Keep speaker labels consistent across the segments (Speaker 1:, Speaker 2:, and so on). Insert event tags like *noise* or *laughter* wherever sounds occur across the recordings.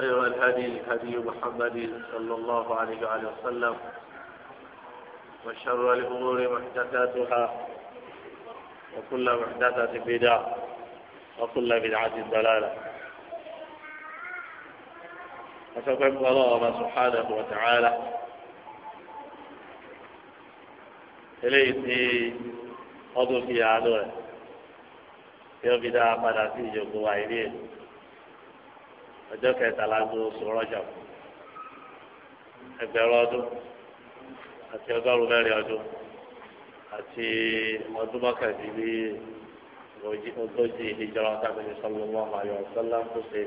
Speaker 1: خير الهدي هدي محمد صلى الله عليه وآله وسلم وشر الأمور محدثاتها وكل محدثة بدعة وكل بدعة ضلالة أتقبل الله سبحانه وتعالى eléyìí tí ọdún fi àánú rẹ̀ tí ó fi dáa padà sí ọjọ́ kẹtàlá ní oṣù rọ́jà ẹgbẹ̀rún ọdún àti ọgọ́rùn mẹ́rin ọdún àti ọdún mọ́kàndínlẹ́ ogójì ìjọba tábìlì sọlọ wọn àyọ sọlá tó ṣe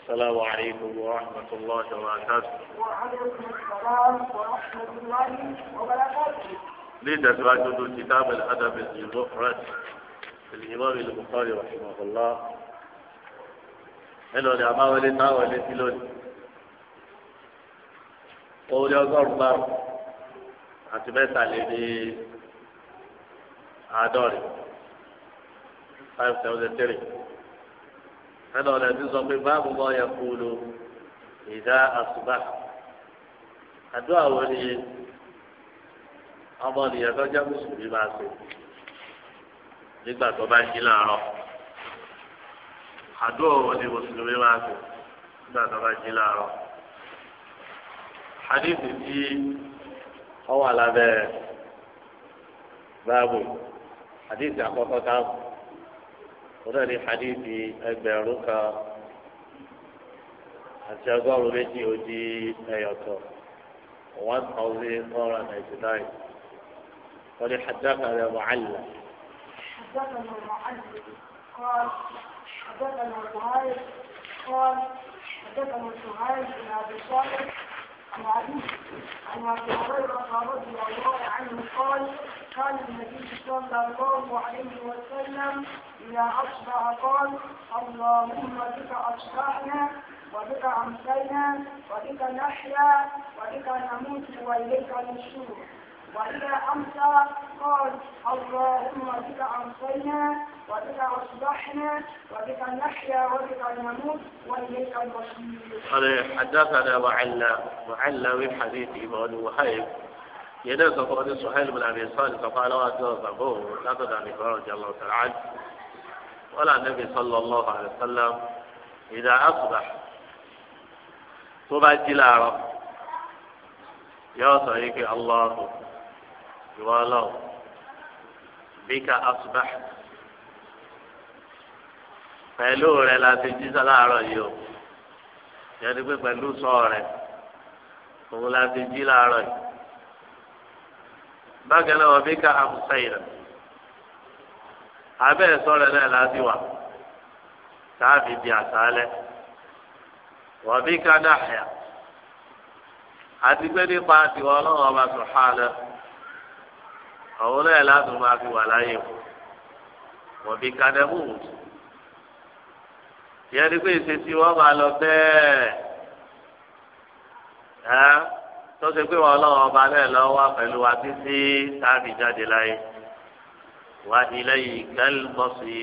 Speaker 1: السلام عليكم ورحمة الله وبركاته.
Speaker 2: وعليكم السلام ورحمة الله وبركاته. لتسرع كتاب
Speaker 1: الأدب المفرد للإمام البخاري رحمه الله mélòó ni àbáwọlé táwọlé sí lónìí owó ní ọgọ́rùn márùn àti mẹ́ta lé ní àádọ́rin five thousand three mélòó ni ẹbí sọ pé báàbù bọ́ yẹ kú lu ìdá àsùbà àdúrà wo ni ọmọ nìyẹn tó jẹ́ mùsùlùmí máa ṣe nígbà tó bá ń jí láàárọ̀ àdúrà wọn ni mùsùlùmí máa ń sè nígbà tó bá jí láàárọ̀ hadith tí ó wà lábẹ́ báàbù hadith àkọ́kọ́ táàbù wọn náà ní hadith ẹgbẹ̀rún kan àti ọgọ́rùn-ún méjì ó di ẹyọ̀tọ̀ one thousand four hundred ninety nine wọn ní hadith kan rẹ̀
Speaker 2: قال حدثنا سهيل قال حدثنا سهيل بن ابي صالح عن ابي عن ابي هريره رضي الله عنه قال قال النبي صلى الله عليه وسلم اذا اصبح قال اللهم بك اصبحنا وبك امسينا وبك نحيا وبك نموت واليك النشور وإذا أمسى قال اللهم بك أمسينا وبك أصبحنا وبك نحيا وبك نموت وإليك المصير. هذا حدثنا
Speaker 1: وعلا وعلا من حديث إمام وهيب ينزل فقد سهيل بن أبي صالح فقال وأتوا أبوه لا تدع لفرار رضي الله تعالى عنه ولا النبي صلى الله عليه وسلم إذا أصبح ثم جلاره يا صديقي الله ìwọ bika bíkà pẹ̀lú rẹ la ti jí láàárọ̀ yìí o yẹni pé pẹ̀lú sọ rẹ òun la ti jí láàárọ̀ yìí bákan náà wọ́n bíkà rẹ abẹ́ sọ̀rọ̀ náà la ti wà káàfi di àsálẹ̀ wọ́n bíkà náà àwọn náà láti máa fi wà láyé o wọ́n fi kalẹ̀ mú un yẹn ni pé ìṣesí wọn máa lọ bẹ́ẹ̀ ẹ tó ṣe pé wọn lọ́wọ́ ọba náà lọ wá pẹ̀lú wa títí táàbì jáde láyé wá ilé yìí kẹlmọsí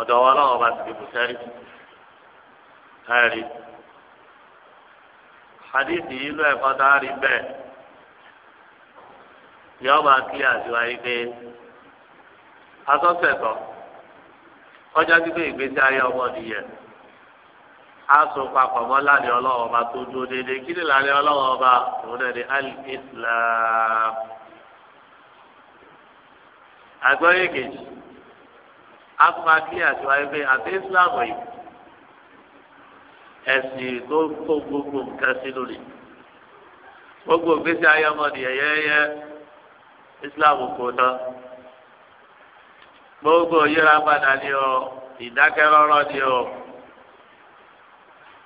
Speaker 1: ọ̀dọ̀ wọn lọ́wọ́ ọba ti dìbò sẹ́rí ẹ hadith yìí ló ẹ̀kọ́ tá a rí bẹ́ẹ̀ yọọ máa kí àdúrà yìí pé asọ́sẹ̀tọ̀ ọjọ́ gbígbé ìgbésí ayé ọmọ nìyẹn a sùn papọ̀ mọ́ lálẹ́ ọlọ́wọ́ ọba tó dúró déédéé kí ni lálẹ́ ọlọ́wọ́ ọba òun náà ni al-Islam àgbọ̀yé kejì a tún máa kí pé àti Islam yìí ẹ̀sìn tó kó gbogbo nǹkan sínú rẹ̀ gbogbo ìgbésí ayé ọmọ nìyẹn yẹ́yẹ́ islam kò tán gbogbo yíra padà ni o ìdákẹ́rọ́rọ́ ni o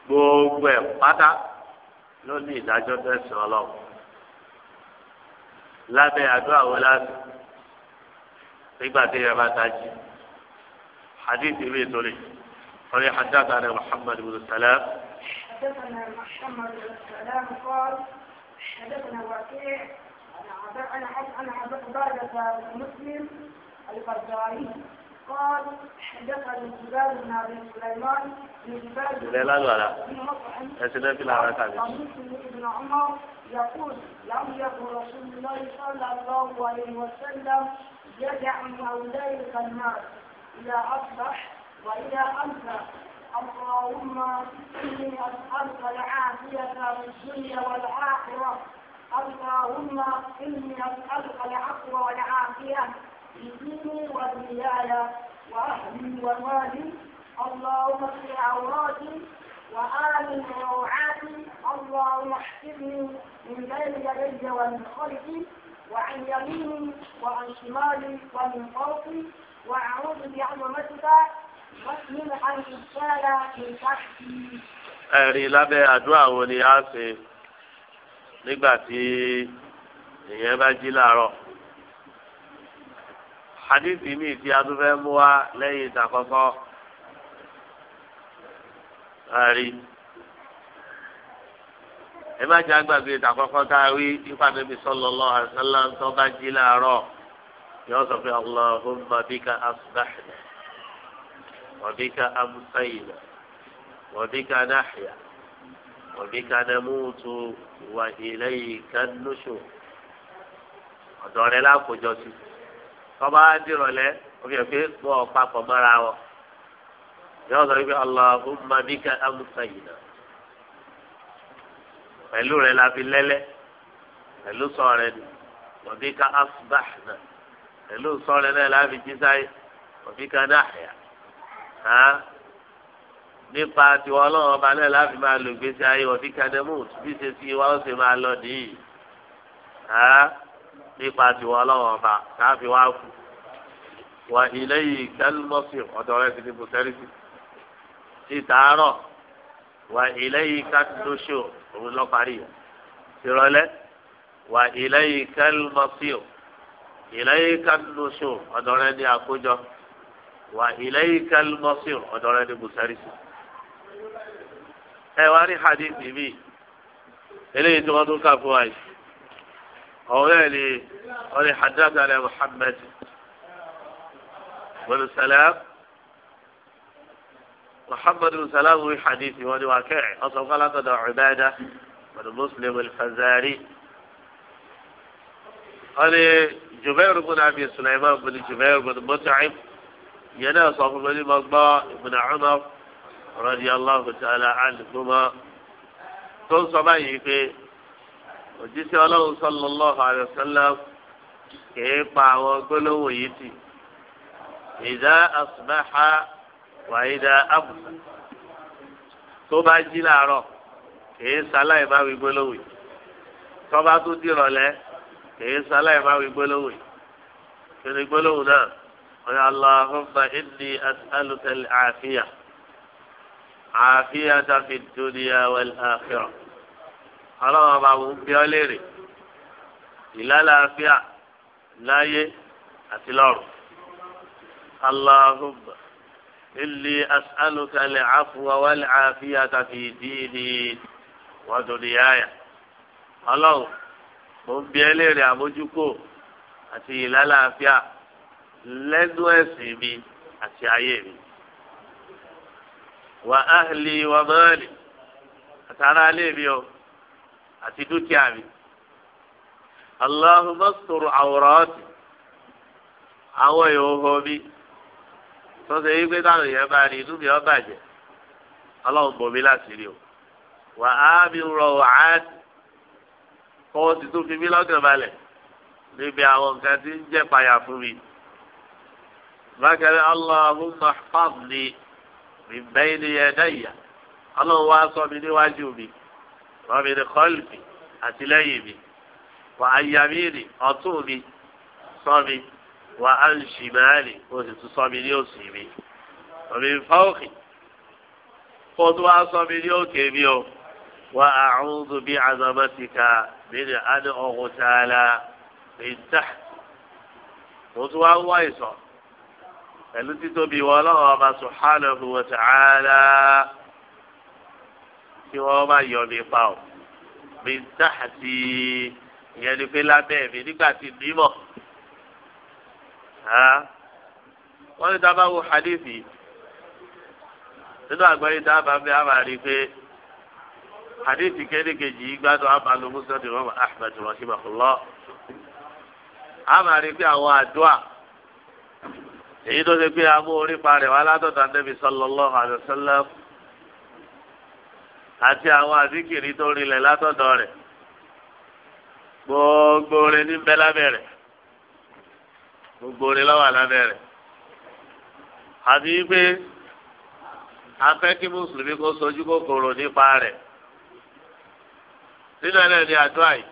Speaker 1: gbogbo ẹ̀ pátá ló ní ìdájọ́ tẹ̀sán ọlọ́run lábẹ́ àdúrà wo láti nígbà tí ẹ bá tají hadithi mi tó lè wọ́n hadathana ní muhammad bin salam.
Speaker 2: hadathana muhammad bin salam kọ́ hadathana wàkẹ́. انا انا عبادة مسلم الفجاري قال حدثني جبال بن ابي سليمان بن جبال لا لا لا في العراق عن مسلم عمر يقول لم يكن رسول الله صلى الله عليه وسلم يدع هؤلاء الكلمات اذا اصبح واذا امسى اللهم اني اسالك العافيه في الدنيا والاخره اللهم إني أسألك العفو والعافية في ديني ودنياي وأهلي ومالي اللهم في عوراتي وآمن روعاتي اللهم احفظني من بين يدي ومن خلفي وعن يميني وعن شمالي ومن فوقي وأعوذ بعظمتك واسلم عن الشارع من تحتي.
Speaker 1: ẹ̀rí lábẹ́ àdúrà wo nígbà tí èèyàn bá jí láàárọ̀ hadithi mi ti adúfẹ́ mú wa lẹ́yìn ìtàkọ́kọ́ rí ẹ má jẹ́ àgbàgbé ìtàkọ́kọ́ tá a rí ipa níbi sallallahu alaihi wasallam tó bá jí láàárọ̀ yọ sọ pé allahumma bika asbahna wa bika amsayna wa bika nahya. وبك نموت وإليك النشور ọ̀dọ̀ rẹ lákòjọ sí tọ́ba dìrọ̀lẹ́ òfin òfin pọ̀ papọ̀ mọ́ra wọn yọ sọ wípé Allahumma bika amsayna pẹ̀lú rẹ la fi lẹ́lẹ́ pẹ̀lú sọ rẹ ni wa bika asbahna pẹ̀lú sọ rẹ náà la fi jí sáyé wa bika nahya nípa tiwọn ọlọ́run ọba náà láti máa lò gbèsè ayé wọn fi kadẹ́mù bí ṣe sí wa ó sì máa lọ nìyí nípa tiwọn ọlọ́run ọba káfí wá kú wà ilé yìí kálmọ́sì ọ̀dọ̀ rẹ̀ ti di bùtẹ́rìsì ti tààrọ̀ wà ilé yìí kátìlóṣù òun lọ parí ìrọ̀lẹ́ wà ilé yìí kálmọ́sì ilé yìí kátìlóṣù ọ̀dọ̀ rẹ̀ di àkójọ wà ilé yìí kálmọ́sì ọ̀dọ̀ rẹ̀ di bùtẹ́rìsì ẹ wá rí hadithi mi eléyìí tí wọn tún kà fún wa yìí ọ̀rẹ́ ni wọn ni hadathana muhammed bin salam muhammed bin salam wí hadithi wọn ni wà kẹ́ẹ̀ ọ̀sán kọ́lá tó dọ̀ ọ̀bẹ́dá bin muslim al-fazari jubair bin abi sulaiman bin jubair bin mut'im yẹn náà sọ fún mi ni mo gbọ́ ibn umar radiyallahu ta'ala anhuma tó ń sọ báyìí pé òjíṣẹ́ ọlọ́run sallallahu alaihi wasallam kìí pa àwọn gbólóhùn yìí tì ìdá asbaha wà ìdá abusa tó bá jí làárọ̀ kìí sáláì bá wí gbólóhùn yìí tó bá tún dìrọ̀lẹ́ kìí sáláì bá wí gbólóhùn yìí kìí gbólóhùn náà wọ́n yà allahumma inni as'aluka al-afiya àfíyàtà fi dúnìyà wal akhirah ọlọ́wọ́n bá wù ú bí ọ léèrè ìlàlàáfíà láyé àti lọ́rùn. اللهم إني أسألك العفو والعافية في ديني ودنياي الله mo ń bi ẹlẹ́rìí àmójúkò àti ìlàlàáfíà lẹ́nu ẹ̀sìn mi àti ayé mi. ahli áhìlì wà a àtàrà alẹ́ ebi o àti dúkìá mi. Allahumma sọ̀rọ̀ àwòrán-ọ̀tì àwọn ìhòòhò mi tọ́sẹ̀ se pé táwọn èèyàn bá rí inú mi ọ́ bàjẹ́ ọlọ́run bò mí láti rí o wà á mi rọ wàhálì kọ́ wọ́n ti tún fi mí lọ́gàn N'ebe níbi àwọn nǹkan tí ń jẹ́ payà fún mi. bákan Allahumma ihfazni. bìbẹ́ ilé ẹ̀dáyà ọlọ́run wá sọ mi níwájú mi rọ́mi ní kọ́lùmí àtìlẹ́yìn mi wà á yà mí rì ọ̀tún mi sọ mi wà á ń ṣì máa rì o sì tún sọ mi ní òsì mi rọ́mi fáwọ́kì kó tó wá sọ mi ní òkè mi o wà á ń bí azamatika mi ní adé ọ̀hún tààlà ní tà mo tún wá wá ìsọ̀rọ̀ pẹ̀lú títóbi wọn ọlọ́run ọba subhanahu wa ta'ala kí wọ́n má yọ mi pa ọ́ mi dáhàtì ìyẹn ni pé lábẹ́ mi nígbà tí mímọ̀ wọ́n ní dábàá wo hadithi nínú àgbáyé dábàá bí a máa rí i pé hadithi kéékèèjì gbádùn abalu musa di mọ́mọ́ ahmed rahimahullah a máa rí i pé àwọn àdúrà èyí tó ṣe pé amú orí parẹ̀ wá látọ̀tà Nabi sallallahu alaihi wasallam àti àwọn àdìkìrì tó rinlẹ̀ látọ̀dọ̀ rẹ̀ gbogbo orin ní bẹ́ lábẹ́rẹ̀ gbogbo orin lọ́wọ́ lábẹ́rẹ̀ àti pé afẹ́ kí mùsùlùmí kó sojú kòkòrò nípa rẹ̀ nínú ẹ̀rẹ́ ni àdúrà yìí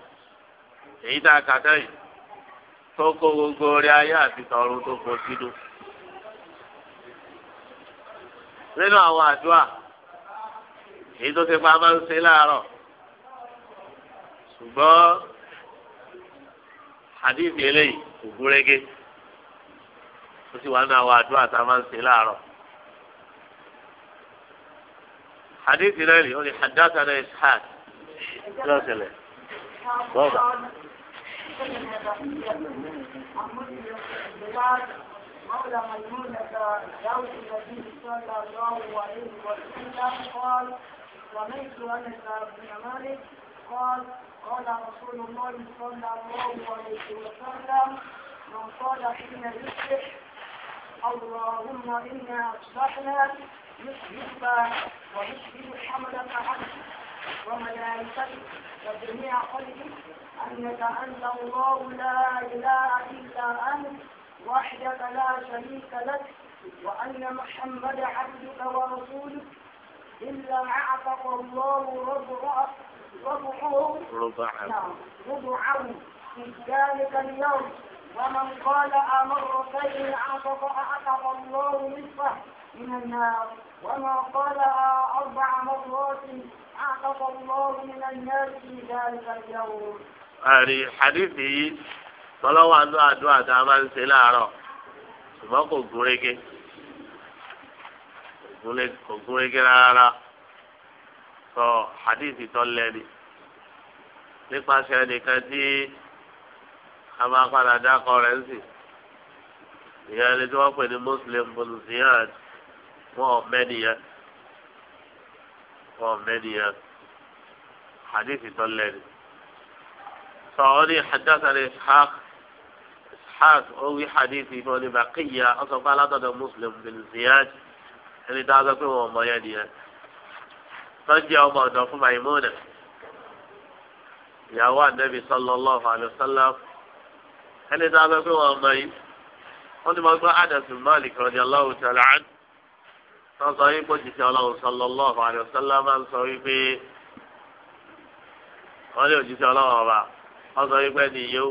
Speaker 1: èyí tá a kà sẹ́yìn tó kó gbogbo orin ayé àti tọrun tó kó sínú nínú àwọn àdúrà èyí tó ti pa máa ń ṣe láàárọ̀ ṣùgbọ́n àdìsí eléyìí kò gúnrégé ó sì wà nínú àwọn àdúrà tá a máa ń ṣe láàárọ̀. حديث ليلي يقول حدثنا إسحاق لا سلام
Speaker 2: واضح مولى ميمونة زوج النبي صلى الله عليه وسلم قال سمعت أنس بن مالك قال قال رسول الله صلى الله عليه وسلم من قال حين يصبح اللهم إنا أصبحنا يصبح ويشبه حملة عبد وملائكته وجميع خلقه أنك أنت الله لا إله إلا أنت وحدك لا شريك لك وأن محمد عبدك ورسولك إلا أعتق الله ربعه ربعه نعم، ربعه في ذلك اليوم ومن قال أمرتين أعتق أعتق الله نصفه من النار وما قال أربع مرات أعتق الله من النار في ذلك اليوم.
Speaker 1: هذه حديثي tọ́lọ́wọ́ àdó àdúrà tá a máa ń ṣe láàárọ̀ ṣùgbọ́n kò gúnrégé kò gúnrégé rárá sọ hadithi tó lẹ́ni nípasẹ̀ ẹnìkan tí a máa padà dákọ̀ rẹ̀ ń ìyá ẹni tí wọ́n pè ní muslim bolùsíyàn wọn ò mẹ́niyàn wọn ò mẹ́niyàn hadithi tó lẹ́ni. sọ̀rọ̀ ní hadathani ishaq. الضحاك روي حديثي فولي بقية أصلا قال هذا مسلم بن زياد يعني هذا كله هو ميادية ترجع ما دفع ميمونة يا النبي صلى الله عليه وسلم يعني هذا كله هو مي wọ́n ti máa gbọ́ Anas bin Malik radiyallahu ta'ala anhu wọ́n sọ yìí kó jìṣẹ́ ọlọ́run sallallahu alaihi wasallam máa ń sọ wípé wọ́n lé òjìṣẹ́ ọlọ́run ọba wọ́n sọ wípé nìyẹn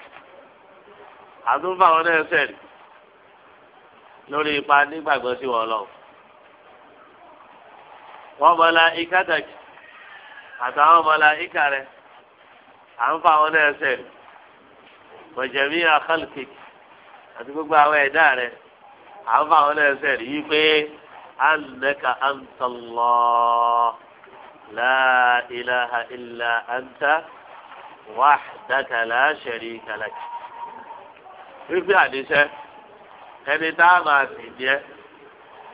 Speaker 1: àtúnfà wọn náà sẹ̀ lórí ipa nígbàgbọ́ sí wọn lọ. wọ́n mọ̀lá iká tàkì àtàwọn mọ̀lá iká rẹ̀ àǹfà wọn náà sẹ̀ mọ̀jẹ̀mí àkàlùkì àti gbogbo àwọn ẹ̀dá rẹ̀ àǹfà wọn náà sẹ̀ rí i pé annaka antallah la ilaha illa anta wípé àdéṣẹ́ ẹni tá a máa sì jẹ́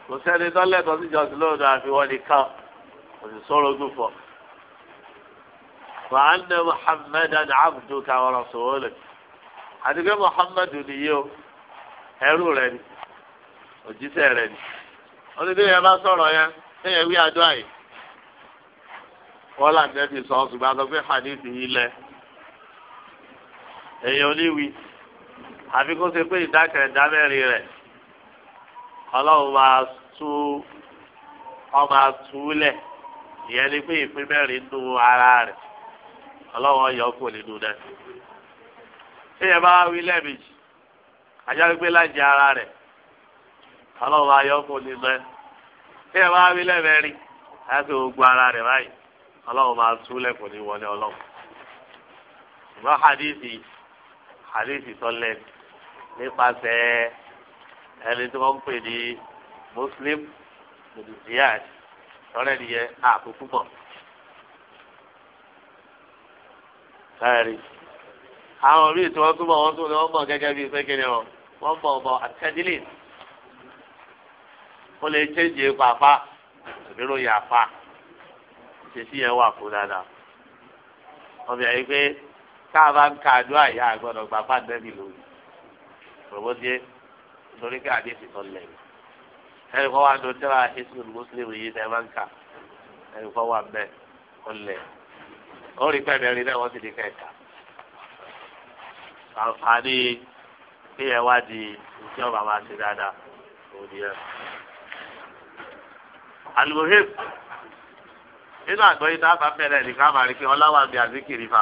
Speaker 1: kò sẹ́ni tó sí jọ́sìn lóòdù àfiwọ́n nìkan kò sì sọ̀rọ̀ ojú fọ̀. وأن محمدا عبدك ورسولك àdìgbé muhammadu nìyí o ẹrú rẹ ni òjíṣẹ́ rẹ ni onídé yẹn bá sọ̀rọ̀ yẹn ẹyẹ wí àdúrà yìí wọn là nẹbi sọ ṣùgbọ́n ha hadithi yìí lẹ èèyàn oníwi àfi kó ṣe pé ìdákẹ̀ẹ́dá mẹ́rin rẹ̀ ọlọ́run máa tú ọmọ àtúlẹ̀ ìyẹn ni pé ìpín mẹ́rin nù ara rẹ̀ ọlọ́run ọyọ kò nínú náà tíyẹn bá wí lẹ́ẹ̀mejì ajágbé lájẹ ara rẹ̀ ọlọ́run ayọ kò nínú ẹ tíyẹn bá wí lẹ́ẹ̀mẹ́rin ayáṣẹ́ gbogbo ara rẹ̀ báyìí ọlọ́run máa túlẹ̀ kò ní wọlé ọlọ́run ṣùgbọ́n hadithi hadithi tọ́lẹ́ni nípasẹ̀ ẹni tí wọ́n ń pè ní muslim mùsùlùmíyàn lọ́rẹ́ nìyẹn ààbò púpọ̀. Ẹ̀rí àwọn míì tí wọ́n túbọ̀ wọ́n tún ni wọ́n mọ̀ gẹ́gẹ́ bíi pé kíni o wọ́n mọ̀ ọ̀bọ̀ àtẹ́dílì ó lè chéjì epo àfa ìbírò yà àfa ìṣesí yẹn wà fún dáadáa. Ọbẹ̀ yìí pé káà bá ń ka àdúrà yà àgbọ̀dọ̀ gbà pàdé lórí rògbòdìẹ torí pé àdé ti tọ́lẹ̀ ẹnì kan wà ní ojúra ismail muslim yìí ní ẹ̀mánká ẹnì kan wà bẹ́ẹ̀ ọlẹ̀ ó rí pẹ́ẹ́mẹ́rin náà wọ́n ti di kẹta àǹfààní kí ẹ wá di ìjọba máa ṣe dáadáa òní ẹ. almuhim nínú àgbọ̀yìn tá a bẹ̀rẹ̀ nìkan máa rí pé ọláwà mi àti kìrìfà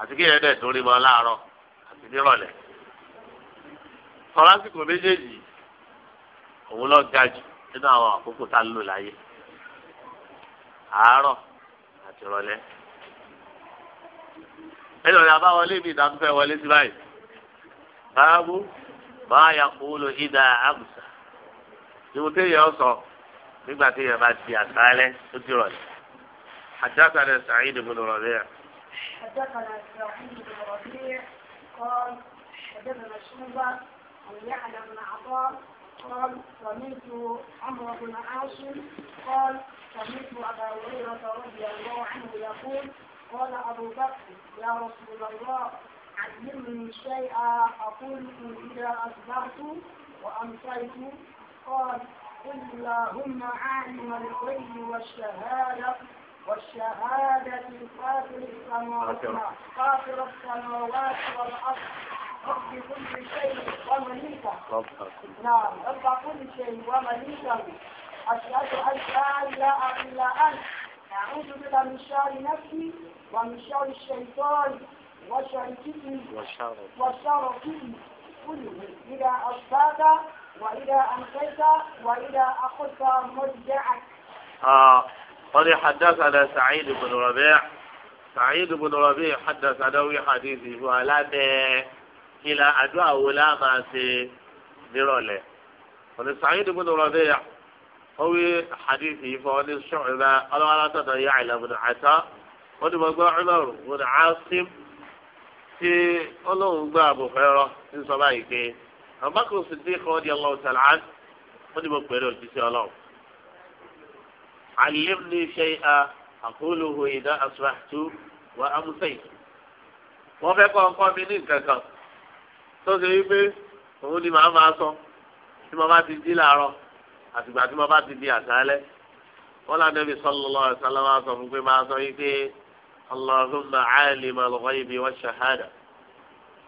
Speaker 1: àti kí dẹ̀ torí mọ́ láàárọ̀ àti nírọ̀lẹ́ sọlásìkò méjèèjì òun lọ ga jù nínú àwọn àkókò tá a lò láyé àárọ̀ àti ìrọ̀lẹ́ ẹnì ọ̀rẹ́ àbáwọlé mi ìdá tó fẹ́ wọlé sí báyìí báàbù máa yà kúlò ìdá àbùsà ìwò téèyàn sọ nígbà téèyàn bá di àsálẹ́ tó ti rọ̀lẹ́ حدثنا سعيد بن ربيع
Speaker 2: حدثنا سعيد بن ربيع قال حدثنا شعبة أن يعلم بن عطاء قال سمعت عمرو بن عاشم قال سمعت أبا هريرة رضي الله عنه يقول قال أبو بكر يا رسول الله علمني شيئا أقوله إذا أصبحت وأمسيت قال قل اللهم عالم الغيب والشهادة والشهادة فاطر السماوات فاطر السماوات والأرض رب كل شيء ومليكه نعم رب كل شيء ومليكه أشهد أن لا إله إلا أنت أعوذ بك من شر نفسي ومن شر الشيطان وشركه وشركه كله إذا أصبحت وإذا أمسيت وإذا أخذت مرجعك.
Speaker 1: آه قال حدثنا سعيد بن ربيع سعيد بن ربيع حدث عن حديثه ولا ìlà àdúrà wo la máa ṣe nírọ̀lẹ́ òní Sa'id ibn Rabi'a ó wí hadith yìí fún ọ ní Shu'ba ọlọ́wọ́ alátọ̀dọ̀ Ya'la ibn Ata wọ́n ti mọ gbọ́ Umar ibn Asim tí ọlọ́run gbà Abu Hurairah ń sọ báyìí pé Abubakar Siddiq radiyallahu ta'ala anhu wọ́n ti mọ pẹ̀lú òjíṣẹ́ ọlọ́run. علمني شيئا أقوله إذا أصبحت وأمسيت wọ́n fẹ́ kọ́ ọkọ mi ní nǹkan kan tó ṣe wípé òun ni màá máa sọ tí mo bá ti dí làárọ̀ àtìgbà tí mo bá ti di àṣálẹ́ wọn là nẹbi sallallahu alaihi wasallam máa sọ fún pé máa sọ wípé Allahumma alimal ghaibi wash shahada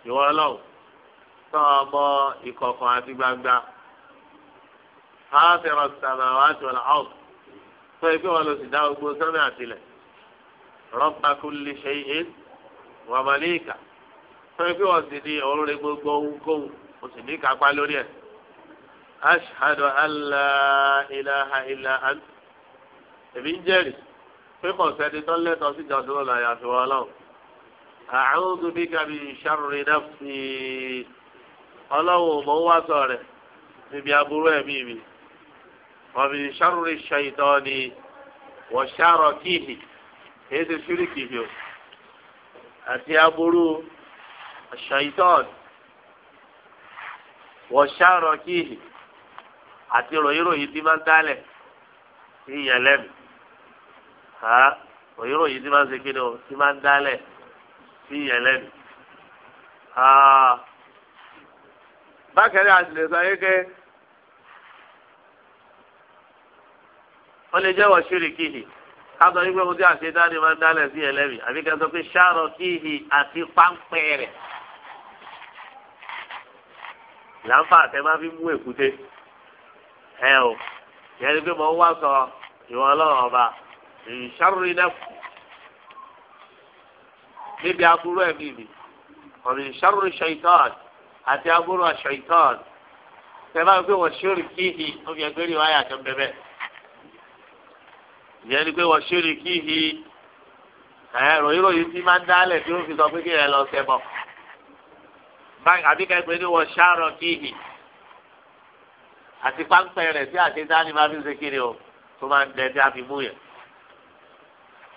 Speaker 1: ìwọ Ọlọ́run tó ọmọ ìkọ̀kọ̀ àti gbangba fàáfẹrọ samawati wal ard sọ pé wọn lọ sì dá gbogbo sọmọ àtìlẹ Rabba kulli shay'in wa sọ pé wọ́n sì ní òun rẹ gbogbo ohunkóhun o sì ní kápá lórí ẹ̀. ashhadu an la ilaha illa ant èmi ń jẹ́rìí pé kò sẹ́ni tó lẹ́tọ̀ọ́ sí ìjọsìn ọ̀la àyàfi wọn lọ́wọ́. a'udhu bika min sharri nafsi ọlọ́wọ́ mọ̀ ń wá sọ rẹ̀ níbi aburú ẹ̀mí mi. wa min sharri shaytani wa sharrihi kìíní èyí ti ṣúrí kìíní o àti aburú ṣàìtọ́n wọ̀ṣàrọ̀ kíhì àti ròyìnròyìn tí máa ń dálẹ̀ sí ìyẹn lẹ́nu ha ròyìnròyìn tí máa ń ṣe kí ni o tí máa ń dálẹ̀ sí ìyẹn lẹ́nu ha bákẹ́rẹ́ àti lè sọ yé ké wọ́n lè jẹ́ wọ̀ṣúrì kíhì kátó yín pé mo ti àṣetá ni máa ń dálẹ̀ sí ìyẹn lẹ́nu àbí kẹ́tọ́ pé ṣàrọ̀ kíhì àti páńpẹ́ rẹ̀ ìlànfà àtẹ máa fi mú èkúté ẹ o yẹn ni pé mo wá sọ ìwọ ọlọ́run ọba ìṣàrúrí nẹ́fù níbi aburú ẹ̀mí mi ọ̀nà ìṣàrúrí ṣaitan àti aburú ṣaitan tẹ́lá pé wọ́n ṣírí kíhì omi ẹgbẹ́ rí wáyà tó ń bẹ́bẹ́ ìyẹn ni pé wọ́n ṣírí kíhì ẹ̀rọ ìròyìn tí máa ń dálẹ̀ tí ó fi sọ pé kí ẹ lọ sẹ́bọ̀ báyìí àbí kẹ́gbẹ́ ni wọ́n ṣàrọ̀ fíhì àti páńpẹ́ rẹ̀ tí àṣetá ni máa fi ṣe kiri o tó máa ń dẹ tí a fi mú yẹn.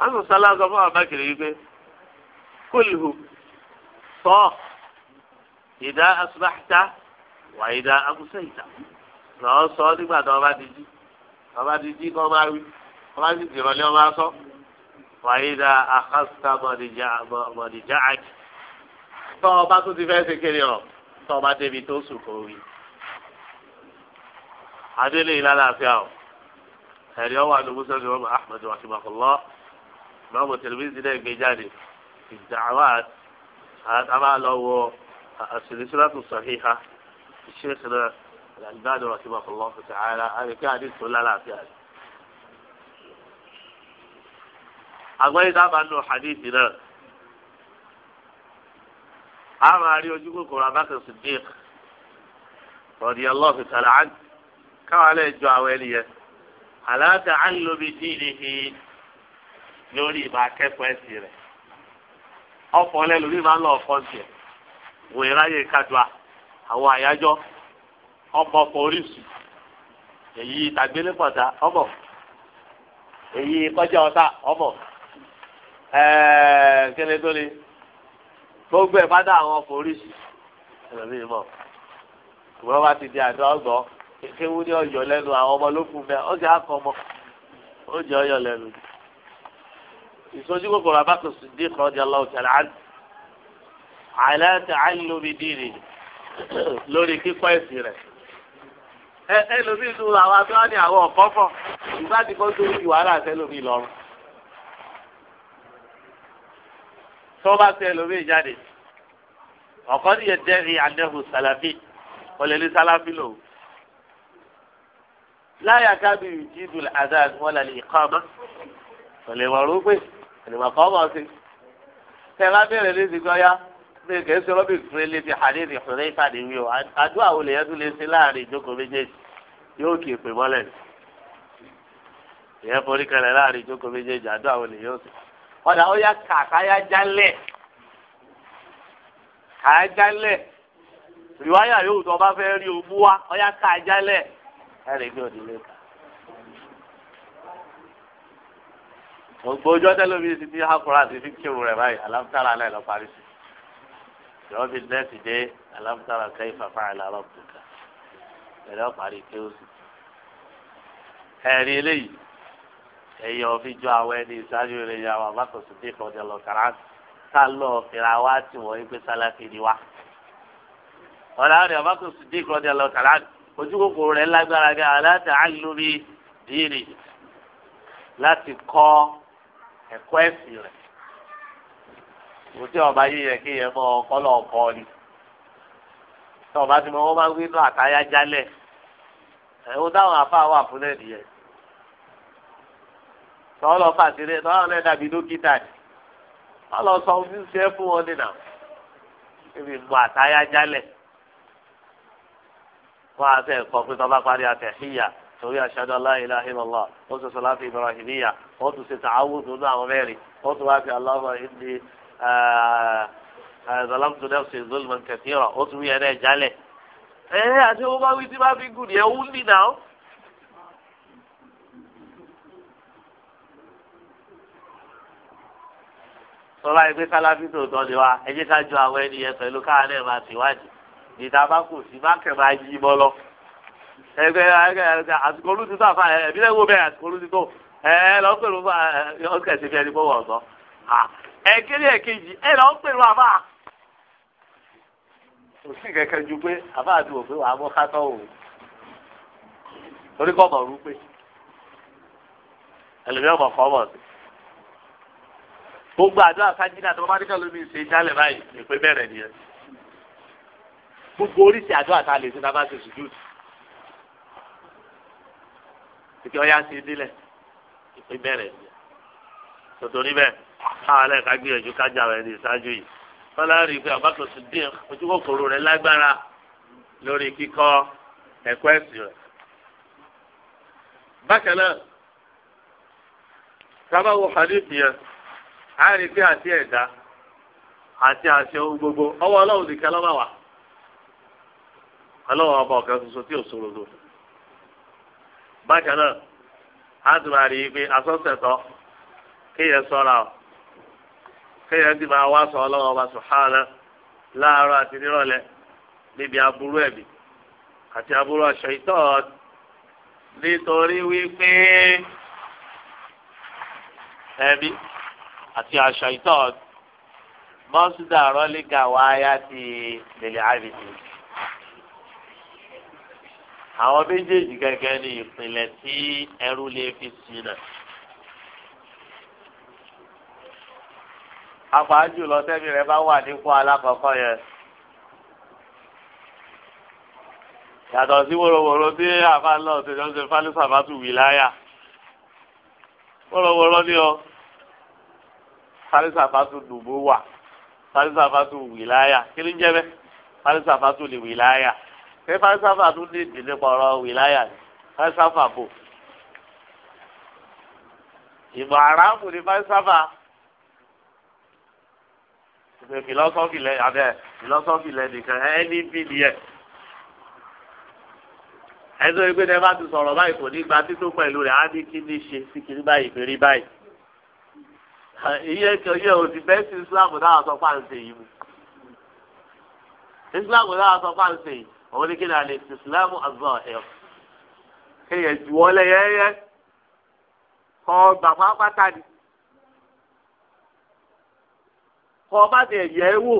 Speaker 1: àwọn sọlá sọ fún àwọn kiri yìí pé kúlù tọ́ ìdá asubáhítà wà ìdá agusẹ́yìtà lọ́ọ́ sọ nígbà tó ọba ti ọba ti kọ́ máa wí ọba ti dìrọ̀lẹ́ ọba sọ wà ìdá akásítà mọ̀dìjà àkì tọ́ ọba tó ti fẹ́ ṣe kiri ọ̀ tọ́ ọba débi tó sùn kò rí. adélé ìlàlàáfíà o ẹ̀rí ọwọ́ àdúgbòsọ ni wọ́n mọ̀ ahmed rahimahullah ìmọ̀ọ́mù tẹlifíṣì náà gbé jáde ìdààwà àtàmàlọ́wọ́ àṣìlẹ́sílátù sàhíhá ìṣẹ́sílẹ̀ الألباني رحمه الله تعالى هذا كان يدخل لا في هذا أقول إذا أنه حديثنا a máa rí ojú kòkòrò abákan Siddiq radiyallahu ta'ala anhu káwọn alẹ́ jọ àwọn ẹni yẹn àlàáfíà àlùbí dìínì lórí bí máa lọ wò é ráyè àwọn èyí kọjá gbogbo ẹ̀ pátá àwọn polisi ẹlòmíì mọ̀ ìwọ́n bá ti di àdó ọgbọ kéwú ní ọyọ lẹ́nu àwọn ọmọ ló fún bẹ́ẹ̀ ó sì á kọ ọmọ ó jẹ́ ọyọ lẹ́nu. ìsojú kòkòrò abákò Siddiq radiyallahu ta'ala anhu ala ta'allumi dini lórí kíkọ́ ẹ̀sìn rẹ̀. ẹ ẹlòmíì nù àwọn abẹ́wọ́n ní àwọn ọ̀kọ́fọ̀ ìgbà tí kò tó lọ́rùn. tó bá fẹ́ lómi jáde ọ̀kan ní ẹ̀dẹ́rì anẹ́hùn sàlàfì ọ̀lẹ́lẹ́ sàlàfì lò. láyà kábí ìjìdù àdáhùn wọn là lè kọ́ ọmọ ọ̀lẹ́ wà rúgbé ọ̀lẹ́ wà kọ́ ọmọ sí. tẹ̀lá bẹ̀rẹ̀ ní ti gbọ́yá bẹ́ẹ̀ kẹ́ sọ rọ́bì fún ilé ti hàdé ní ìfúnlẹ̀ ìfàdé wí o àdúrà wo tún lè ṣe láàrin ìjókòó méjèèjì yóò kì í pè mọ́lẹ̀ ìyẹn forí kalẹ̀ láàrin ìjókòó méjèèjì àdúrà wo lèyẹ́ òsè ọ̀dà ó yá kà káyá jálẹ̀ káyá jálẹ̀ rìwáyà yóò tó ọba fẹ́ rí ogún wa ó yá kà jálẹ̀ ẹ̀rì bí òdìlé kà. gbogbo ojú ọtẹ lómi ti ti hakura ti fi kírun báyìí alámútàrà náà lọ parí sí yọọ fi nẹẹsì dé alámútàrà kẹyìn fàfà àìlárọ bùkà ẹrẹ ọ parí kéwòsì ẹrí eléyìí ẹ̀yẹ òfin jọ àwọn ẹni ìsáájú rẹ̀ yà wà bàtọ̀ sídìí kọjá lọ kàrá ká lọ fìrà wá tì wọ́n gbé sálàfì ni wá. ọ̀là rẹ̀ bàtọ̀ sídìí kọjá lọ kàrá ojú kòkòrò rẹ̀ lágbára bí aláta àlùmí dìínì láti kọ́ ẹ̀kọ́ ẹ̀sìn rẹ̀. òtí ọba yìí yẹ kí yẹn mọ ọkọlọ ọkọ ni. tí ọba ti mọ wọn máa gbé náà àtayá jálẹ̀. ẹ̀hún táwọn àfa wà fún nìyẹn tọ́ lọ fàṣírí tọ́ lọ dàbí dókítà ni wọ́n lọ sọ fún ṣe fún wọn nínà ebi mú àtayá jálẹ̀ wọ́n á fẹ́ kọ́ pé tọ́ba parí àtẹ̀híyà torí ashhadu an la ilaha illallah ó tún sọ láti ibrahimiyya ó tún ṣe tààwù tó ní àwọn mẹ́rin ó tún wá fi aláwọ̀ ìdí zalamtu nafsi zulman kathira ó tún yẹn náà jálẹ̀ ẹ̀ẹ́ àti wọ́n bá wí tí bá fi gùn yẹn ó ń nìyà tọ́lá ẹgbẹ́ kálábí tó tọ́ wa ẹ ká ju àwọn ẹnìyẹn pẹ̀lú káàánú ẹ̀ máa tìwádìí níta bá kù sí má kẹ̀ máa yí bọ́ lọ. ẹgbẹ́ àsìkò olú ti tó àfa ẹ̀bí lẹ́wọ́ bẹ́ẹ̀ àsìkò olú ti tó ẹ lọ pẹ̀lú ọ̀sẹ̀ ti fi ẹni bọ́wọ̀ ọ̀sọ́. ẹ kéde ẹ̀kejì ẹ lọ pẹ̀lú àbá. kò sí ju pé àbá àti òpè wà á mọ́ kátó o torí kọ́ mọ̀ rú pé ẹlòmíràn kọ́ mọ̀ sí gbogbo àdúrà fájínà tó bá ní kálọ̀ mi ṣe jálẹ̀ báyìí ìpè bẹ̀rẹ̀ nìyẹn gbogbo oríṣi àdúrà tá a lè ṣe tá a bá ṣe sùdúù ìpè ọyá ṣe délẹ̀ ìpè bẹ̀rẹ̀ nìyẹn tòtò níbẹ̀ káàlẹ̀ ká gbìyànjú ká jà wẹ̀ ní ìṣáájú yìí wọ́n lárí pé àbákò sùdíẹ̀ ojú kòkòrò rẹ̀ lágbára lórí kíkọ́ ẹ̀kọ́ ẹ̀sìn rẹ̀ bákan náà sábà wo hadith yẹn. a rí pé àti ẹ̀dá àti àṣẹ ohun gbogbo ọwọ́ ọlọ́run nìkan lọ́wọ́ wa ọlọ́run ọba ọ̀kan tuntun tí ò sòrò bákan náà a tún máa rí i pé asọ́sẹ̀tọ́ kéèyàn sọ́ra o kéèyàn ti máa wá sọ ọlọ́run ọba sùhánà láàárọ̀ àti nírọ̀lẹ́ níbi aburú ẹ̀mí àti aburú aṣọ ìtọ́ nítorí wípé ẹ̀mí. àti aṣọ ìtọ́ mọ́sídà rọ́lígà wáyá ti lèlè àbìtì. àwọn méjèèjì gẹ́gẹ́ ní ìpìlẹ̀ tí ẹrú lè fi ṣìnà. apàájù lọ sẹ́mi rẹ̀ bá wà nípò alákọ̀ọ́kọ́ yẹn. yàtọ̀ sí wòrowòro tí àfa lọ́ọ̀ṣẹ̀ jọ́sẹ̀ fálísà bá tù wí láyà. wòrowòro ni o falsafatu nubuwa falsafatu wilaya kí ló ń jẹ́ bẹ́ẹ̀ falsafatu li wilaya ṣé falsafa tún ní ìdílé pọ̀rọ̀ wilaya ni falsafa ìmọ̀ aráàmù ni falsafa ìpè fìlọ́sọ́fì lẹ abẹ́ fìlọ́sọ́fì lẹ nìkan ẹni bí nìyẹn ẹni tó yẹ bá ti sọ̀rọ̀ báyìí kò ní gba títún pẹ̀lú rẹ̀ á ní kí ní ṣe sí kiri báyìí péré báyìí ìyẹn kì í òsì bẹ́ẹ̀ sí islam náà sọ fún àǹsẹ̀ yìí mu islam náà sọ fún àǹsẹ̀ yìí òun ní kí ni àlè islam azọ ẹ̀ kéèyàn jù wọ́n lẹ̀ yẹ́yẹ́ kọ́ gbàgbọ́ pátá ni kọ́ bá tẹ̀ yẹ̀ ẹ́ wò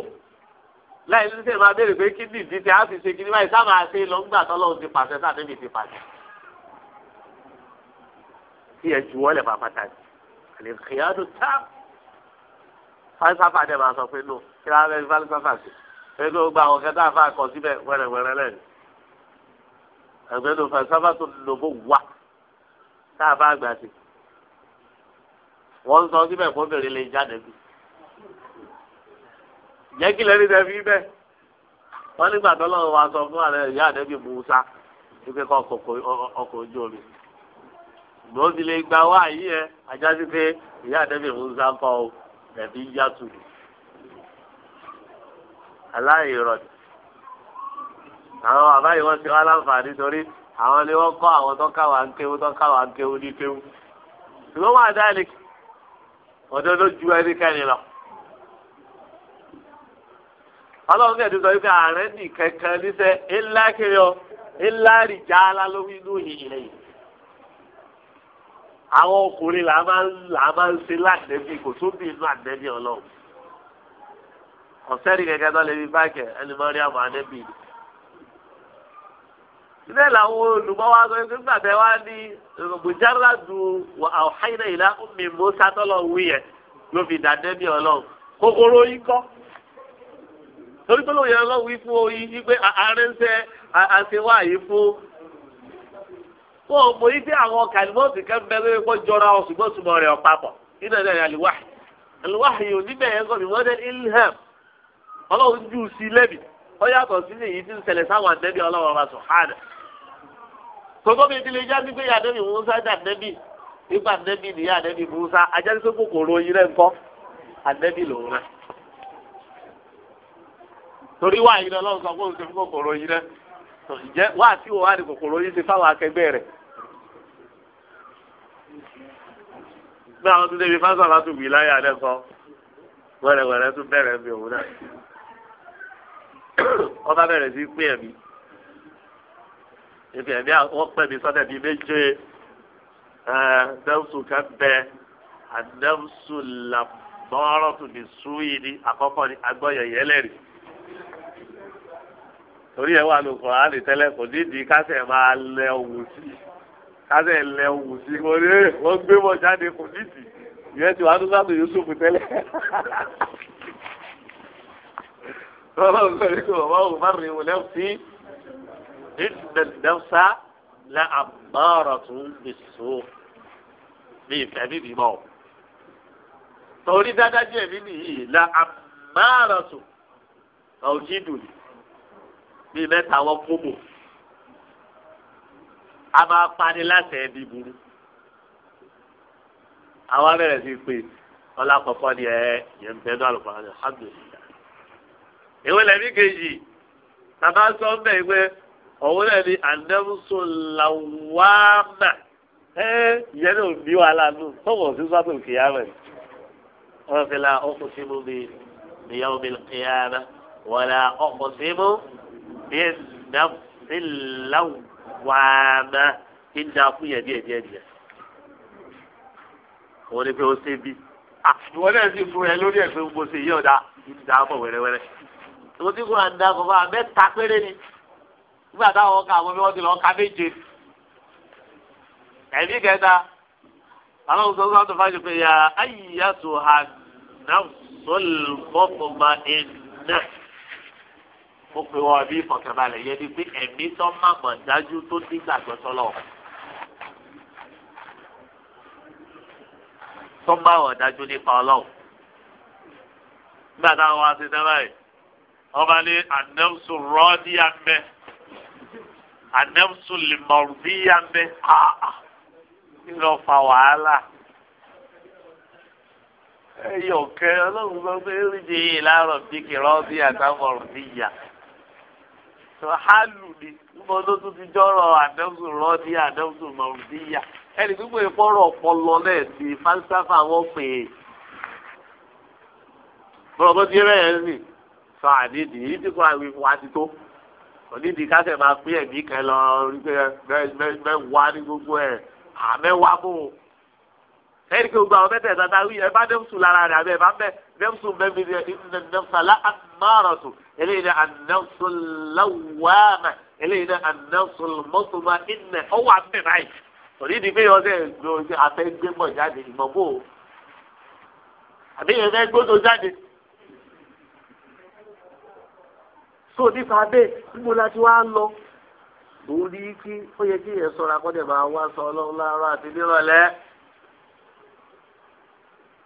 Speaker 1: láì ní sèé máa béèrè pé kí ni ìdí tí a fi ṣe kí ni báyìí sáà máa ṣe lọ ńgbà tọ́lọ́run ti pàṣẹ sáà níbi ti pàṣẹ kí ẹ jù wọ́n lẹ̀ pàpàtà ni àlè kìyàdù táp fáìsáfà dẹ̀ máa sọ pé nù kí ló rẹ fáìsáfà sí pé kí ó gba àwọn kẹta àfa kọ síbẹ̀ wẹ́rẹ́wẹ́rẹ́ lẹ́nu ẹgbẹ́ tó fáìsáfà tó lòbó wà tá a bá gbà sí wọ́n sọ síbẹ̀ kó bèrè lè jáde bí jẹ́ kí lẹ́ni tẹ́ fi bẹ́ẹ̀ wọ́n nígbà tó lọ́wọ́ wa sọ fún àlẹ́ ìyá àdẹ́bí Musa wípé kọ́ ọkọ̀ ojú omi. ṣùgbọ́n ti gba wá yìí ẹ ajá pé ìyá àdẹ́bí ìmú sáńpọ̀ o ẹ̀bí ń yàtù aláìrọ̀dì àwọn bàbá yìí wọ́n ti wá láǹfààní torí àwọn ni wọ́n kọ́ àwọn tó káwà ń kéwu tó káwà ń kéwu ní kéwu ṣùgbọ́n wọ́n àdá ẹni ọ̀dọ́ ló ju ẹnikẹ́ni lọ. ọlọ́run sọ wípé ààrẹ nìkẹ́kẹ́ níṣẹ́ ọ ńlá rìjà alálówí yìí. àwọn ọkùnrin là máa ń là máa ń ṣe láàdẹ́bí kò tó bí inú àdẹ́bí ọlọ́run ọ̀sẹ́rì gẹ́gẹ́ tó lè fi báàkì ẹni máa rí àwọn àdẹ́bí ni. ilé làwọn olùmọ́wá sọ pé gbàtẹ́ wá ní bùjárà du àwòháyìnà ìlà mi mú sátọ́lọ̀ wí yẹn ló fi dàdẹ́bí ọlọ́run kòkòrò yìí kọ́ torí pé lóye ọlọ́run wí fún oyin yí pé àárẹ̀ sẹ́ àṣewá yìí fún wọn ò mọ ibi àwọn kalimọ́ọ̀sì kan bẹ lórí pọ́ jọra wọn ṣùgbọ́n túmọ̀ rẹ̀ ọ̀pápọ̀ nínú ẹ̀rọ àlùwáhì àlùwáhì yìí oníbẹ̀ yẹn kọ́ni wọ́n dẹ́ ilham ọlọ́run jù sí lẹ́bi ó yàtọ̀ sí èyí tí ń ṣẹlẹ̀ sáwọn àdẹ́bí ọlọ́run ọba sùhánà tọ́tọ́ mi ti lè já àdẹ́bí musa àdẹ́bí àdẹ́bí nìyá àdẹ́bí musa wáá tí pé àwọn tún débi fásitì tún bì láyé alẹ́ kan wẹ́rẹ́wẹ́rẹ́ tún bẹ̀rẹ̀ bí òun náà wọ́n bá bẹ̀rẹ̀ sí pé ẹ̀mí ìfẹ́ ẹ̀mí wọ́n pẹ̀ mí sọ́dẹ̀ bíi méje dẹ́mùsù kan bẹ àdẹ́mùsù làbọ́rọ̀ tún bí súyì ní àkọ́kọ́ ní agbọ́yẹ̀yẹ́ lẹ́rìí torí ẹ̀ wà lóko àlè tẹ́lẹ̀ kò nídìí kásẹ̀ máa lẹ òun sí i kásẹ̀ lẹ̀ wù sí mo ní wọ́n gbé bọ̀ jáde kò ní tì ìyẹn ti wà á tún sáàtò Yusuf tẹ́lẹ̀. Ọlọ́run sọ̀rọ̀ kí bàbá òun bá rìn wọlé sí ìdẹ̀dẹ̀sá la àbọ̀rọ̀ tún lè nìyí la àbọ̀rọ̀ tún ọ̀jídùn mẹ́ta wọ́n kó a máa pani láti ẹbí burú àwọn abẹ́rẹ́ sí pé ọlá kọ̀ọ̀kan ni ẹ yẹn ń bẹ́ẹ̀ náà lọ́kọ̀ ọ̀hún alhamdulillah ìwé lẹ́mí kejì bàbá sọ ń bẹ̀ ìwé ọ̀hún náà ni anẹ́mùsùn làwámà ẹ ìyẹn náà bí wàhálà nù tọ́wọ̀ sí sábà òkè yàrá rẹ̀ wọ́n fi la ọkọ̀ sí mú mi níyàwó mi kìyàrá wọ́n la ọkọ̀ sí mú mi nàfìlàwù wàmẹ kí n dáa fún yẹn díẹ̀ díẹ̀ díẹ̀ òun ni pé ó ṣe bí ìwọ náà sì fún ẹ lórí ẹ pé mo ṣe yí ọ̀dà kí n dáa bọ̀ wẹ́rẹ́wẹ́rẹ́ ìwọ tí kò à ń dá kọ fún wa mẹ́ta péré ni nígbà táwọn ọkọ àwọn bí wọ́n ti lọ ka méje ẹ̀mí kẹta àwọn òṣèlú sọ́tò fájú pé ya ayíyá tó ha náà sọ́lùmọ́kùnmá ẹ̀ náà ó pe wọn bí ìfọ̀kànbalẹ̀ yẹ bí pé ẹ̀mí tó má mọ̀ dájú tó dígbàgbọ́ sọ́lọ̀ tó má mọ̀ dájú nípa ọlọ́run nígbà táwọn wá sí dáná yìí ọba ní anẹ́wùsù rọ́ọ̀dì àmẹ́ anẹ́wùsù lìmọ̀rùbí àmẹ́ àà kí ló wàhálà ẹyọ kẹ ọlọ́run bá fẹ́ rí di yìí láàárọ̀ bí kìrọ́ọ̀dì àtàwọn ọ̀rọ̀ bí yà sọ̀hálù ni níbo ló tún ti jọ́rọ̀ àdẹ́sùn rọ́ọ̀dí àdẹ́sùn mọ̀rùndíyà ẹni gbogbo ìfọ̀rọ̀ ọpọlọ náà ti fáńsáfà wọ́n pè é. bọ́lá bó ti rẹ̀ ẹ́ nì sọ àdídì yìí tí kò àwọn ìwà ti tó onídìí kásẹ̀ máa pín ẹ̀mí kan lọ rí pé mẹ́wàá ní gbogbo ẹ̀ àmẹ́wàá bò ó. ẹni kí gbogbo àwọn mẹ́tẹ̀ẹ̀ta ta wí ẹ bá dẹ́kun sùn lára rẹ̀ àbẹ́ ẹ bá bẹ́ẹ̀ dẹ́kun sùn bẹ́ẹ̀ eléyìí ní anáwùsùn láwùwáàmà eléyìí ní anáwùsùn mọ́tòmá ìnà ọwọ́ àbẹ̀ báyìí torí ìdí pé yọ ọdẹ gbé ojú afẹ́ gbé mọ̀ jáde ìmọ̀ bò ó àbí yẹn fẹ́ gbọ́dọ̀ jáde.
Speaker 2: tó nípa bẹ́ẹ̀ níbo la
Speaker 1: ti wá lọ òun ní kí ó yẹ kí yẹn sọra kọ́ dẹ̀ máa wá sọ ọlọ́run láàárọ̀ àti nírọ̀lẹ́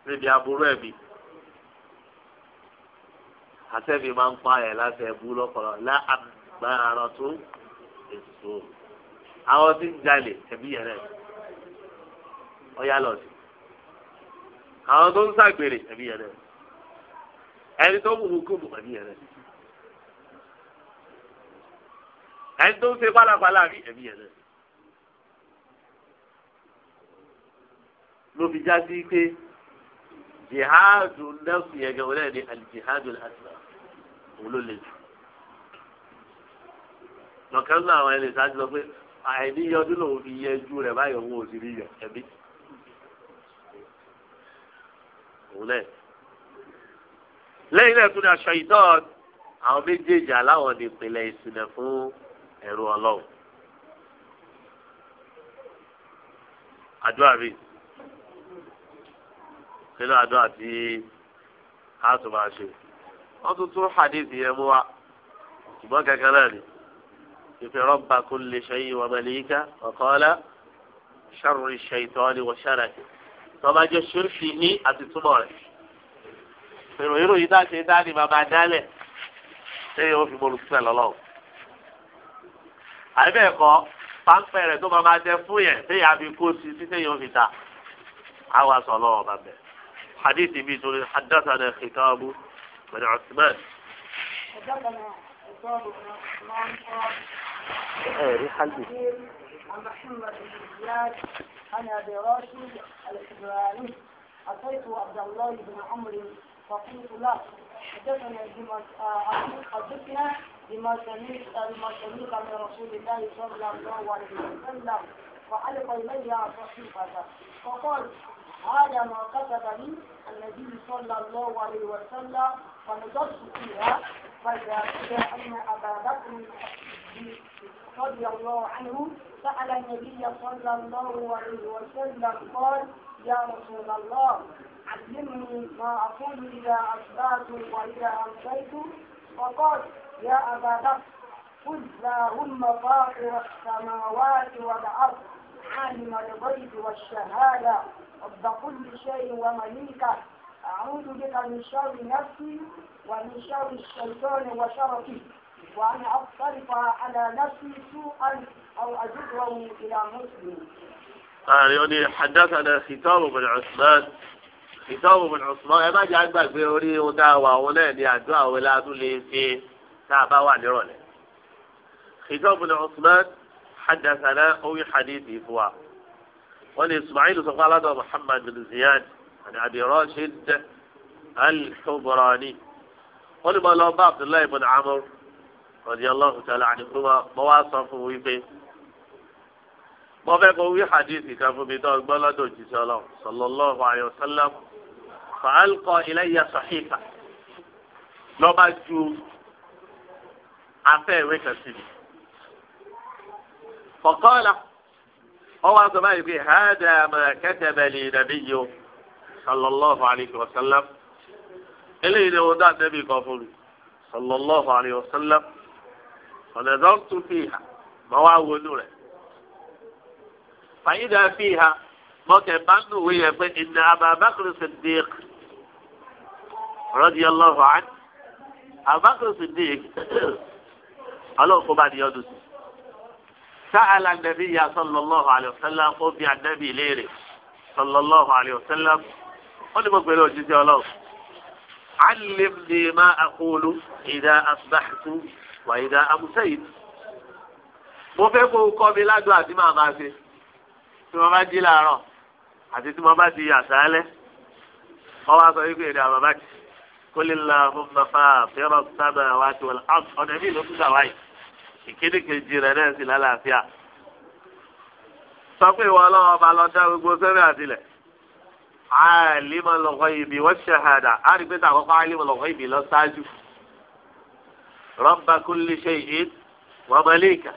Speaker 1: níbi aburú ẹ̀mí àṣẹ́bí máa ń pa ẹ̀ láti ẹ̀bú lọ́kọ̀ọ́ láàgbára tó èso àwọn tí ń jalè ẹ̀bí yẹn rẹ̀ ọ̀yá lọ sí àwọn tó ń ṣàgbèrè ẹ̀bí yẹn rẹ̀ ẹni tó mú hukumu ẹ̀bí yẹn rẹ̀ ẹni tó ń ṣe pálapàla rí ẹ̀bí yẹn rẹ̀ ló fi pé jihadu nẹ́sù yẹn gan wọlé ní alijihadu asra wúlò lè jù lọ́kàn náà àwọn ẹni sáájú sọ pé àìníyọdún lòun fi yẹjú rẹ̀ báyìí òun ò sì rí yẹ ẹbí òun náà lẹ́yìn náà tún ní aṣọ ìtọ́ọ̀tù àwọn méjèèjì aláwọ̀ ní ìpìlẹ̀ ìsìnlẹ̀ fún ẹ̀rù ọlọ́run. àdúrà rèé nínú àdúrà tí a tún máa ṣe wọ́n tún tún hadith yẹn mú wa ṣùgbọ́n kankan náà ni ìfẹ́ rọ́bà kò lè ṣẹ́yìn wọn mẹ́lẹ́yìíká ọ̀kọ́ọ́lá ṣàrùn iṣẹ́ ìtọ́ ni wọ́n ṣára kí tọ́ba jẹ́ ṣíríṣì ní àti túmọ̀ rẹ̀ èrò èrò yìí dáṣe dání bàbá dálẹ̀ ṣéyìn ó fi mo lùpẹ̀ lọ́lọ́wọ́ àbẹ̀kọ́ páńpẹ́ tó bàbá jẹ fún yẹn ṣéyìn àbí sí ṣéyìn ó fi ta àwọn aṣọ ọlọ́wọ́ bàbẹ̀. حديث بيتون حدثنا خطاب بن عثمان
Speaker 2: حدثنا خطاب بن عثمان قال إيه، عن محمد بن زياد انا براشد راشد الحبراني اتيت عبد الله بن عمرو فقلت له حدثنا بما آه، حدثنا بما سمعت آه، بما سمعت من رسول الله صلى الله عليه وسلم فعلق الي صحيفه فقال هذا ما كتب لي النبي صلى الله عليه وسلم فنظرت فيها فإذا أن أبا بكر رضي الله عنه سأل النبي صلى الله عليه وسلم قال يا رسول الله علمني ما أقول إذا أصبحت وإذا أمسيت فقال يا أبا بكر قل اللهم فاطر السماوات والأرض عالم الغيب والشهادة رب كل شيء ومليكه أعوذ بك من شر نفسي ومن شر الشيطان وشرفي وأن أصرف على نفسي سوءا أو أجره إلى مسلم
Speaker 1: يعني حدثنا خطاب بن عثمان خطاب بن عثمان ما má jẹ́ àgbàgbé orí ohun tá a wà òun náà ni àdó àwọn ẹlẹ́dún lè بن عثمان حدثنا أو حديث fún wa wọ́n ní ismail sọ fún aládọ́ muhammad bin ziyad àti abi rashid al-hubrani wọ́n ní mo lọ bá abdullahi bin amr radiyallahu ta'ala àdìgbòmọ́ mo wá sọ fún wípé mo fẹ́ kó wí hadithi kan fún mi tó gbọ́ lọ́dọ̀ òjíṣẹ́ ọlọ́run sallallahu alayhi wa sallam fa alqa ilayya ju afẹ́ ìwé kan sí mi. fọ̀kọ́lá ọwọ àgbà báyìí pé hàdà mà kẹtẹbẹlì nàbí yìí o sallallahu alayhi wa sallam eléyìí ni wọn dá nàbí kan fún mi sallallahu alayhi wa sallam ọ̀nà tó ń tún fi hà mọ wá wọnú rẹ fàyídà fi hà mọkẹ bá ń wí yẹn pé ìnà Abubakr Siddiq radiyallahu anhu Abubakr Siddiq *clears throat* ọlọ́run kó bá di ọdún sí. سأل النبي صلى الله عليه وسلم أبي النبي ليري صلى الله عليه وسلم قل مقبلوا جزي الله علمني ما أقول إذا أصبحت وإذا أمسيت mo fẹ́ kó kọ́ mi ládùn àti màá máa ṣe tí mo bá jí làárọ̀ àti tí mo bá di àṣálẹ́ wọ́n wá sọ wípé èdè àbàbà kí kó lè la fún bàbá fẹ́ràn sábà wá ti ìkéde kejì rẹ̀ náà sì lálàáfíà sọ pé ìwọ ọlọ́wọ́ bá lọ dá gbogbo sẹ́rẹ̀ àtìlẹ̀ àìlímọ̀ lọ́kọ́ ibi wọ́n ṣẹ̀hàdà á rí pé tàkọ́kọ́ àìlímọ̀ lọ́kọ́ ibi lọ ṣáájú rọ́bà kúnlé ṣe yìí wọ́n mọ léèkà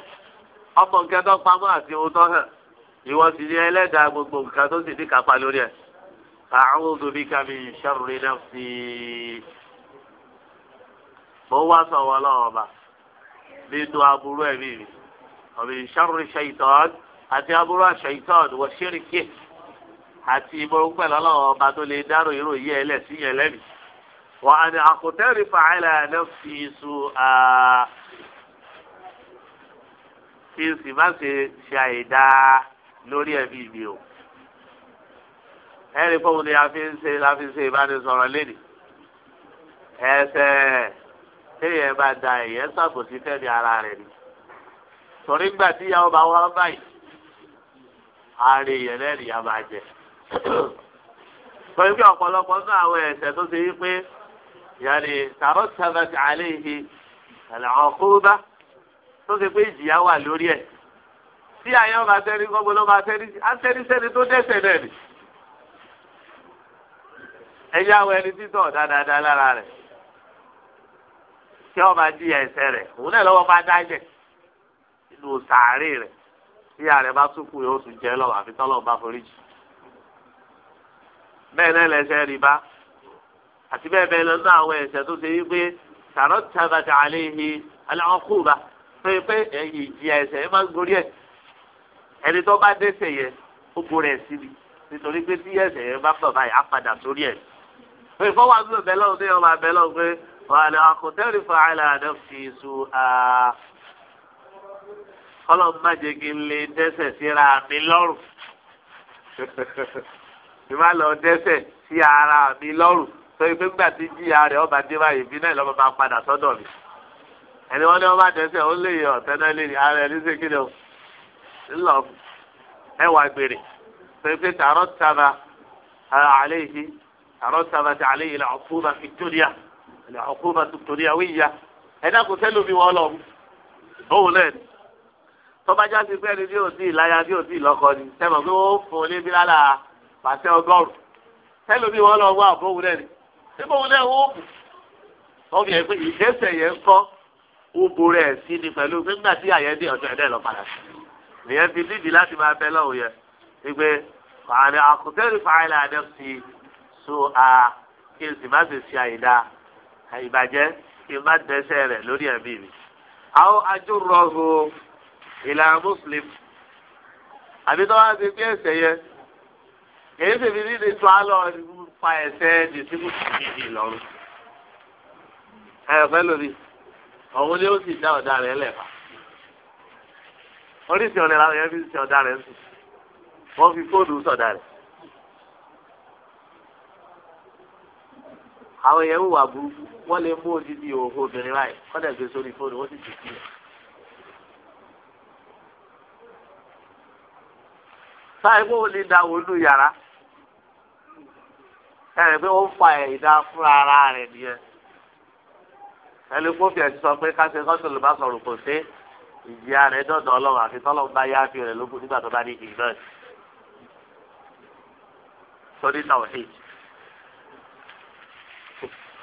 Speaker 1: ọmọ nǹkan tó pamọ́ àti ohun tó hàn ìwọ sì ní ẹlẹ́dàá gbogbo nǹkan tó sì ní kápá lórí ẹ̀ a'udhu bika min sharri nafsi mo wá sọ̀wọ́ ọlọ́wọ́ bá nínú aburú ẹ̀mí mi ọ̀bì ìṣàrùrì ṣèyítọ́n àti aburú àṣeyítọ́n wọ ṣẹ́ríkì àti ìmọ̀rúnpẹ̀ lọ́lọ́wọ́ ọba tó lè dárò irú yìí ẹlẹ́ sí yẹn lẹ́mí. wọ́n á ní àkùtẹ́rì fàáìlà ẹ̀dẹ́ fi su kí n sì má ṣe ṣe àìdá lórí ẹ̀mí mi o. ẹ̀rí fóun ni a fi ń ṣe ìbánisọ̀rọ̀ lẹ́nìí. ẹsẹ̀ téèyàn bá da èèyàn ṣàbòsí fẹ́mi ara rẹ̀ ni torí gbà tí ìyàwó bá wá báyìí ààrẹ èèyàn lẹ́rìí a máa jẹ. pẹ̀lú ọ̀pọ̀lọpọ̀ àwọn tó ṣe wípé yàrá sábàtì àlẹ́ ìhe tó ṣe pé ìjìyà wà lórí ẹ̀. tí á sẹ́ni tó náà ni. ẹ̀yà ẹni títọ̀ dáadáa lára tí wọn máa di ẹsẹ rẹ òun náà lọ́wọ́ máa dájẹ nínú sàárè rẹ tí ààrẹ bá túkú yóò tún jẹ lọ́wọ́ àfi tọlọ bá forí jì bẹ́ẹ̀ náà lẹsẹ rí bá àti bẹ́ẹ̀ bẹ́ẹ̀ lọ náà àwọn ẹsẹ tó ṣe wípé sàrọ tàbàtà àlẹ ìhì aláwọn kù bá pé pé ẹyìn ìjì ẹsẹ ẹ máa gorí ẹ ẹni tó bá dẹsẹ yẹ ó gorí ẹ síbi nítorí pé tí ẹsẹ yẹ bá bàbá yà á padà sórí ẹ pé fọwọ́ àdúgbò bẹ́ẹ̀ lọ́wọ́ wàhálà àkùtẹ́rì fàálà àdọ́fì su kọ́lọ́n má jẹ́ kí n lè dẹ́sẹ̀ síra mi lọ́rùn mi *laughs* má lọ dẹ́sẹ̀ sí ara mi lọ́rùn sọ pé nígbà tí jíya rẹ̀ ọba dé báyìí bí náà lọ́mọ máa padà sọ́dọ̀ mi ẹni wọ́n ní wọ́n dẹ́sẹ̀ ó lè yọ ọ̀tẹ́ náà lè ara ẹni ṣe kí ni o ńlọ ẹwà gbèrè sọ pé tààrọ́ tààrà àlẹ́ yìí tààrọ́ tààrà àlẹ́ yìí làwọn ẹ̀lẹ́ ọkùnrin bá tuntun ní àwọn ìyá ẹ̀dá kò fẹ́ lómi wọn lọ òun lẹ́nu tọ́ba já sí fẹ́ni bí òtí ìláya bí òtí ìlọ́kọ ni sẹ́mọ̀ pé ó fún un ní bílálà pàṣẹ ọgọ́rùn ẹlòmí wọn lọ wá àbọ̀wò lẹ́nu síbòwò lẹ́nu ó bù wọ́n fi hàn pé ìgbésẹ̀ yẹn ń kọ́ ó borẹ̀ sí ni pẹ̀lú nígbà tí àyẹ̀ dé ọ̀dọ̀ ẹ̀dẹ́ lọ padà sí nìyẹn ti dídì láti máa bẹ lọ́wọ́ yẹn wípé àkùtẹ́rì fàáìlà adẹ́sí so a kí n má sì ṣe àyè dáa àìbàjẹ́ kí n má dẹ́sẹ̀ rẹ̀ lórí ẹ̀mí mi. àwọn ajúrọ̀hù ìlànà muslim àbí tó wá sí pé ẹ̀sẹ̀ yẹn èyí sì fi nídìí tó á lọ fa ẹ̀sẹ̀ dìtíkù kìkì lọ́rùn. ẹ̀fẹ́ lórí òun ni ó sì dá ọ̀dà rẹ̀ lẹ́fà oríṣi ọ̀nà làwọn yẹn fi ṣe ọ̀dà rẹ̀ ń sùn wọ́n fi fóònù sọ̀dà rẹ̀. àwọn èèyàn ń wà burúkú wọ́n lè mú odidi òhò obìnrin báyìí wọ́n dẹ̀ gbé sórí fóònù wọ́n sì ti kí ẹ̀. sáyẹn kó o lè da wòlú yàrá ẹ̀rìn pé ó ń fa ìdá fúnra ara rẹ̀ nìyẹn ẹni kó fi ẹ̀sìn sọ pé káṣe kọ́sùn ló bá sọ̀rọ̀ kò sí ìjìyà rẹ̀ dọ̀dọ̀ ọlọ́run àfi tọ́lọ́ bá yá fi rẹ̀ lókun nígbà tó bá ní ìgbìyànjú sọ́dí tàwọn èyí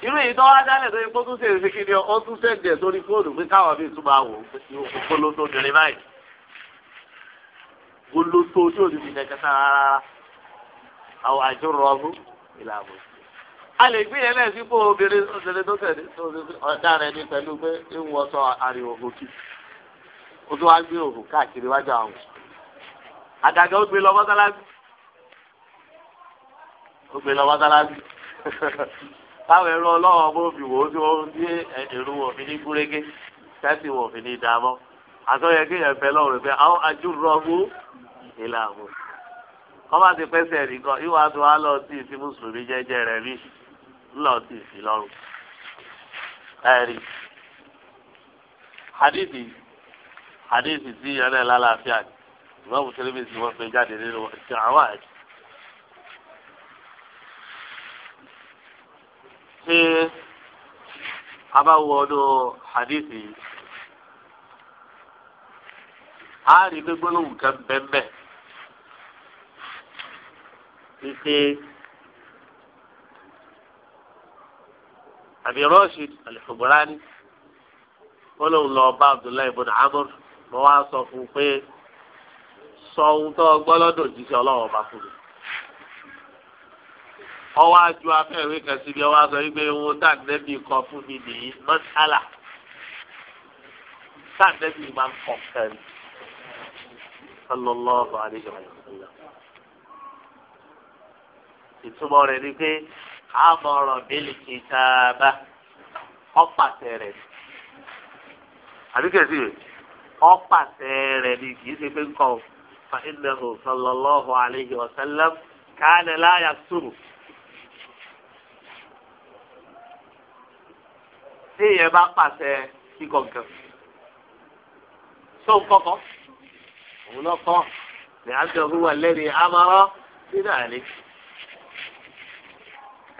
Speaker 1: irú èyí tó wá dálẹ̀ tó yẹ kó tún ṣe èsì kí ni ọ tún sẹ̀dẹ̀ sórí fóònù pé káwọn bíi tún máa wò ó kó ló tó dèrè báyìí kó ló tó tí ò ní fi kẹta rárá àwọn àjò rọrùn ìlà àbò. a lè gbé yẹn lẹ́sìn fún obìnrin obìnrin tó tẹ̀lé ọ̀dà rẹ ní pẹ̀lú pé ń wọ sọ àríwọ̀ òkè ó tún wá gbé òkú káàkiri wájú àwọn àgàgà ó gbé lọ mọ́sálásí ó gbé lọ mọ́sálásí. *laughs* káwọn ẹrú ọlọ́wọ́ bó fi wò ó tí wọ́n ti èrú wò fi ní gúrégé tẹ́sí wò fi ní dààmú àtọ́yẹ kí yẹn fẹ́ lọ́wọ́ rẹ̀ pé àwọn ajúrọ̀gbó ìlànà kọ́má ti pẹ́sẹ̀ nìkan ìwà tó wá lọ sí ìsí mùsùlùmí jẹ́jẹ́ rẹ̀ rí ńlọ sí ìsí lọ́rùn. ẹ̀rí hadithi hadithi tí yẹn lálàáfíà ìwọ́n mùsùlùmí sì wọ́n fẹ́ jáde nínú ìṣàwọ̀ àti tí a bá wọ ọdún hadithi yìí a rí gbégbé lóhùn kan bẹ́ẹ̀ wípé àbí Rashid al-Hubrani ó lóun lọ bá Abdullahi ibn Amr mo wá sọ fún un pé sọ ohun tó gbọ́ lọ́dọ̀ jíṣẹ́ ọlọ́wọ́ bá fún mi ọwọ́ adu afẹ́wé kan síbi ọwọ́ aṣọ wípé owó tàǹdẹ́bì kọ fún mi nìyí mọ́sálà tàǹdẹ́bì máa ń kọ kẹrin sallallahu alayhi wa sallam. ìtumọ̀ rẹ̀ ni pé àmọ̀ràn bílí kìtàbà ọ̀pàṣẹ rẹ̀ àdúgbò ọ̀pàṣẹ rẹ̀ ni kì ṣe pé ń kọ́ fa innahu sallallahu alayhi wa sallam kana téèyàn bá pàṣẹ kíkọ nǹkan tó ń kọkọ òun lọ kọ ní abdulhu wà lẹ́ni amọ̀rọ̀ nínú àlè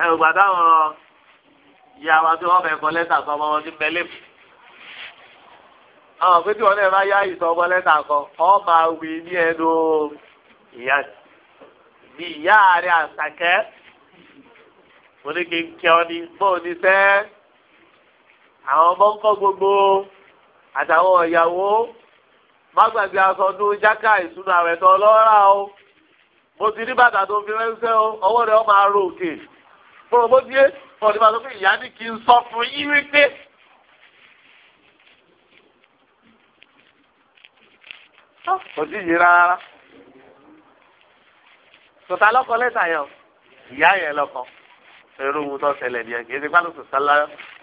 Speaker 1: ẹ̀rù gbàdá ọ̀rọ̀ ìyá wa tí wọ́n fẹ́ kọ lẹ́tà sọ ọmọ wọn ní mẹ́lẹ́mù àwọn òfin tí wọn náà bá yá ìsọ ọmọ lẹ́tà kọ ọ máa wí ní ẹnu ìyá ní ìyá rẹ̀ àṣàkẹ́ mo ní kí n kí ọ ní bóun ní sẹ́ẹ́. àwọn ọmọ ń gbogbo àtàwọn ọ̀yàwó má gbàgbé aṣọ ìsúná rẹ̀ tó o mo ti ní bàtà tó fi o ọwọ́ rẹ̀ ọmọ òkè fúnra bó ti yé fúnra ìyá ní kí n sọ fún yín wípé. kò sí yìí irú wu tó ṣẹlẹ̀ díẹ̀ kì í ṣe pálí sọ̀sálà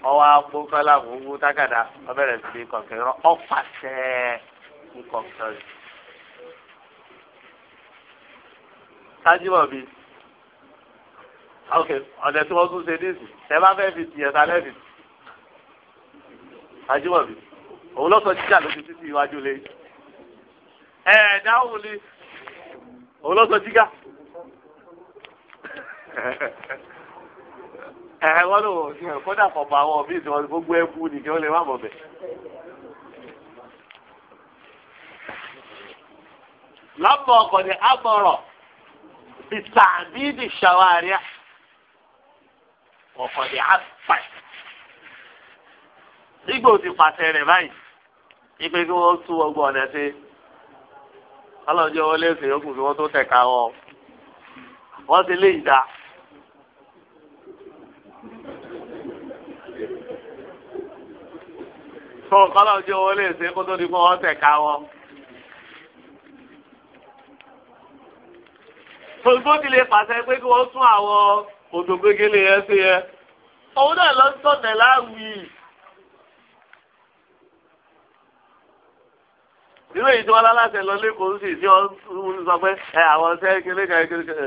Speaker 1: ọwọ́ abó kọ́lá wúwú tákàdá ọbẹ̀rẹ̀ sí kọ̀kẹ́ rán ọ̀pàṣẹ nkọ̀kẹ́ rẹ̀. sájúmọ̀ bíi ok ọ̀dẹ̀ tí wọ́n tún ṣe ní ìsìn tẹ bá fẹ́ fi tìyẹ̀ ta lẹ́bi sájúmọ̀ bíi òun lọ́sọ̀ jíjà lójú títí iwájú lé ẹ̀ dáhùn ni òun lọ́sọ̀ jíjà. *laughs* ẹ wọ́n lò kódà kọ̀ bá wọn bí ìtọ́ gbogbo ẹbú ni kí wọ́n lè má bọ̀ bẹ̀. lọ́mọ ọkọ̀ ni abọ̀rọ̀ ti tàbídì ṣàwárí ọkọ̀ ni apá. Ìgbò ti pàṣẹ rẹ̀ báyìí ipe kí wọ́n ọgbọ́n ọ̀nà sí ọlọ́jọ́ wọlé yókù tó kọ́lá ojú owó lè ṣe kó tó di fún ọ̀sẹ̀ káwọ́. tòlùbó ti lè pàṣẹ pé kí wọ́n tún àwọn odò gbégélé yẹn sí yẹn. òun náà lọ sọ̀tẹ̀ láwùí. nínú èyí tí wọ́n lálàṣẹ lọ lẹ́kọ̀ọ́ sì tí wọ́n sọ pé ẹ àwọn ọ̀sẹ̀ kékeré kan kékeré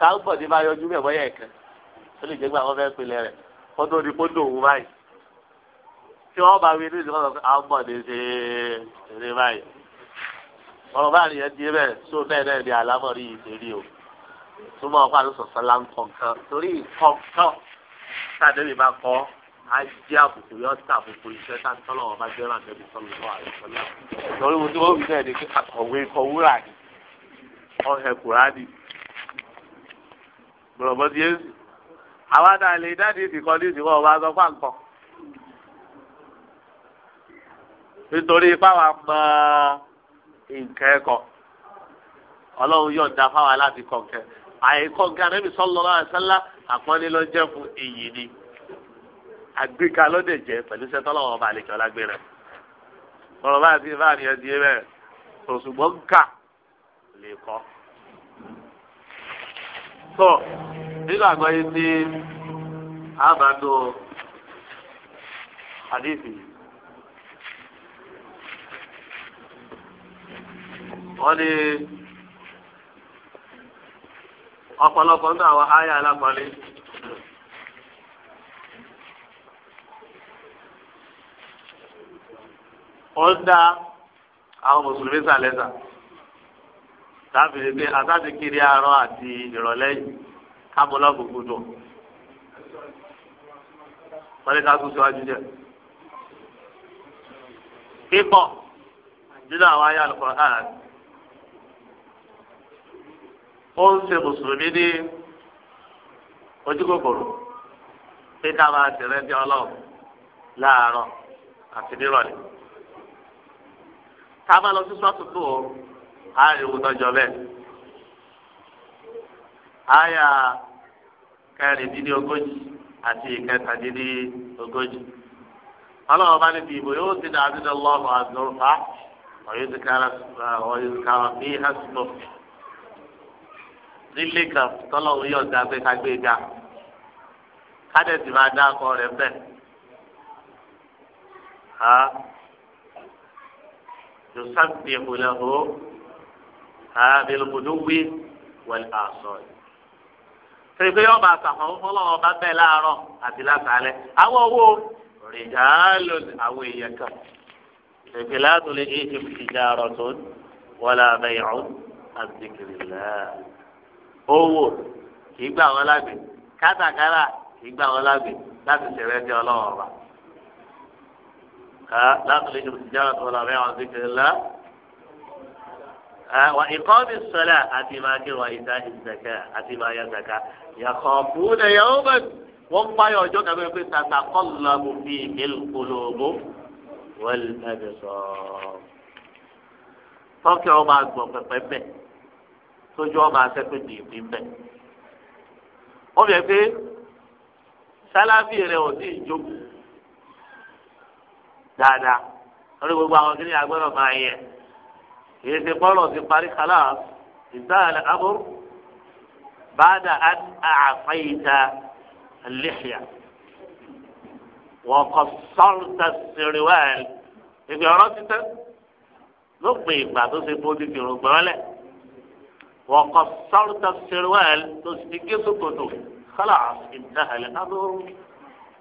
Speaker 1: káwọn bọ̀ ní bá yọjú bẹ̀ bọ́yẹ̀ kan ó lè jẹ́ pé àwọn fẹ́ pinlẹ̀ rẹ̀ kó tó di kó dòwú báyìí tí wọ́n bá wí ní ìdíkọ́ sọ pé àwọn ọmọdé ṣe eré báyìí ọ̀rọ̀ báyìí yẹn di bẹ́ẹ̀ tó bẹ́ẹ̀ náà ni àlámọ̀rí ìṣèlú o túmọ̀ ọ̀pá ló sọ̀sọ́ la ń kọ̀ọ̀kan torí kọ̀ọ̀kan sàdébì bá kọ́ ajé àbùkù yọ sí àbùkù iṣẹ́ sáńtọ́lọ̀ ọba jẹ́rán àdébì sọ́lọ́ àdébìsọ́lá torí mo tí wọ́n fi náà ni pé akọ̀wé kọ wúrà ni ọ̀hẹ̀ kùránì gbọ̀dọ̀gbọ̀dì yéésì àwọn àdàlẹ̀ ìdádìí ìdìkọ́ ní ìdìkọ́ ọba sọ fáǹkọ́. nítorí fáwa mọ nǹkan ẹ̀kọ́ ọlọ́run yọ̀ǹda fáwa láti kọ̀ǹkẹ́ àìkọ́ nǹkan anábì sallallahu alaihi wasallam àpọ́nlé ló jẹ́ fún iyì ni àgbéka lọ́dẹ̀ jẹ́ pẹ̀lú sẹ́tọ́lọ́wọ́ ọba àlejò lágbèrè ọ̀rọ̀ bá ti bá ní ẹdí bẹ́ẹ̀ òṣùgbọ́n nkà lè kọ́. tó nínú àgbáyé tí a bá tó wọ́n ní ọ̀pọ̀lọpọ̀ nínú àwọn àyà alápọ̀lẹ́. ó ń dá
Speaker 3: àwọn mùsùlùmí sàlẹ́sà tábìlì pé àtàtì kiri
Speaker 1: àárọ̀ àti ìrọ̀lẹ́ yìí kábọ̀lọ́gbògbò dùn
Speaker 3: wọ́n ní ká tún síwájú jẹ́
Speaker 1: pípọ̀ nínú àwọn àyà al àti. ó ń se mùsùlùmí ní ojúkòkòrò pé ká máa tẹ̀lé ní ọlọ́run láàárọ̀ àti nírọ̀lẹ́. tá a lọ sí sọ́tùtù o á rí bẹ́ẹ̀. àyà kẹrìndínlẹ́ ogójì àti ìkẹtàdínlẹ́ ogójì. ọlọ́run bá níbi ìbò yóò ti dàbí lọ́wọ́ àdúrà ọ̀yọ́ ti kára fi hàn sí lílé kan tọ́lọ́run yọ̀ dá pé ká gbé ga kádẹ́sì máa dá akọ rẹ̀ bẹ́ẹ̀ ha yosabbi hulahu ha bilkuduwi wal asal pèpè yóò bá sàkóso fọlọ́wọ́ bá bẹ́ẹ̀ láàárọ̀ àti látàlẹ́ àwọn owó rìjàálò àwọn èèyàn kan pèpè látòlè èyí ti fi jàrọ̀ tó wọlé abẹ́yẹ̀wò àti kìrìlẹ́ẹ̀ owó kì í gbà wọn lágbè kátàkárà kì í gbà wọn lágbè láti ṣẹlẹ jẹ Ọlọ́run ọba láti lè jòkó tìjára tó lọ mẹ́wàá sí kìlá wa ìkọ́ni sọlá àti máa kí wa ìta ìzàkà àti máa yá zàkà yàtọ̀ fún ẹ̀yà ọmọ wọn páyọ̀ ọjọ́ kan pé tata kọ́lá mo fi ìmìlì polówó wọ́n lè tẹ̀lé tọ́kì ọmọ àgbọ̀ pẹ̀pẹ́ bẹ́ẹ̀ tójú ọmọ asẹ́pẹ́ ní ìpín bẹ́ẹ̀. wọ́n bẹ̀ pé sálábì rẹ̀ ò ní ìjókòó dáadáa lórí gbogbo àwọn kìnìún agbẹ́rọ̀ máa yẹ kìí ṣe bọ́ọ̀lù ti parí kálá ìdáhàlẹ̀ amúr bàdà àfẹ́yìntà lẹ́hìá wọ́n kọ́ sọ́ọ̀tà sèrèwáàlì ìgbìyànjú ti tẹ́ lópin ìgbà tó ṣe bó ti fi rògbòmọ́lẹ̀. وقد صرت السروال تصدق سكته خلاص انتهى الأمر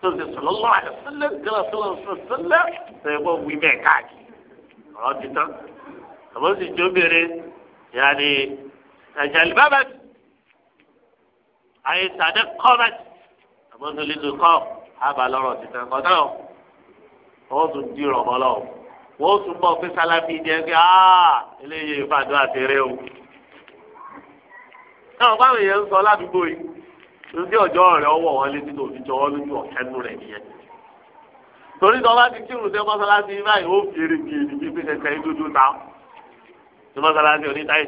Speaker 1: تصدق صلى الله عليه وسلم قال صلى الله عليه وسلم سيقوم بمعكاك راجتا فبس الجبر يعني تجلببت أي تدقبت فبس لدقاء هذا لا راجتا قدروا وصل دي رمالهم وصل في سلامي دي آه إليه يفادوا أتريهم náà báwọn èèyàn ń sọ ládùúgbò yìí lójú ọjọ́ rẹ̀ ọwọ́ wọn létí tó fi jọwọ́ lójú ọ̀kẹ́nu rẹ̀ nìyẹn torí tó bá ti kírun sí mọ́sálásí báyìí ó fèrè gèrè bí pé kẹ̀kẹ́ dúdú ta sí mọ́sálásí onítáyì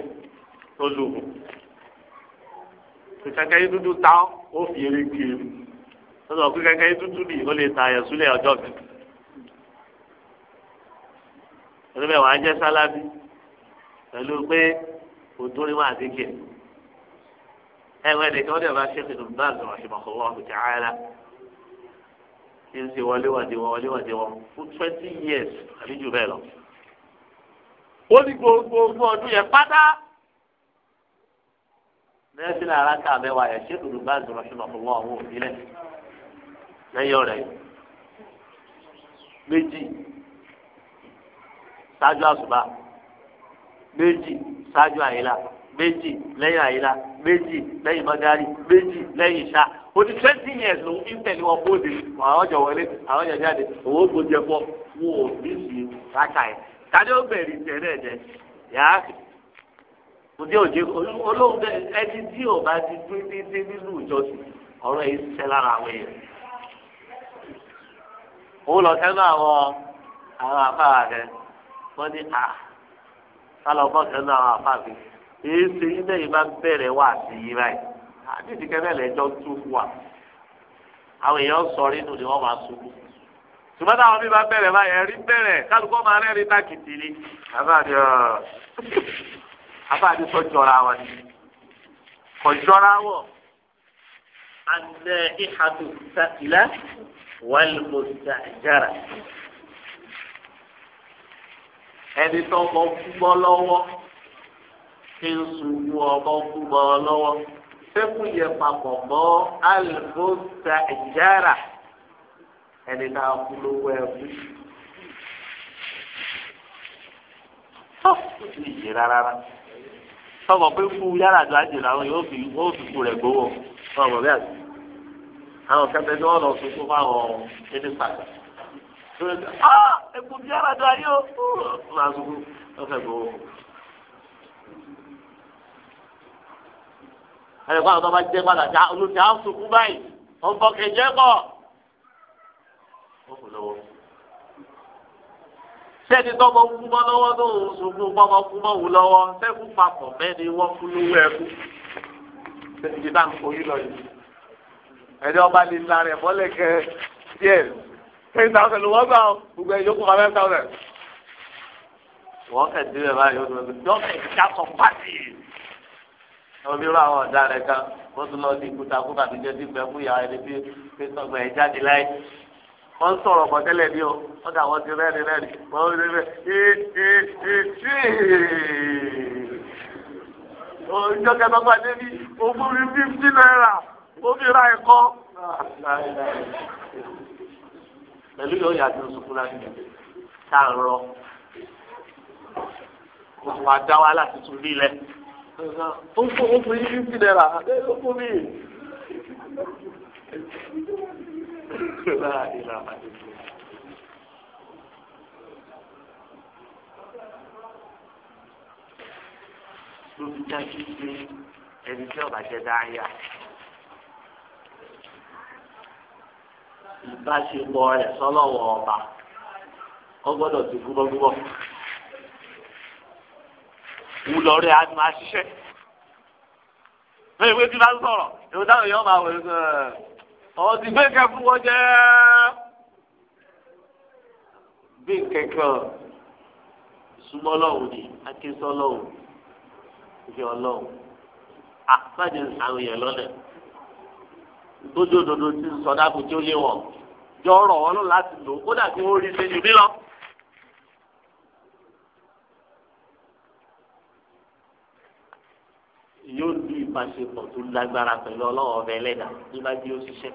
Speaker 1: tó lù ú kẹ̀kẹ́ dúdú ta ó fèrè gèrè ó sọ pé kẹ̀kẹ́ dúdú nì ó lè ta àyàn súlẹ̀ ọjọ́ mi ẹni bẹ́ẹ̀ wàá jẹ́ sálábí pẹ̀lú pé òdúrín máa ti kẹ̀ ẹ̀wọ̀n ẹ̀dẹ̀kẹ́ wọ́n dẹ̀ bá ṣe kìnnìún bá àgbà ṣùgbọ́n ọ̀hún ti ààrẹ
Speaker 4: kí n ṣe wọléwàdé wọn wọléwàdé wọn
Speaker 1: fún twenty years àbí jù bẹ́ẹ̀ lọ. ó ní gbogbo ogún ọdún yẹn pátá nẹ́ẹ̀sì lára ká mẹ́wàá yẹn ṣé kìnnìún bá àgbà ṣùgbọ́n ọ̀hún òbí lẹ̀ lẹ́yìn ọ̀rẹ́ méjì ṣáájú àṣùbà méjì ṣáájú àyílà. méjì lẹ́yìn àyílá méjì lẹ́yìn magari méjì lẹ́yìn ìṣá o ti twenty years ló ń tẹ̀lé wọn bóde àwọn ọjọ́ wọlé àwọn ọjọ́ jáde owó gbòjẹ pọ̀ wọn ò ní sí káàkà yẹn kájọ bẹ̀rẹ̀ ìtẹ̀lé ẹ̀jẹ̀ yàá òde òde olóhùn ẹni tí ò bá ti dún nínú ìjọsìn ọ̀rọ̀ yìí ṣiṣẹ́ lára àwọn èèyàn ó lọ sẹ́nu àwọn àwọn èyí ṣe ilé bá bẹ̀rẹ̀ wá sí yìí báyìí àdìsí kẹ́kẹ́ lẹ́jọ́ tú fún wa àwọn èèyàn sọ̀rọ̀ inú ni wọ́n máa sùn ṣùgbọ́n táwọn bí bá bẹ̀rẹ̀ báyìí ẹ̀rí bẹ̀rẹ̀ kálukọ́ máa rẹ́rìn tákìtì ni àbáàdì ọ̀ àbáàdì sọ̀jọ́ra wọn ni kọ̀jọ́ra wọ̀ àgbẹ̀ ìhàdù sàkìlá wàlùmọ̀sà jára ẹni tó mọ̀ fúnbọ́ lọ́wọ́ kí n sunkún ọmọ kú mọ́ ọ lọ́wọ́ sẹ́kù yẹ papọ̀ mọ́ alìbóta ìjára ẹni náà kú lówó ẹ̀kú. tó kò sí ìyè rárá sọmọ pé kú yàrá àjọ àjè làwọn yóò fi yóò fi kú rẹ̀ gbowó sọmọ bí àti àwọn kẹfẹ tí wọn lọ sunkún fáwọn mínísítà tó yẹ kí ah ẹkú yàrá àjọ ayé o máa sunkún lọfẹ gbowó. ẹnì kan àwọn bá jẹ́ padà já olùdí àsùnkú báyìí wọ́n bọ́ kẹjẹ́ pọ̀. sẹ́ni tó bọ́ kú mọ́ lọ́wọ́ tó ń sunkún bọ́ bọ́ kú mọ́ wù lọ́wọ́ sẹ́kù papọ̀ bẹ́ẹ̀ ni wọ́n kú lówó ẹkú. sẹ́ni tá à ń foyín lọ yìí ẹni ọba lè la rẹ̀ mọ́lẹ̀ kẹ díẹ̀ ten thousand wọ́n gbà gbogbo ẹ̀yọ́ kó five thousand. wọ́n kẹ̀ dín ẹ̀ báyìí ó ti wọ́n kẹ̀ dín ẹ̀ omi rú àwọn ọ̀dà rẹ̀ kan wọ́n tún lọ sí kútakúta tó jẹ́ sí gbẹ̀mú ìyá ẹni bí pé sọgbà ẹ̀ jáde láì. wọ́n ń sọ̀rọ̀ bọ̀ tẹ́lẹ̀ ní o wọ́n dà wọ́n ti rẹ́rìn rẹ́rìn wọ́n rí rẹ́ ọjọ́ kẹta débi ogún rí fífí náírà omi ra ẹ̀kọ́. pẹ̀lú yóò yàtọ̀ sùkúrú láti tá a rọ kò wá láti tún bí lẹ
Speaker 3: ó fún ó fún yín fífi náírà ó fún mi. lórí
Speaker 1: dájú pé ẹni tí ọba jẹ dáhìá ìbáṣepọ̀ rẹ̀ sọ́lọ́wọ́ ọba ó ti gbúgbọ́gbúgbọ́ wù lọ rẹ máa ṣiṣẹ́ lórí pé tí bá sọ̀rọ̀ èrò táwọn èèyàn máa wẹ̀ ẹ́ ọ̀ gbé kẹ́ wọn jẹ́ bí kẹ̀kẹ́ súnmọ́ lọ́wọ́ ni akínsọ́ lọ́wọ́ ìfẹ́ ọlọ́wọ́ àpájẹ àwọn èèyàn lọ́lẹ̀ tójú òdodo ti sọdá kò tí jọ ọ̀rọ̀ wọn lọ láti lò kódà tí wọn rí sẹ́yìn bí lọ. yóò ní ìbáṣepọ̀ tó lágbára pẹ̀lú ọlọ́wọ́ ọbẹ̀ ẹlẹ́dà ní bá bí ó ṣiṣẹ́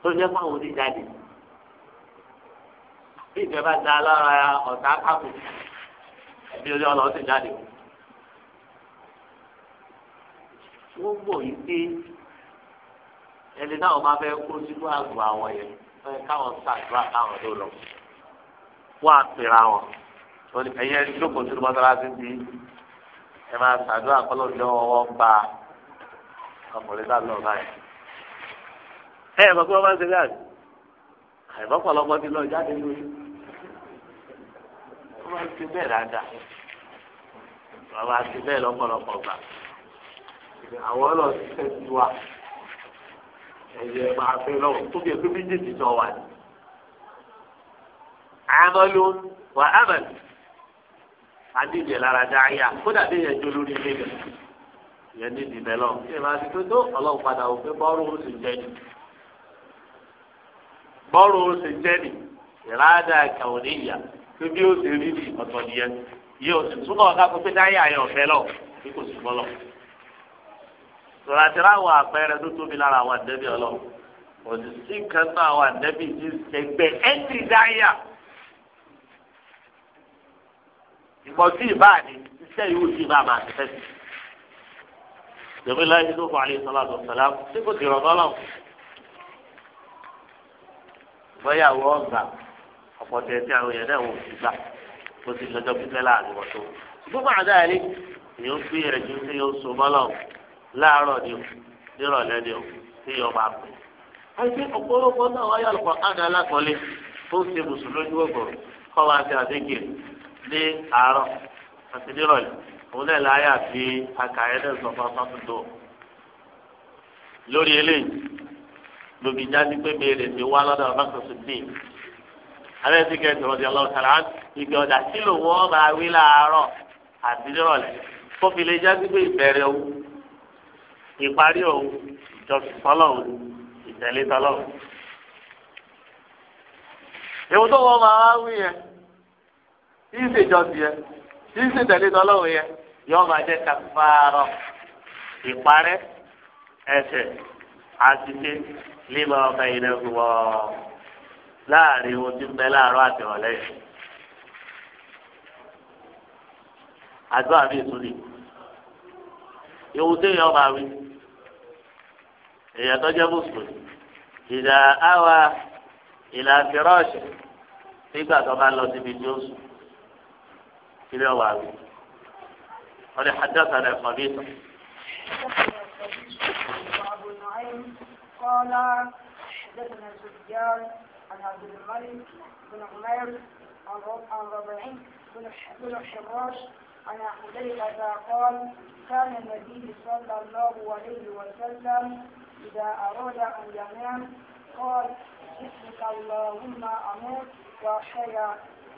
Speaker 1: tó jẹ́ fún àwọn oníjáde bí ìjọba da lára ọ̀tá kápò ẹbí orí ọlọ́wọ́ ti jáde wọ́n gbọ́ yìí pé ẹni táwọn máa fẹ́ kó sínú àgọ́ àwọn yẹn fẹ́ káwọn ṣàdúrà káwọn tó lọ wọ́n á pèrè àwọn ẹ̀yẹ ìjókòó sínú mọ́tàlá sí ti ẹ máa ṣàdúrà kọ́lọ́ ní ọwọ́ gba ọkùnrin náà lọ báyìí. ẹ ẹ mọ̀ pé wọ́n máa ń ṣe bí àná àìmọ́pọ̀lọpọ̀ ti lọ jáde lórí wọ́n máa ń ṣe bẹ́ẹ̀ dáadáa wọ́n máa ń ṣe bẹ́ẹ̀ lọ́pọ̀lọpọ̀ gbà àwọn ọlọ́ọ̀sì fẹ́ ti wá ẹ̀yẹ máa fẹ́ lọ́wọ́ tó bí ẹgbẹ́ méjèèjì jọ wà ní. àmọ́ ló wà á bẹ̀rẹ̀ àdìgbè lára dáhìá kódà bí yẹn jó lórí ilé rẹ̀ yẹn ní ìdìbẹ̀ lọ kí ẹ máa ti tó tó ọlọ́run padà wò pé bọ́ọ̀rù ó sì jẹ́ ni bọ́ọ̀rù ó sì jẹ́ ni ìrádà kàwọn níyà pé bí ó ti rí ni ọ̀tọ̀ nìyẹn yìí ó sì túbọ̀ ọ̀gá kó pé dáhìá yẹn ọ̀fẹ́ lọ bí kò sì bọ́ lọ. sọ̀rọ̀ àti ráwọ̀ àpẹẹrẹ tó tóbi lára àwọn àdẹ́bí ọlọ́run òṣìṣẹ́ kan náà àwọn àdẹ́bí ti ṣẹgbẹ́ ẹ́ńtì dáhìá ìpọ̀jù ìbáàdì iṣẹ́ yìí ó ti bá a máa tẹ́ sí. Ìjọba ìlànà ìlú fún àlẹ́ sọ́lá lọ́sọ̀lá tí kò ti rọ̀ lọ́lọ́. Bọ́yàwó ọ̀gbà ọ̀pọ̀ tẹ̀ tí àwọn èèyàn náà wò sí gbà kó ti lọ́jọ́ pípẹ́ láàrin wọn tó. Ṣùgbọ́n máa dáa rí èyí ó fi ẹ̀jú tí yóò so mọ́lọ̀ láàárọ̀ ni o nírọ̀lẹ́ ni o tí yóò máa pè.
Speaker 3: Àìsí ọ̀pọ̀lọpọ̀
Speaker 1: náà wáyà lọ́kọ̀ọ́ ní àárọ̀ àti nírọ̀lẹ́ òun náà láyé àti akàyẹ́dẹ̀ sọ̀fọ̀ sọ́túndò lórí eléyìí lóbi jáde pé béèrè mi wá lọ́dọ̀ ọ̀bákan sùdíì alẹ́ ti kẹ́ ẹ̀dùn ọ̀dẹ̀ ọlọ́ọ̀tàlá ìgbà ọ̀dà tí lò wọ́n máa wí láàárọ̀ àti nírọ̀lẹ́ kó fi lè jáde pé ìbẹ̀rẹ̀ òun ìparí òun ìjọsìn fọlọ́run ìtẹ̀lé tọlọ́run. èwo tó wọ́n máa wá wí yẹn kí n ṣèjọsìn yẹ kí n ṣètẹ̀lé tọ́lọ́run yẹ yọ máa jẹ́ kàfàrọ̀ ìparẹ́ ẹsẹ̀ àtìṣe lébà ọba ìrẹ́ wọ láàrin ohun tí ń bẹ láàárọ̀ àti ọ̀lẹ́ yìí. àdúrà mi ìtúlẹ̀ ewu téèyàn máa wí èèyàn tó jẹ́ mùsùlùmí ìdá àwa ìlà fìrọ́ọ̀ṣì nígbà tó bá lọ síbi tí ó sùn. كده هو عبيد قال حدثنا قبيصة
Speaker 2: قال حدثنا سفيان عن عبد الملك بن عمير عن ربيع بن حراش عن حذيفة قال كان النبي صلى الله عليه وسلم إذا أراد أن ينام قال اسمك اللهم أموت وأحيا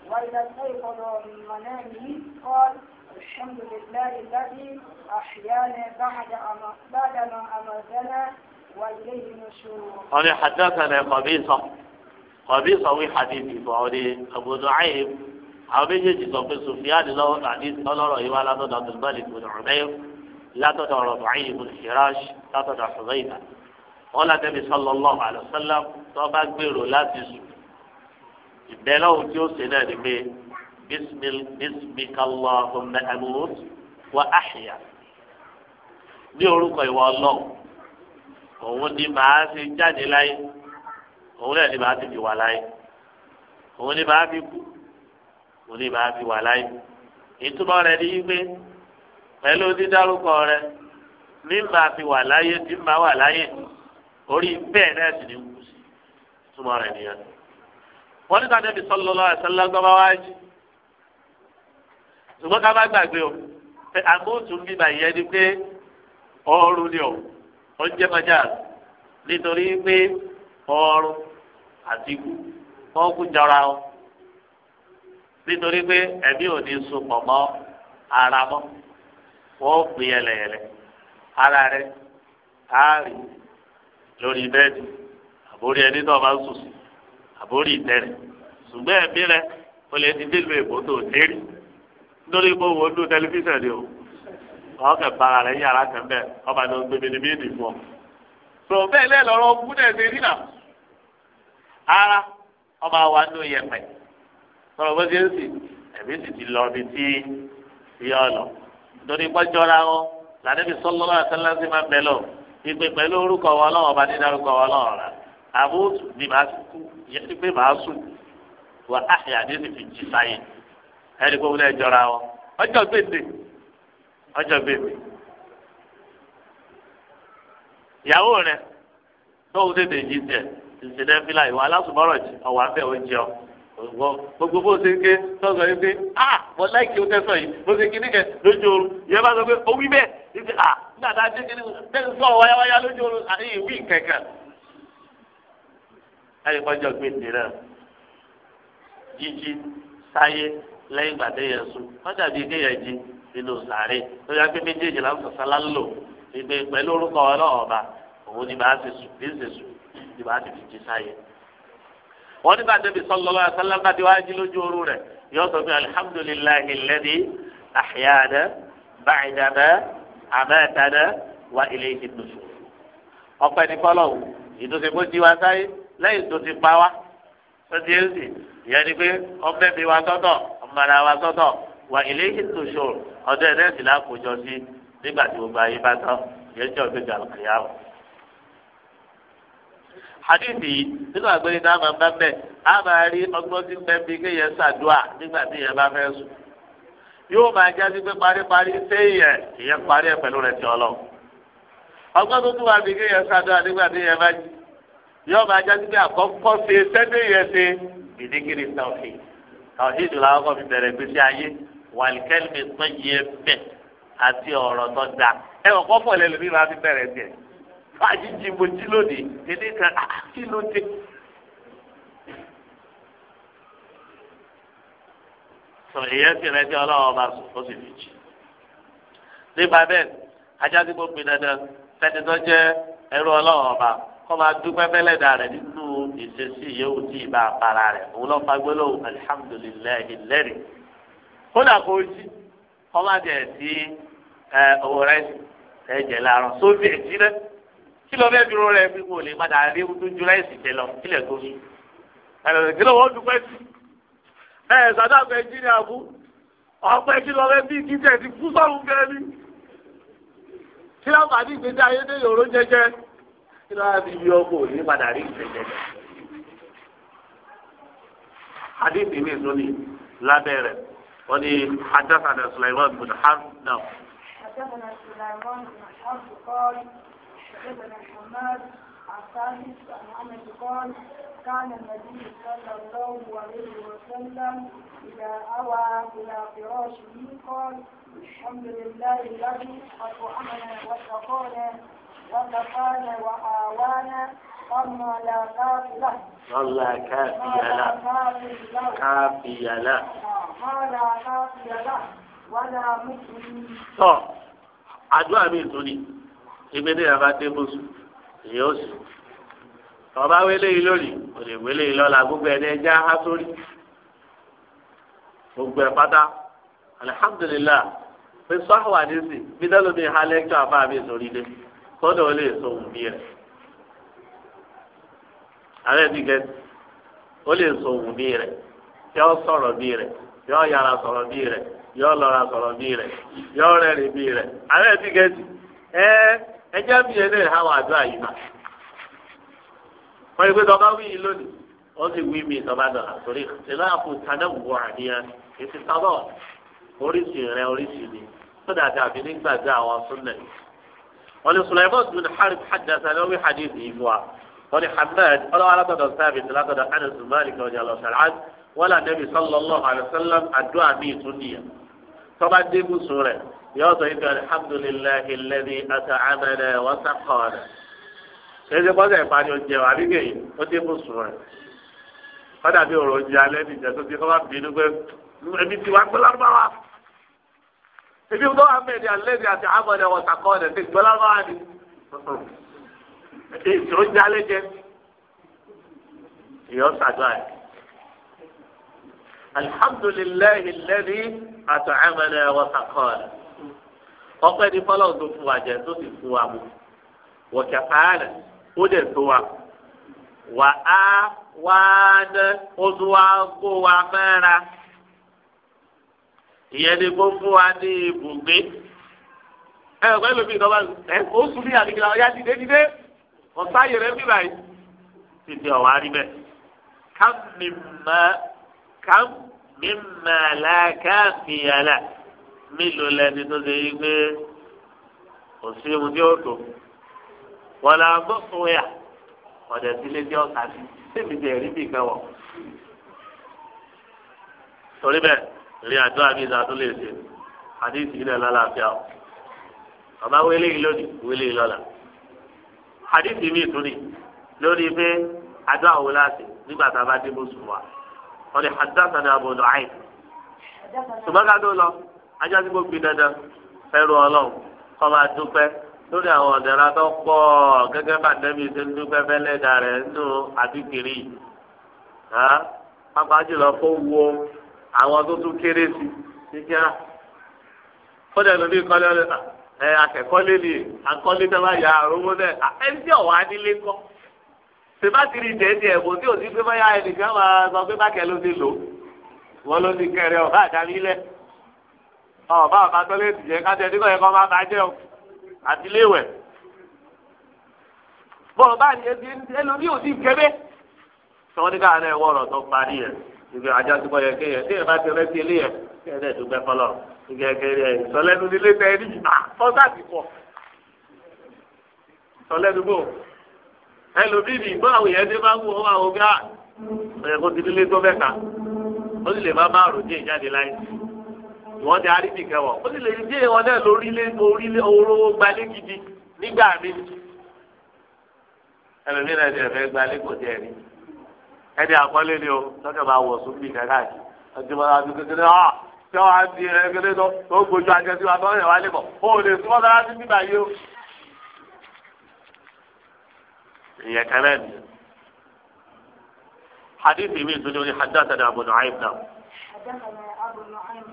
Speaker 2: وإذا استيقظ من والمنام قال الحمد لله الذي أحيانا بعد أما بعد ما أمزنا وإليه نشور قال حدثنا
Speaker 1: قبيصة قبيصة وي حديثي فعلي أبو نعيم عبيجة تقول سفيان له حديث قال رأي ولا تدع عبد الملك بن عمير لا تدع ربعي بن حراش لا تدع حذيفة قال النبي صلى الله عليه وسلم طبعا كبير لا تسوي ìbẹ́lọ́wọ́ tí ó ṣe náà ni pé bismikallahumma amut wa ahya ní orúkọ ìwọ ọlọ́run òun ni màá fi jáde láyé òun náà ni màá fi wà láyé òun ni màá fi kú òun ni màá fi wà láyé ìtumọ̀ rẹ̀ ni wípé pẹ̀lú dídárúkọ rẹ̀ ní màá fi wà láyé tí màá wà láyé orí bẹ́ẹ̀ náà sì ni kú sí ìtumọ̀ rẹ̀ nìyẹn wọ́n ní ká Ànábì sallallahu alaihi wasallam gbọ́dọ̀ wá jù ṣùgbọ́n ká má gbàgbé o pé àmóòtú ń bíbà yẹn ni pé ọrùn ni o ó ń jẹ́ mọ́jà nítorí pé ọrùn àti ikú wọ́n kú jọra o nítorí pé ẹ̀mí ò ní so pọ̀ mọ́ ara mọ́ wọ́n pè yẹlẹyẹlẹ ara rẹ̀ á lórí bẹ́ẹ̀dì àbórí ẹni náà máa ń sùn sí àbórí ìtẹ́rẹ̀ ṣùgbọ́n ẹ̀mí rẹ o lè ti délùú èbó tó o dé rí nítorí pé òun dún tẹlifíṣàn ni o wọn kẹ bára rẹ yàrá kan bẹ́ẹ̀ ọba ní o gbé mi ní mí nìfọ. sọ bẹ́ẹ̀ lẹ́ lọ́rọ́ kú náà ṣe rí nà ara ọba wa ní oyè pẹ̀ sọ̀rọ̀ bó ṣe ń sì ẹ̀mí sì ti lọ ibi tí yọ lọ nítorí pọ́jọ́ra wọn làdébí sọ́lọ́lá àtàlásí máa bẹ̀ lọ ìpè pẹ̀lú orúkọ wọn lọ́wọ́ bá ní dárúkọ wọn lọ́wọ́ rà àbótù ni màá kú yẹtí pé màá sùn wà áhìá ní ti fi jí sáyé ẹni pé wọn jọra wọn ọjọ́ gbèsè ọjọ́ gbèsè ìyàwó rẹ tóun tètè jí tiẹ̀ ìṣẹ̀lẹ̀ fílà ìwà alásùmọrọ jì ọwọ́ abẹ oúnjẹ ọ gbogbo bó ṣe ń ké sọ́sọ́ yìí pé ah mo láìkí o tẹ́sán yìí mo ṣe kíní kẹ lójú oorun bá sọ pé o wí bẹ́ẹ̀ ní ti nígbà tá a dé kíní bẹ́ẹ̀ sọ wáyáwáyá lójú oorun àti ìwí láti kọjọ gbèsè náà jíjí sáyé lẹ́yìn ìgbà téèyàn sùn wọn dàbí kéèyàn jí nínú sàárè tó yà pé méjèèjì láti sàlá ń lò ìgbè pẹ̀lú orúkọ ọlọ́ọ̀ba òun ni bàá ti sùn bí ń ṣe sùn ni bàá ti fi jí sáyé. wọn nígbà débi sọlọlọ àtàlágbà tí wàá jí lójú oorun rẹ̀ yóò sọ pé alihamudulilayi lẹni àhíyáná báyìídáná àmẹ́ẹ̀dáná wa ilé ìdìbò sùn. ọpẹ́ ní kọ́lọ́ọ̀ ìdúnṣe kó jí wa sáyé lẹ́yìn tó ti pa wá tó ti ń sìn ìyẹn ni pé ọbẹ̀ mi wá sọ́tọ̀ ọmọdé wa sọ́tọ̀ wà ilé ètò ìṣòro ọdún ẹ̀ náà sì lákòójọ sí nígbà tí gbogbo ayé bá tán ìyẹn jọ gbé gàlù kìyàwó. hadith yìí nínú àgbẹ̀rẹ̀ náà máa ń bá bẹ̀ á máa rí ọgbọ́n tí ń bẹ́ bí kéèyàn ṣàdúà nígbà tí ìyẹn bá fẹ́ sùn yóò máa já sí pé paríparí séèyàn ìyẹn parí yóò máa jáde pé àkọ́kọ́ ṣe sẹ́dẹ̀ yẹn ṣe ìdíkiri tàwíì tàwíì ìdùnnú àkọ́kọ́ fi bẹ̀rẹ̀ gbèsè ayé wàlíkẹ́lìmì tó yẹ bẹ̀ àti ọ̀rọ̀ tó da ẹ wọ́n kọ́ pọ̀ lẹ́nu bí wọ́n á fi bẹ̀rẹ̀ tiẹ̀ fàájì jìbò jí lónìí èdè kan ah, kí ló dé. sọ èyẹ sì rẹ tí ọlọ́wọ́ bá sùn ó sì fi jì. nípa bẹ́ẹ̀ ajá tí mo pin dandan tó jẹ́ ẹrú ọlọ́wọ́ ọba kọ́ máa dúpẹ́ bẹ́lẹ̀ dà rẹ̀ nínú ìṣesí yòówù tí ìbá para rẹ̀ òun lọ́ fa gbólóhùn alihamudulilayi lẹ́rìí kódà kó jí kọ́ máa jẹ̀ sí owó rẹ̀ ẹ̀jẹ̀ láàrọ̀ sóbì ètí rẹ̀ kí lọ bẹ́ẹ̀ dúró rẹ̀ bí mo lè padà rí ojú ju rẹ̀ sì jẹ lọ kílẹ̀ tó mi ẹ̀rọ kí ló wọ́n dúpẹ́ sí ẹ̀ sọ́dọ̀ àgbẹ̀ jí ni àbú ọ̀pẹ́ kí lọ bẹ́ẹ̀ bí kí kí ló wá fi yọ ọkọ òní padà rí ìṣẹ̀lẹ̀ rẹ̀. hadith mi tún ni lábẹ́ rẹ̀ wọ́n ní adásàdà Sulaiman bin Harb náà.
Speaker 2: حدثنا سليمان بن حرب قال حدثنا حماد عن ثابت عن انس قال كان النبي صلى الله عليه وسلم اذا اوى الى فراشه قال الحمد لله الذي اطعمنا وسقانا وكفانا وآوانا وما لا كافي له ولا كافي له كافي له ما لا كافي له ولا مكرم
Speaker 1: àdúrà mi tún ni ìgbé ní ìyàbá débùsù èyí ó sì ọba wélé yìí lónìí kò lè wélé yìí lọ́la gbogbo ẹni ẹja há sórí gbogbo ẹ pátá alihamdulilayi fi sọ́hà wà nísì bí dẹ́lu mi ha lẹ́kítọ̀ àbá mi sórí dé. kọ́dọ̀ ó lè so òun bí ẹ̀ ààrẹ ti gẹ ó lè so òun bí rẹ̀ yọ sọ̀rọ̀ bí rẹ̀ yọ yàrá sọ̀rọ̀ bí rẹ̀ yọ lọ́ra sọ̀rọ̀ bí rẹ̀ yọ rẹ́rìn bí rẹ̀ ààrẹ ti gẹ ti ẹ ẹjẹ́ bí ẹ lè hàwọn àdó àyíká wọ́n yìí pé tọ́ba wí yìí lónìí wọ́n sì wí mí tọ́ba dọ̀la torí ìlú àpò tàdánwò àníyàn èsì tábọ̀ oríṣi rẹ oríṣi ni sódà dàbí nígbàgbé àwọn súnlẹ̀ wọ́n ní Sulaiman bin Harib haddatha ló wí hadith yìí fún wa wọ́n ní Hamad ọlọ́wọ́ alágbàdo sábì tí lágbàdo Anas Malik ọjà lọ ṣàlàyé wọ́n là Nabi sallallahu alayhi wa sallam àdúrà mi tún nìyẹn tọ́ba dé bùsùn rẹ̀ yóò sọ ibi alhamdulillahi alladhi at'amana wa saqana ṣèṣe kọ́sẹ̀ ìpàdé oúnjẹ wa àbí kèyí ó dé bùsùn rẹ̀ kọ́dà bí òrò oúnjẹ alẹ́ nìjẹ́ tó ti kọ́ bá bínú pé ẹbí ti wá pé lárúbáwá ebi tó wà mẹ́ni alẹ́ni àti amọ̀ni ọ̀tà kọ́ ọ̀dẹ̀ ní ìgbọ́lá máa ní. èsì ó jalè jẹ ìyọ́ sàdúrà yìí. alhamdulilayi lẹ́ni àti amọ̀ni ọ̀tà kọ́ ọ̀dẹ̀. ọpẹ́ ní fọlọ́n tó fún wa jẹ tó sì fún wa mú. wọ̀kẹ́ fàálẹ̀ ó dẹ̀ tó wa. wà á wá ná ó tún kó wa mẹ́ra ìyẹn ni kó fún wa ní ibùgbé ẹ ọ̀pẹ́ lómi ìdọ́gba ẹ ó sùn ní àdìgbà ọ̀yá dìde dìde ọ̀sáyè rẹ bí báyìí títí ọ̀wá rí bẹ́ẹ̀ kam mímà kam mímà làkàfìyàlà mélòó lẹni tó ṣe yí pé òsì mu tí ó tó wọn là ń bọ́ fún yà ọ̀dẹ̀ sílé tí ó kà sí sèmi tẹ̀ rí bì kan torí bẹ́ẹ̀ rí àdó àbíza tó lè ṣe àdéhùn ìlẹ̀ lálàáfíà o ọba wẹlé yìí lónìí wẹlé yìí lọ́la àdéhùn mi tún ni lórí pé àdó àwọn láti nígbà tá a bá dé mọ́sùn wa wọ́n ní hadassah ní abu nuhaim ṣùgbọ́n ká tó lọ ajá tí mo gbin dandan ẹrù ọlọ́run kọ́ máa dúpẹ́ lórí àwọn ọ̀dẹ́ra tó pọ̀ gẹ́gẹ́ bá dẹ́bi ṣe ń dúpẹ́ fẹ́lẹ́ dà rẹ̀ nínú àdìkiri pápá jùlọ kó wo àwọn tó tún kéré sí kíkí á kọ́dà lórí ìkọ́lé ẹ akẹ́kọ́lé ni akọ́lé tó bá yà rówó náà ẹni tí ọ̀wá nílé kọ́ sèbátìrì dẹ́ẹ̀dẹ́ ẹ̀bùn tí òsì pé báyà ẹnìkan máa sọ pé bákẹ́ ló ti lò wọ́n ló ti kẹrẹ ọ̀bá àdáni lẹ̀ ọ̀bá ọ̀bá tó lè tìjẹ́ kájẹ́ nígbà yẹn kọ́ máa bá jẹ́ o àti léwẹ̀ bọ́ọ̀ bá ní ẹlòmíì òsì kébé sọ wọ́n ní káwọn náà wọ̀ ọ̀rọ̀ tó parí yẹn ìgbà ajá tó bọ̀yọ̀ kéèyàn téèyàn bá ti rẹ́sí eléyẹ̀ kéèyàn dẹ̀ dùgbẹ́ fọlọ́ ìgbẹ́gẹ́rẹ́ ìsọlẹ́nu nílé tẹ́ ní àkọ́sà ah, ti pọ̀ ìsọlẹ́nu bò ẹlòmíì ní ìgbọ́ àwọn èèyàn dé bá wù ọ́ àwọn ọ̀gá ẹ̀ kó ti nílé tó mẹ́ta ó sì lè má bá àròjé ìjáde láyé ìwọ́n ti aríbi kẹwọ̀ ó sì lè dé wọn náà lórílé orílé oró gbalé gidi nígbà mi ẹlòmíì náà ti ẹ̀fẹ́ gbalé kò ẹni àkọlé ni o lọ́kẹ́ máa wọ̀ sùn bíi kẹ́kẹ́ àti ọdún máa dùn kékeré ọ̀ tí wọ́n á di ẹgbẹ́lẹ́ tó tó gbójú ajẹ́ sí wa tó yẹ wá lé bọ̀ ó lè súnmọ́ sára sí bíbá yìí o. ìyẹn kẹlẹ́ ni حديث من سجود حدثنا أبو نعيم نعم
Speaker 2: حدثنا أبو نعيم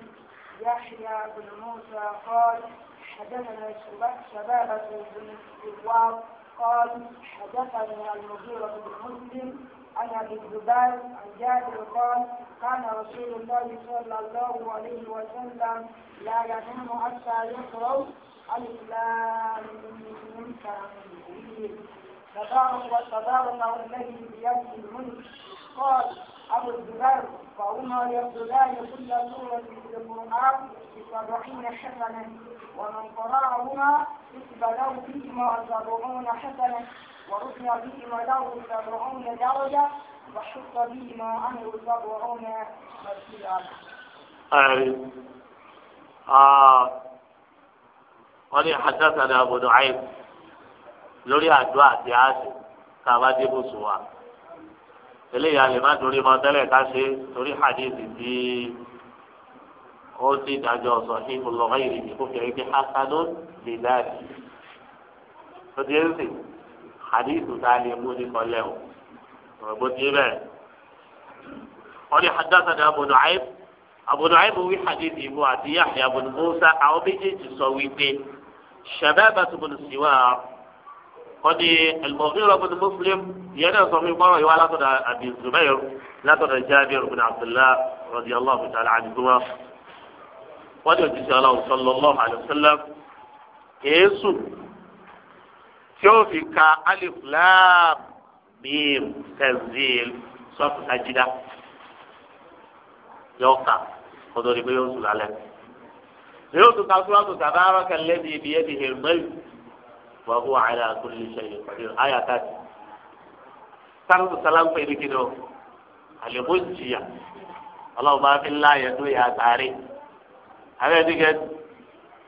Speaker 2: يحيى بن موسى قال حدثنا شبابة بن الواب قال حدثني المغيرة بن مسلم عن ابي الزبير عن جابر قال كان رسول الله صلى الله عليه وسلم لا ينام حتى يقرأ الف لام تبارك وتبارك الذي بيده الملك قال أبو الزبير فهما يبدلان كل سورة في القرآن بسبعين حسنا ومن قرأهما كتب له فيهما سبعون حسنا ورفع بهما له سبعون درجة وحط بهما عنه سبعون مسيرا
Speaker 1: wọ́n ní hasasana abu nu'aym lórí àdó àti àṣẹ tá a bá dé bùsùn wa eléyìí a lè má torí mọ tẹ́lẹ̀ ká ṣe torí hadith tí ó sì dájọ́ sọ ní ìlọ́wọ́ ìrìnnì kó fẹ́ẹ́ fi hasanu lè dáàbì. ó ti ń sìn. حديث تعالي يقول قال ربطي به قال حدثنا أبو نعيم أبو نعيم هو حديث أبو يحيى بن موسى أو بيجي تسويبي شبابة بن سوار قد المغيرة بن مسلم ينا صمي مرة ولا تدى أبي الزبير لا تدى جابر بن عبد الله رضي الله تعالى عنهما قد الله صلى الله عليه وسلم كيسو tí ó fi ka alif lam mim tanzil sọ́ọ̀tù tajida yóò kà kótó ni pé yóò sùn lálẹ́. yóò tún ka sùrọ̀tù tabaraka alladhi biyadihi al-mulk wa huwa ala kulli shay'in qadir àyà tàbí. sárùtù sálámù pé nìkí ni o àlèkò jìyà ọlọ́run bá fi láàyè tó yà sáré. àbẹ́ẹ̀dì kẹ́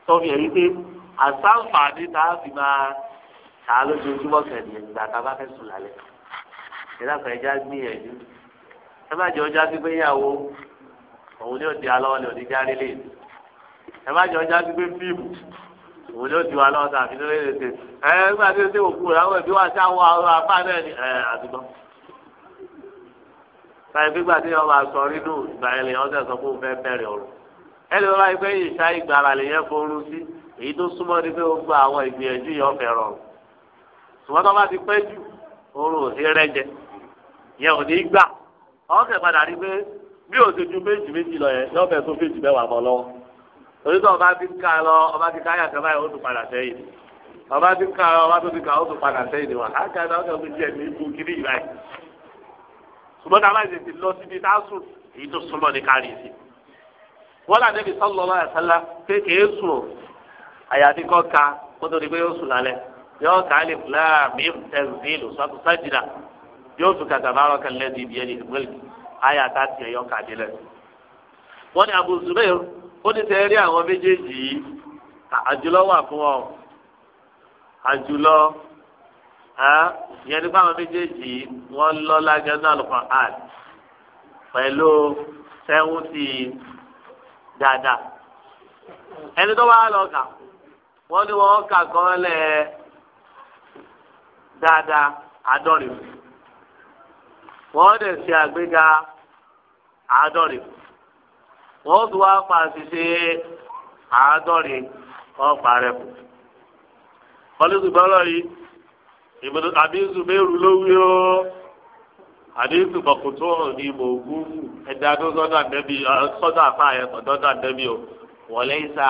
Speaker 1: sọ́ọ̀fì ẹ̀rí pé tá a fi máa. kà á lójoojúmọ́ kẹ̀lẹ́ ìgbà tá a bá fẹ́ sùn lálẹ́ ìdá kan ẹja gbìyànjú ẹ má jẹ ọjà gbígbé yàwó òun ni ó di alọ́ ni òní járe ẹ má gbígbé ni ó di alọ́ àfi lórí ètè ẹ nígbà tí ó òkú rẹ àwọn ẹbí wà sí ni ẹ àdúgbò báyìí tí wọn máa sọ ìgbà yẹn lè sọ fún ẹ lè ṣùgbọ́n tó bá ti pẹ́ jù oorun ò sí rẹ́jẹ yẹn ò ní gbà ọ̀sẹ̀ padà rí pé bí o ti ju méjì méjì lọ yẹn yọ bẹ̀ tó méjì mẹ́wàá mọ́ lọ́wọ́ torí ọba ti ń ka lọ ọba ti ká yàtọ̀ báyìí ó tún padà sẹ́yìn ọba ti ń ka lọ ọba tó ti kà ó tún padà sẹ́yìn wà á kà ó tún jẹ́ ní kiri yìí ṣùgbọ́n ti lọ síbi èyí tó súnmọ́ ní kárí wọ́n là débi sùn ka pé ó yóò ka alif lam mim tanzil sọ́tù sájìdá yóò tún kàtà bá rọ́ọ̀kà lẹ́dí ibi ẹni ìmọ̀lì ayé àtàtì ẹ̀yọ́ kàdé lẹ̀. wọ́n ní Abu Zubair ó ní tẹ́rí àwọn méjèèjì yìí àjùlọ wà fún ọ àjùlọ ìyẹn nípa àwọn méjèèjì yìí wọ́n lọ lágẹ́nú Al-Qur'an pẹ̀lú sẹ́wọ́n dáadáa ẹni tó bá lọ kà wọ́n ní wọ́n kà kọ́ lẹ́ẹ̀. dáadáa àádọ́rin wọ́n dẹ̀ ṣe àgbéga àádọ́rin wọ́n tún wá pa àṣìṣe àádọ́rin wọ́n parẹ́ kù. ọlọ́sùgbọ́n lọ́yìí ìbùdó àbí zùmẹ́rù lówí ó àbí zùmọ̀kùtù ní mògún ẹ̀dá tó sọ́dọ̀ àdẹ́bí sọ́dọ̀ àfa yẹn sọ́dọ̀ àdẹ́bí o wọ́n lẹ́yìn sá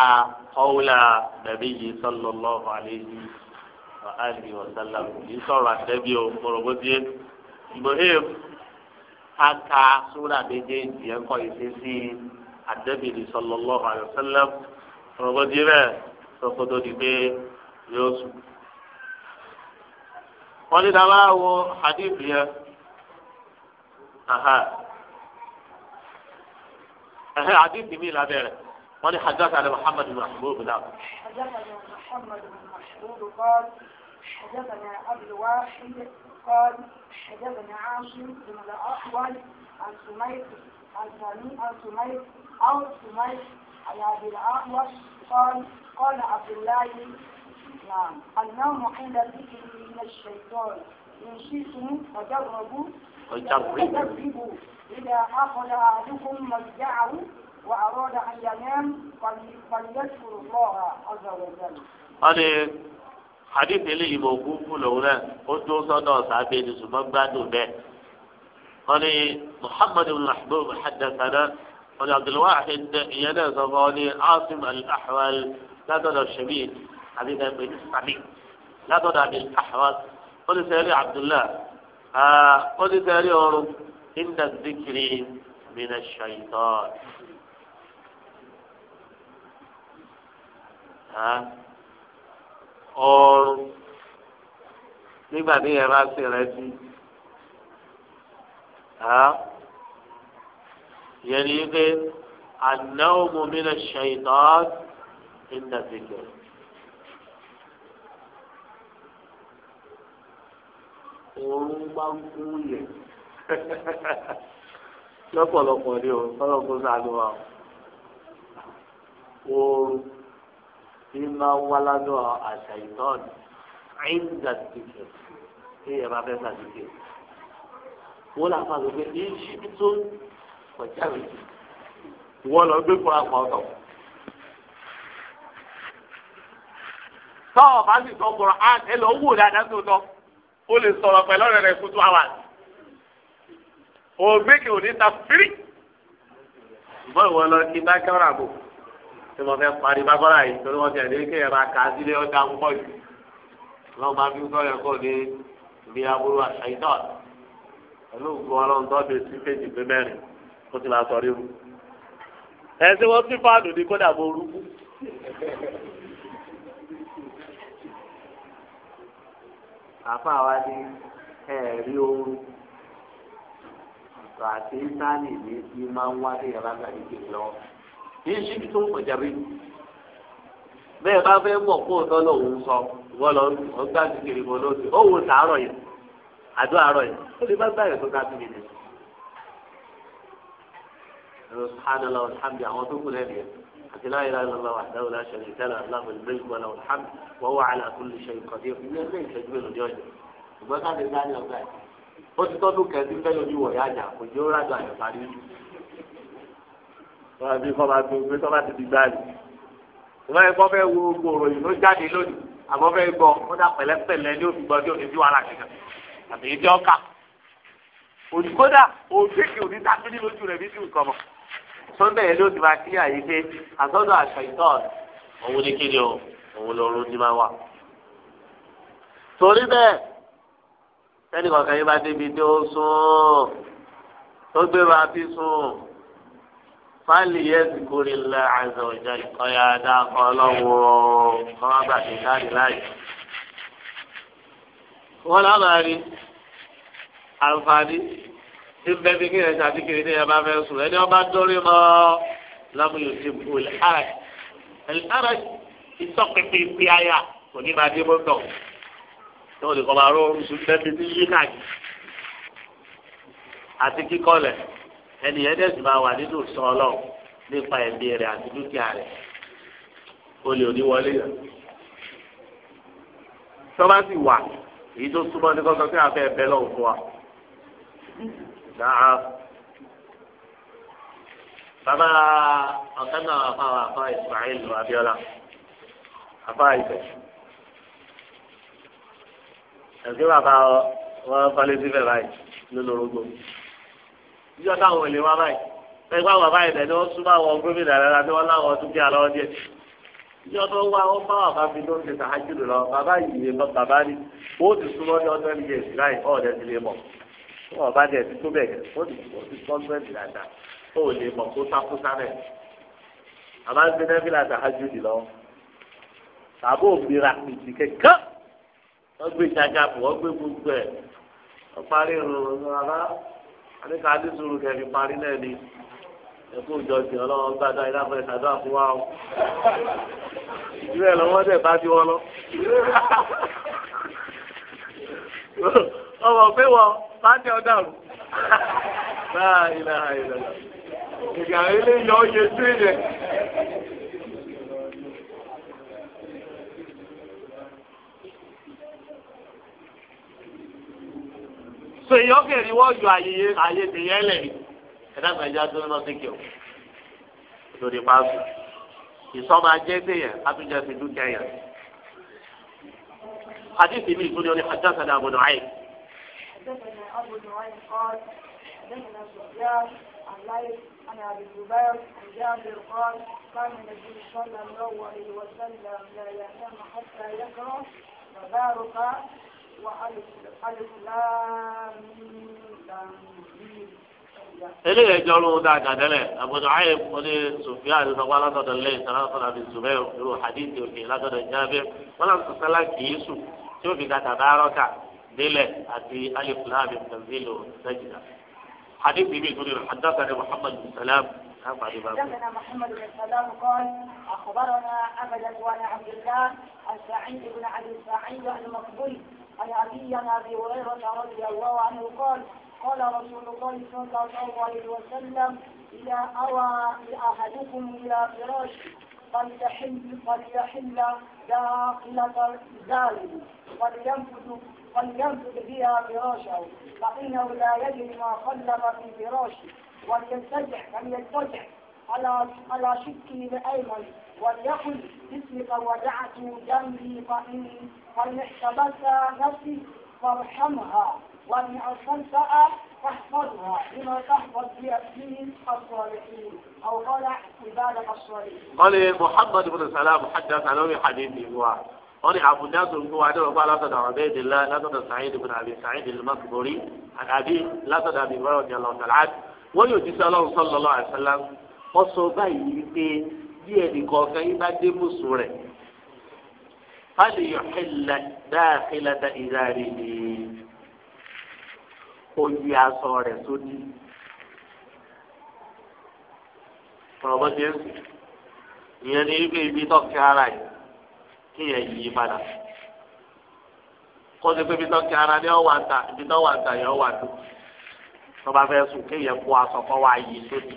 Speaker 1: wàhálì wàsálàm yìí sọ̀rọ̀ àtẹ́bí o mọ̀rọ̀bó díẹ̀ ibrahim aka súra méjèèjì ẹ̀ kọ́ ìṣe sí àtẹ́bí ni sallallahu alaihi wasallam mọ̀rọ̀bó díẹ̀ bẹ́ẹ̀ sọ́kótó di pé yóò sùn. wọ́n ní dábàá wo hadith yẹn hadith mi lábẹ́rẹ̀ wọ́n ní hadith alẹ́ muhammadu mahbub náà.
Speaker 2: يقول قال حدثنا عبد الواحد قال حدثنا عاصم بن الأحول عن سميت عن سميت عن سميت أو سميت على أبي الأحوص قال قال عبد الله نعم النوم عند الذكر من الشيطان إن شئتم فجربوا فجربوا إذا أخذ أحدكم مضجعه وأراد أن ينام فليذكر الله عز وجل
Speaker 1: wọ́n ní hadith eléyìí mọ̀ kú fún lòun náà ó tó sọ́dọ̀ sábẹ́ ní ṣùgbọ́n gbádùn bẹ́ẹ̀ wọ́n ní muhammad al-mahbub hadathana wọ́n ní abdulwahid ìyẹn náà sọ fún ọ asim al-ahwal látọ̀dọ̀ shabib àbí ká pè sami látọ̀dọ̀ àbí al-ahwal wọ́n ní sẹ́rí abdullah wọ́n ní sẹ́rí ọrùn inda zikiri mina shaitan. ọrùn nígbà tí yẹn bá sì rẹ sí yẹn ni pé anáwó mi lè ṣe ìtàn ìdàgbẹ̀gbẹ̀.
Speaker 3: òun bá ń kú yẹ
Speaker 1: *laughs* lọ́pọ̀lọpọ̀ ni o lọ́pọ̀lọpọ̀ sáà ló wà o tí máa wá ládọ̀ àṣà ìtọ́ni ẹ̀ńdà tìkẹ̀ kí ẹ máa fẹ́ sàdìkẹ̀. wọ́n lọ fà lọ pé iṣu tó kọjá rẹ̀ wọ́n lọ gbé kura pa ọ̀tọ̀. tọ́ọ̀ bá sì sọ kura á ẹ lọ wò dáadáa tó tọ́ ó lè sọ̀rọ̀ pẹ̀lú ọ̀rẹ́ rẹ̀ fún two hours. ògbé kì ò ní ta firi. bọ́ọ̀ wọ́n lọ kí bá kẹ́rọ̀ àbò tí mo fẹ́ parí bákọ́lá yìí torí wọ́n ti ẹ̀ ní kí ẹ̀ máa kà á sílé ọjà ń pọ̀ jù lọ́wọ́ máa fi sọ̀rọ̀ kọ́ ní ibi aburú àṣàyídọ́ pẹ̀lú ògùn ọlọ́run tó fi sí péjì pé mẹ́rin ó ti máa sọ ríru. ẹ ṣé wọ́n ti fáànù ní kódà mo rú àfa wa ní ẹ̀ẹ́rí ooru àti sáni ní bí wá sí ìyàrá gbàdúgbò lọ́wọ́ kì í ṣe ibi tó ń pọ̀jà rí bẹ́ẹ̀ bá fẹ́ mọ̀ kó o tọ́ lọ òun sọ wọ́n lọ ọ gbá kékeré kan lóde ó wò sàárọ̀ yẹn àdó àárọ̀ yẹn ó lè má gbá yẹn tó ká síbi yẹn. ẹ̀rọ sàánà lọ alhamdi àwọn tó kù lẹ́nu yẹn àti láyé láyé lọ́wọ́ àdáwò láṣẹ lè tẹ́lẹ̀ aláàbò lè mẹ́lì wọn alhamdi wọ́n wà àlà tó lè ṣe ìkọ̀dé ilé ilé ìṣẹ́jú mélòó ní ọ̀jọ̀ ṣùgbọ́n ká wọn àbí kọ́ máa gbé sọ́ máa ti di gbáàlì ìwọ́n ẹ̀kọ́ fẹ́ wo gbòòrò yìí ló jáde lónìí àbọ̀ fẹ́ gbọ́ ó dà pẹ̀lẹ́pẹ̀lẹ́ ní òfin gbọ́dọ̀ ní bí wàhálà kankan àbí ìdí ọkà òdìkódà òdìkì òdìtàkì ní lójú rẹ̀ bí tí nǹkan mọ̀ sọ́dọ̀ yẹn ló ti máa kí àyè pé àsọ́dọ̀ àṣà ìtọ́ọ̀nù
Speaker 2: òun ní kíni o
Speaker 1: òun lọ́rùn ní máa wà. torí bẹ́ẹ̀ sẹ́ni kọ̀ọ̀kan yìí bá débi tí ó sùn ó gbé máa fi sùn fáìlì yẹn ti kórè lẹ àìsàn ọjà ìkọyà dákọ lọ́wọ́ kọmọgbà tó jáde láì. wọn lọ máa rí àǹfààní tí bẹ́ẹ̀ bí kíni ẹ̀sìn àti kiri ní ẹ̀ bá fẹ́ sùn ẹni ọba dórí mọ́ lámúyò ti bu ìlàrẹ̀ ìlàrẹ̀ ìsọ̀pẹ̀pẹ̀ ìpè àyà kò ní máa dé mọ́tò tí wọ́n lè kọ́ máa rọrùn sùn bẹ́ẹ̀ ní yíká àti kíkọ́ lẹ̀ ẹni yẹn dẹ́sì máa wà nínú sọ ọlọ́run nípa ẹ̀mí rẹ̀ àti dúkìá rẹ̀ o lè oníwọlé yẹn tọ́ba sì wà èyí tó súnmọ́ ní kọ́kọ́ kí a fẹ́ bẹ́ lọ́wọ́ fún wa. bàbá ọ̀kan náà afa afa Ismail Abiola afa ibẹ̀ ẹ̀sìn bàbá wọn kọ́lé síbẹ̀ báyìí lónìí orógbó ìjọ táwọn èlé wa báyìí pẹ̀lú àwọn bàbá ìdẹ̀ ni wọ́n súnmọ́ àwọn gómìnà rẹ̀ ni wọ́n láwọn tún kí alọ́ díẹ̀. ìjọ tó wá wọn bá wàá fi ló ń ṣe tàájúlù lọ bàbá yìí lọ bàbá ni ó ti súnmọ́ ní ọdún ẹni yẹn láì ọ̀ọ́dẹ ti lè mọ̀ wọn bá dẹ̀ ti tó bẹ̀ kẹ́ ó ti sọ́dún ẹ̀dì dáadáa ó lè mọ̀ kó sáfún sáfẹ̀. àbá ń gbé nẹ́fìlà tàájúlù lọ tàbí òmìnira pìtì kẹ̀kẹ́ wọ́n gbé jaga wọ́n gbé gbogbo ẹ̀ wọ́n parí ìrùn àníkà adísùrù kẹfì parí náà ni ẹkú ìjọsìn ọlọ́run gbàdá ìdáfẹ́ ìsàdúrà fún wa o
Speaker 3: ìdúró ẹ̀ lọ́wọ́ bá ti wọ́n lọ. *laughs* ọmọ pé wọn bá tẹ ọ dàrú. báà ilà ilà ìgbà ilé yọ ọ yẹ sí yẹn.
Speaker 1: so èyàn kẹrin wọ́n yọ àyè àyè tèyẹ lẹ̀ ẹ̀dá gbàjá tó lọ sí kìọ́ lórí pàṣẹ ìsọ́mà jẹ́ tèyẹ àtúnjẹ ti dúkìá yẹn. حديث من يقول حدثنا أبو نعيم
Speaker 2: حدثنا أبو نعيم قال حدثنا سفيان عن ليث عن أبي الزبير عن جابر قال كان النبي صلى الله عليه وسلم لا ينام حتى يكره وبارك eléyìí ẹjọ́ ló dá gàdẹ́lẹ̀ àbùdá ayé oní
Speaker 1: sofia àdìsọ́gbà látọ̀dọ̀ lẹ́yìn sàlátọ̀dọ̀ àbí zubẹ́rù irú hadith òkè látọ̀dọ̀ jábẹ́ wọn náà sọ sẹ́lá kìí sùn tí ó fi gàtà bá rọ́kà délẹ̀ àti alif láàbì tanzilu sajida hadith bíbí ìtúndínlẹ̀ hadith àti muhammadu salam. حدثنا
Speaker 2: محمد بن سلام قال اخبرنا ابدا وانا عبد الله السعيد سعيد بن ابي سعيد المقبول عن ابينا ابي هريره رضي الله عنه قال قال رسول الله صلى الله عليه وسلم اذا اوى احدكم الى فراش فليحل فليحل داخلة زال فلينفذ فلينفذ بها فراشه فإنه لا يجد ما خلف في فراشه ولينتجع فلينتجع على على شكي الأيمن وليقل باسمك ودعت جنبي فإن فإن احتبست نفسي فارحمها وإن أرسلتها فاحفظها لما تحفظ بأسمين الصالحين أو قال عبادك الصالحين. قال محمد بن سلام حدث عن أبي
Speaker 1: حديث واحد. قال أبو الناس بن وعده وقال أسد عبيد الله لا تدع سعيد بن أبي سعيد المقبري عن أبي لا تدع أبي wọ́n yóò ti sọ ọlọ́run sallallahu alaihi wasallam wọ́n sọ báyìí wípé bí ẹnìkan ọ̀fẹ́ yín bá dé bùsùn rẹ̀ fáàlì yọ̀hìnlá dáàkìlátà ìdárí ni ó yí aṣọ rẹ̀ sódì. ọ̀rọ̀ bá ti ń sùn ìyẹn ní wípé ibi tọ́kì ara yìí kí yẹn yí padà kó o ti pé ibi tọ́kì ara ni ọ̀ wà ta ibi tọ́ wà ta yẹn ọ̀ wà tó tọba fẹ́ sùn kéèyàn kó aṣọ kọ wá yí sódì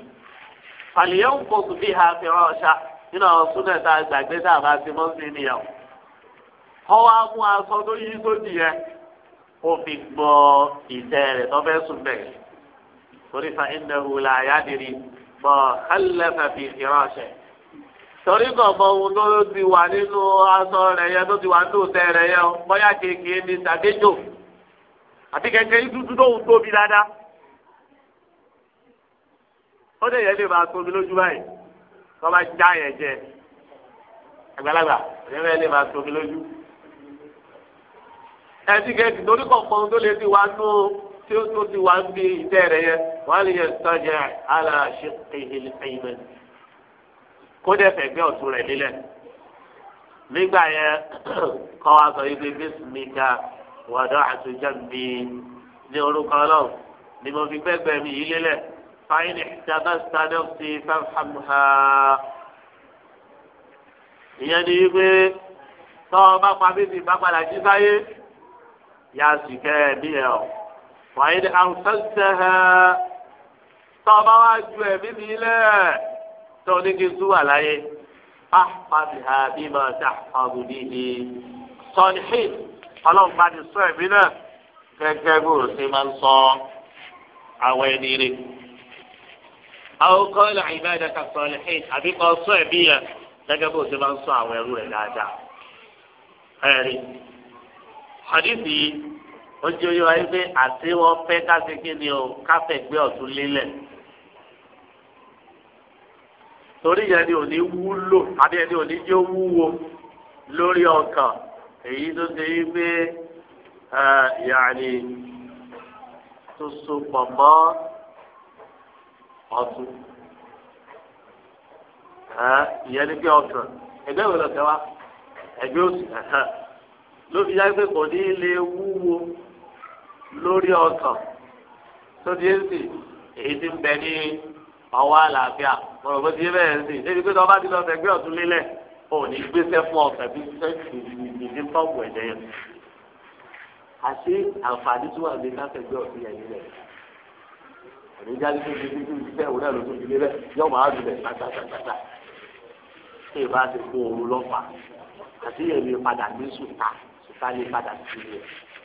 Speaker 1: fàlìyàn ń kó kù bí ha fi ránṣà nínú àwọn súnà tá a gbàgbé tá a bá ti mọ́ sí nìyẹn kọ́ wá mú aṣọ tó yí sódì yẹn ó fi gbọ́ ìtẹ́ rẹ̀ tọ́ fẹ́ sùn bẹ́ẹ̀ torí fa iná wula àyádìrí bọ́ hálẹ́fẹ̀ fi fi ránṣẹ́ torí kọ̀ọ̀kan ohun tó ti wà nínú aṣọ rẹ̀ yẹn tó ti wà nínú tẹ́ rẹ̀ yẹn bóyá kéèké ní sàdéjò àti kẹ̀kẹ́ dúdú tó ń tóbi dáadáa kọ́dọ̀ yẹn lè máa tóbi lójú báyìí tó bá já yẹn jẹ àgbàlagbà yẹn lè máa tóbi lójú. ẹtí kẹ́tì lórí kọ̀ọ̀kan tó lè ti wá nú tí ó ti wá ń bí ìtẹ́ rẹ̀ yẹn wọ́n á lè yẹ sọ́jà aláṣẹ ìhìlì ẹ̀yìnbẹ̀. kódà fẹ̀gbẹ́ ọ̀tún rẹ̀ lílẹ̀ nígbà yẹn *clears throat* kọ́ wa sọ ibi bísímìkà wọ̀dọ̀ àtúnjẹ́ mi ní orúkọ ọlọ́run ni mo fi gbẹ́gbẹ́ mi yí lélẹ̀. فإن احتبست نفسي فافحمها ìyẹn ni wípé tọ́ ọ bá pa bíbí ìbápadà jí sáyé yá sì kẹ́ ẹ bí ẹ ọ. wàyí ni àwùsọ̀tẹ̀ ẹ tọ́ ọ bá wá ju ẹ bíbí lẹ̀ tó ní kí n tú wà láyé pàápàá ha bí mà dá ọ̀gùn níbi. sọ̀nìhì ọlọ́run bá ti sọ ẹ̀mí náà gẹ́gẹ́ bó ṣe máa ń sọ àwọn ẹni rẹ̀. àwọn kọ́lá ìbáyìí sọ̀rọ̀ hìn àbí kọ́ sọ ẹ̀bí yẹn gẹ́gẹ́ bó ṣe máa ń sọ àwọn ẹrú rẹ̀ dáadáa. ẹ̀rí hadith yìí ó wáyé pé àti wọ́n fẹ́ káṣí kí ni o káfẹ́ gbé ọ̀tún lélẹ̀. torí yẹn ni òní wúlò àbí ọtún ìyẹn ní pé ọkàn ẹgbẹ́ ìwé lọ́tẹ̀ wa ẹgbẹ́ òsì ló fi yá pé kò ní lè wúwo lórí ọkàn tó di èsì èyí tí ń bẹ ní ọwọ́ àlàáfíà ọ̀rọ̀ bó ti yé bẹ́ẹ̀ sí débi pé tọ́ bá ti lọ fẹ̀gbẹ́ ọ̀tún lélẹ̀ ò ní gbéṣẹ́ fún ọ̀fẹ́ bí ṣẹ́ẹ̀kì ní pọ́ọ̀pù ẹ̀jẹ̀ yẹn àti àǹfààní tó wà ní káfẹ́gbẹ́ ọ̀tún yẹn nílẹ̀ èmi jáde tó fi dúdú ìfẹ́ òun náà ló tó fi lé yọ máa dùn bẹ́ẹ̀ tàtàtàtà tí ìbá ti kó ooru lọ́fà àti èmi padà ní sùtà sùtà ní padà sí ilé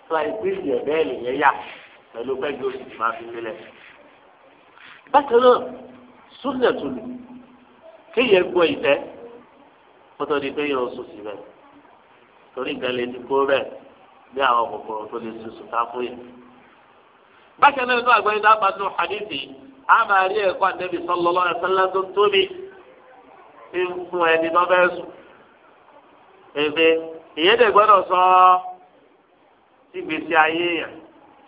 Speaker 1: tó a ìpín ìyẹ̀ bẹ́ẹ̀ nìyẹn yà pẹ̀lú pẹ́ẹ́gì oṣù tí máa fi lélẹ̀. bákan náà súnlẹ̀ tó lù kéèyàn gbọ́ ìtẹ́ kótó di pé yóò sùn síbẹ̀ torí nǹkan ti kó bẹ́ẹ̀ bí àwọn kòkòrò tó lè sùn sùtà fún yẹn bákan náà inú àgbáyé náà bá nù hadithi a máa rí ẹ̀kọ́ àtẹ́bí sallallahu alaihi wasallam tó ń tóbi fi ń fún ẹni tó fẹ́ sùn. èfè ìyẹn dẹ̀ gbọ́dọ̀ sọ sí gbèsè ayé yẹn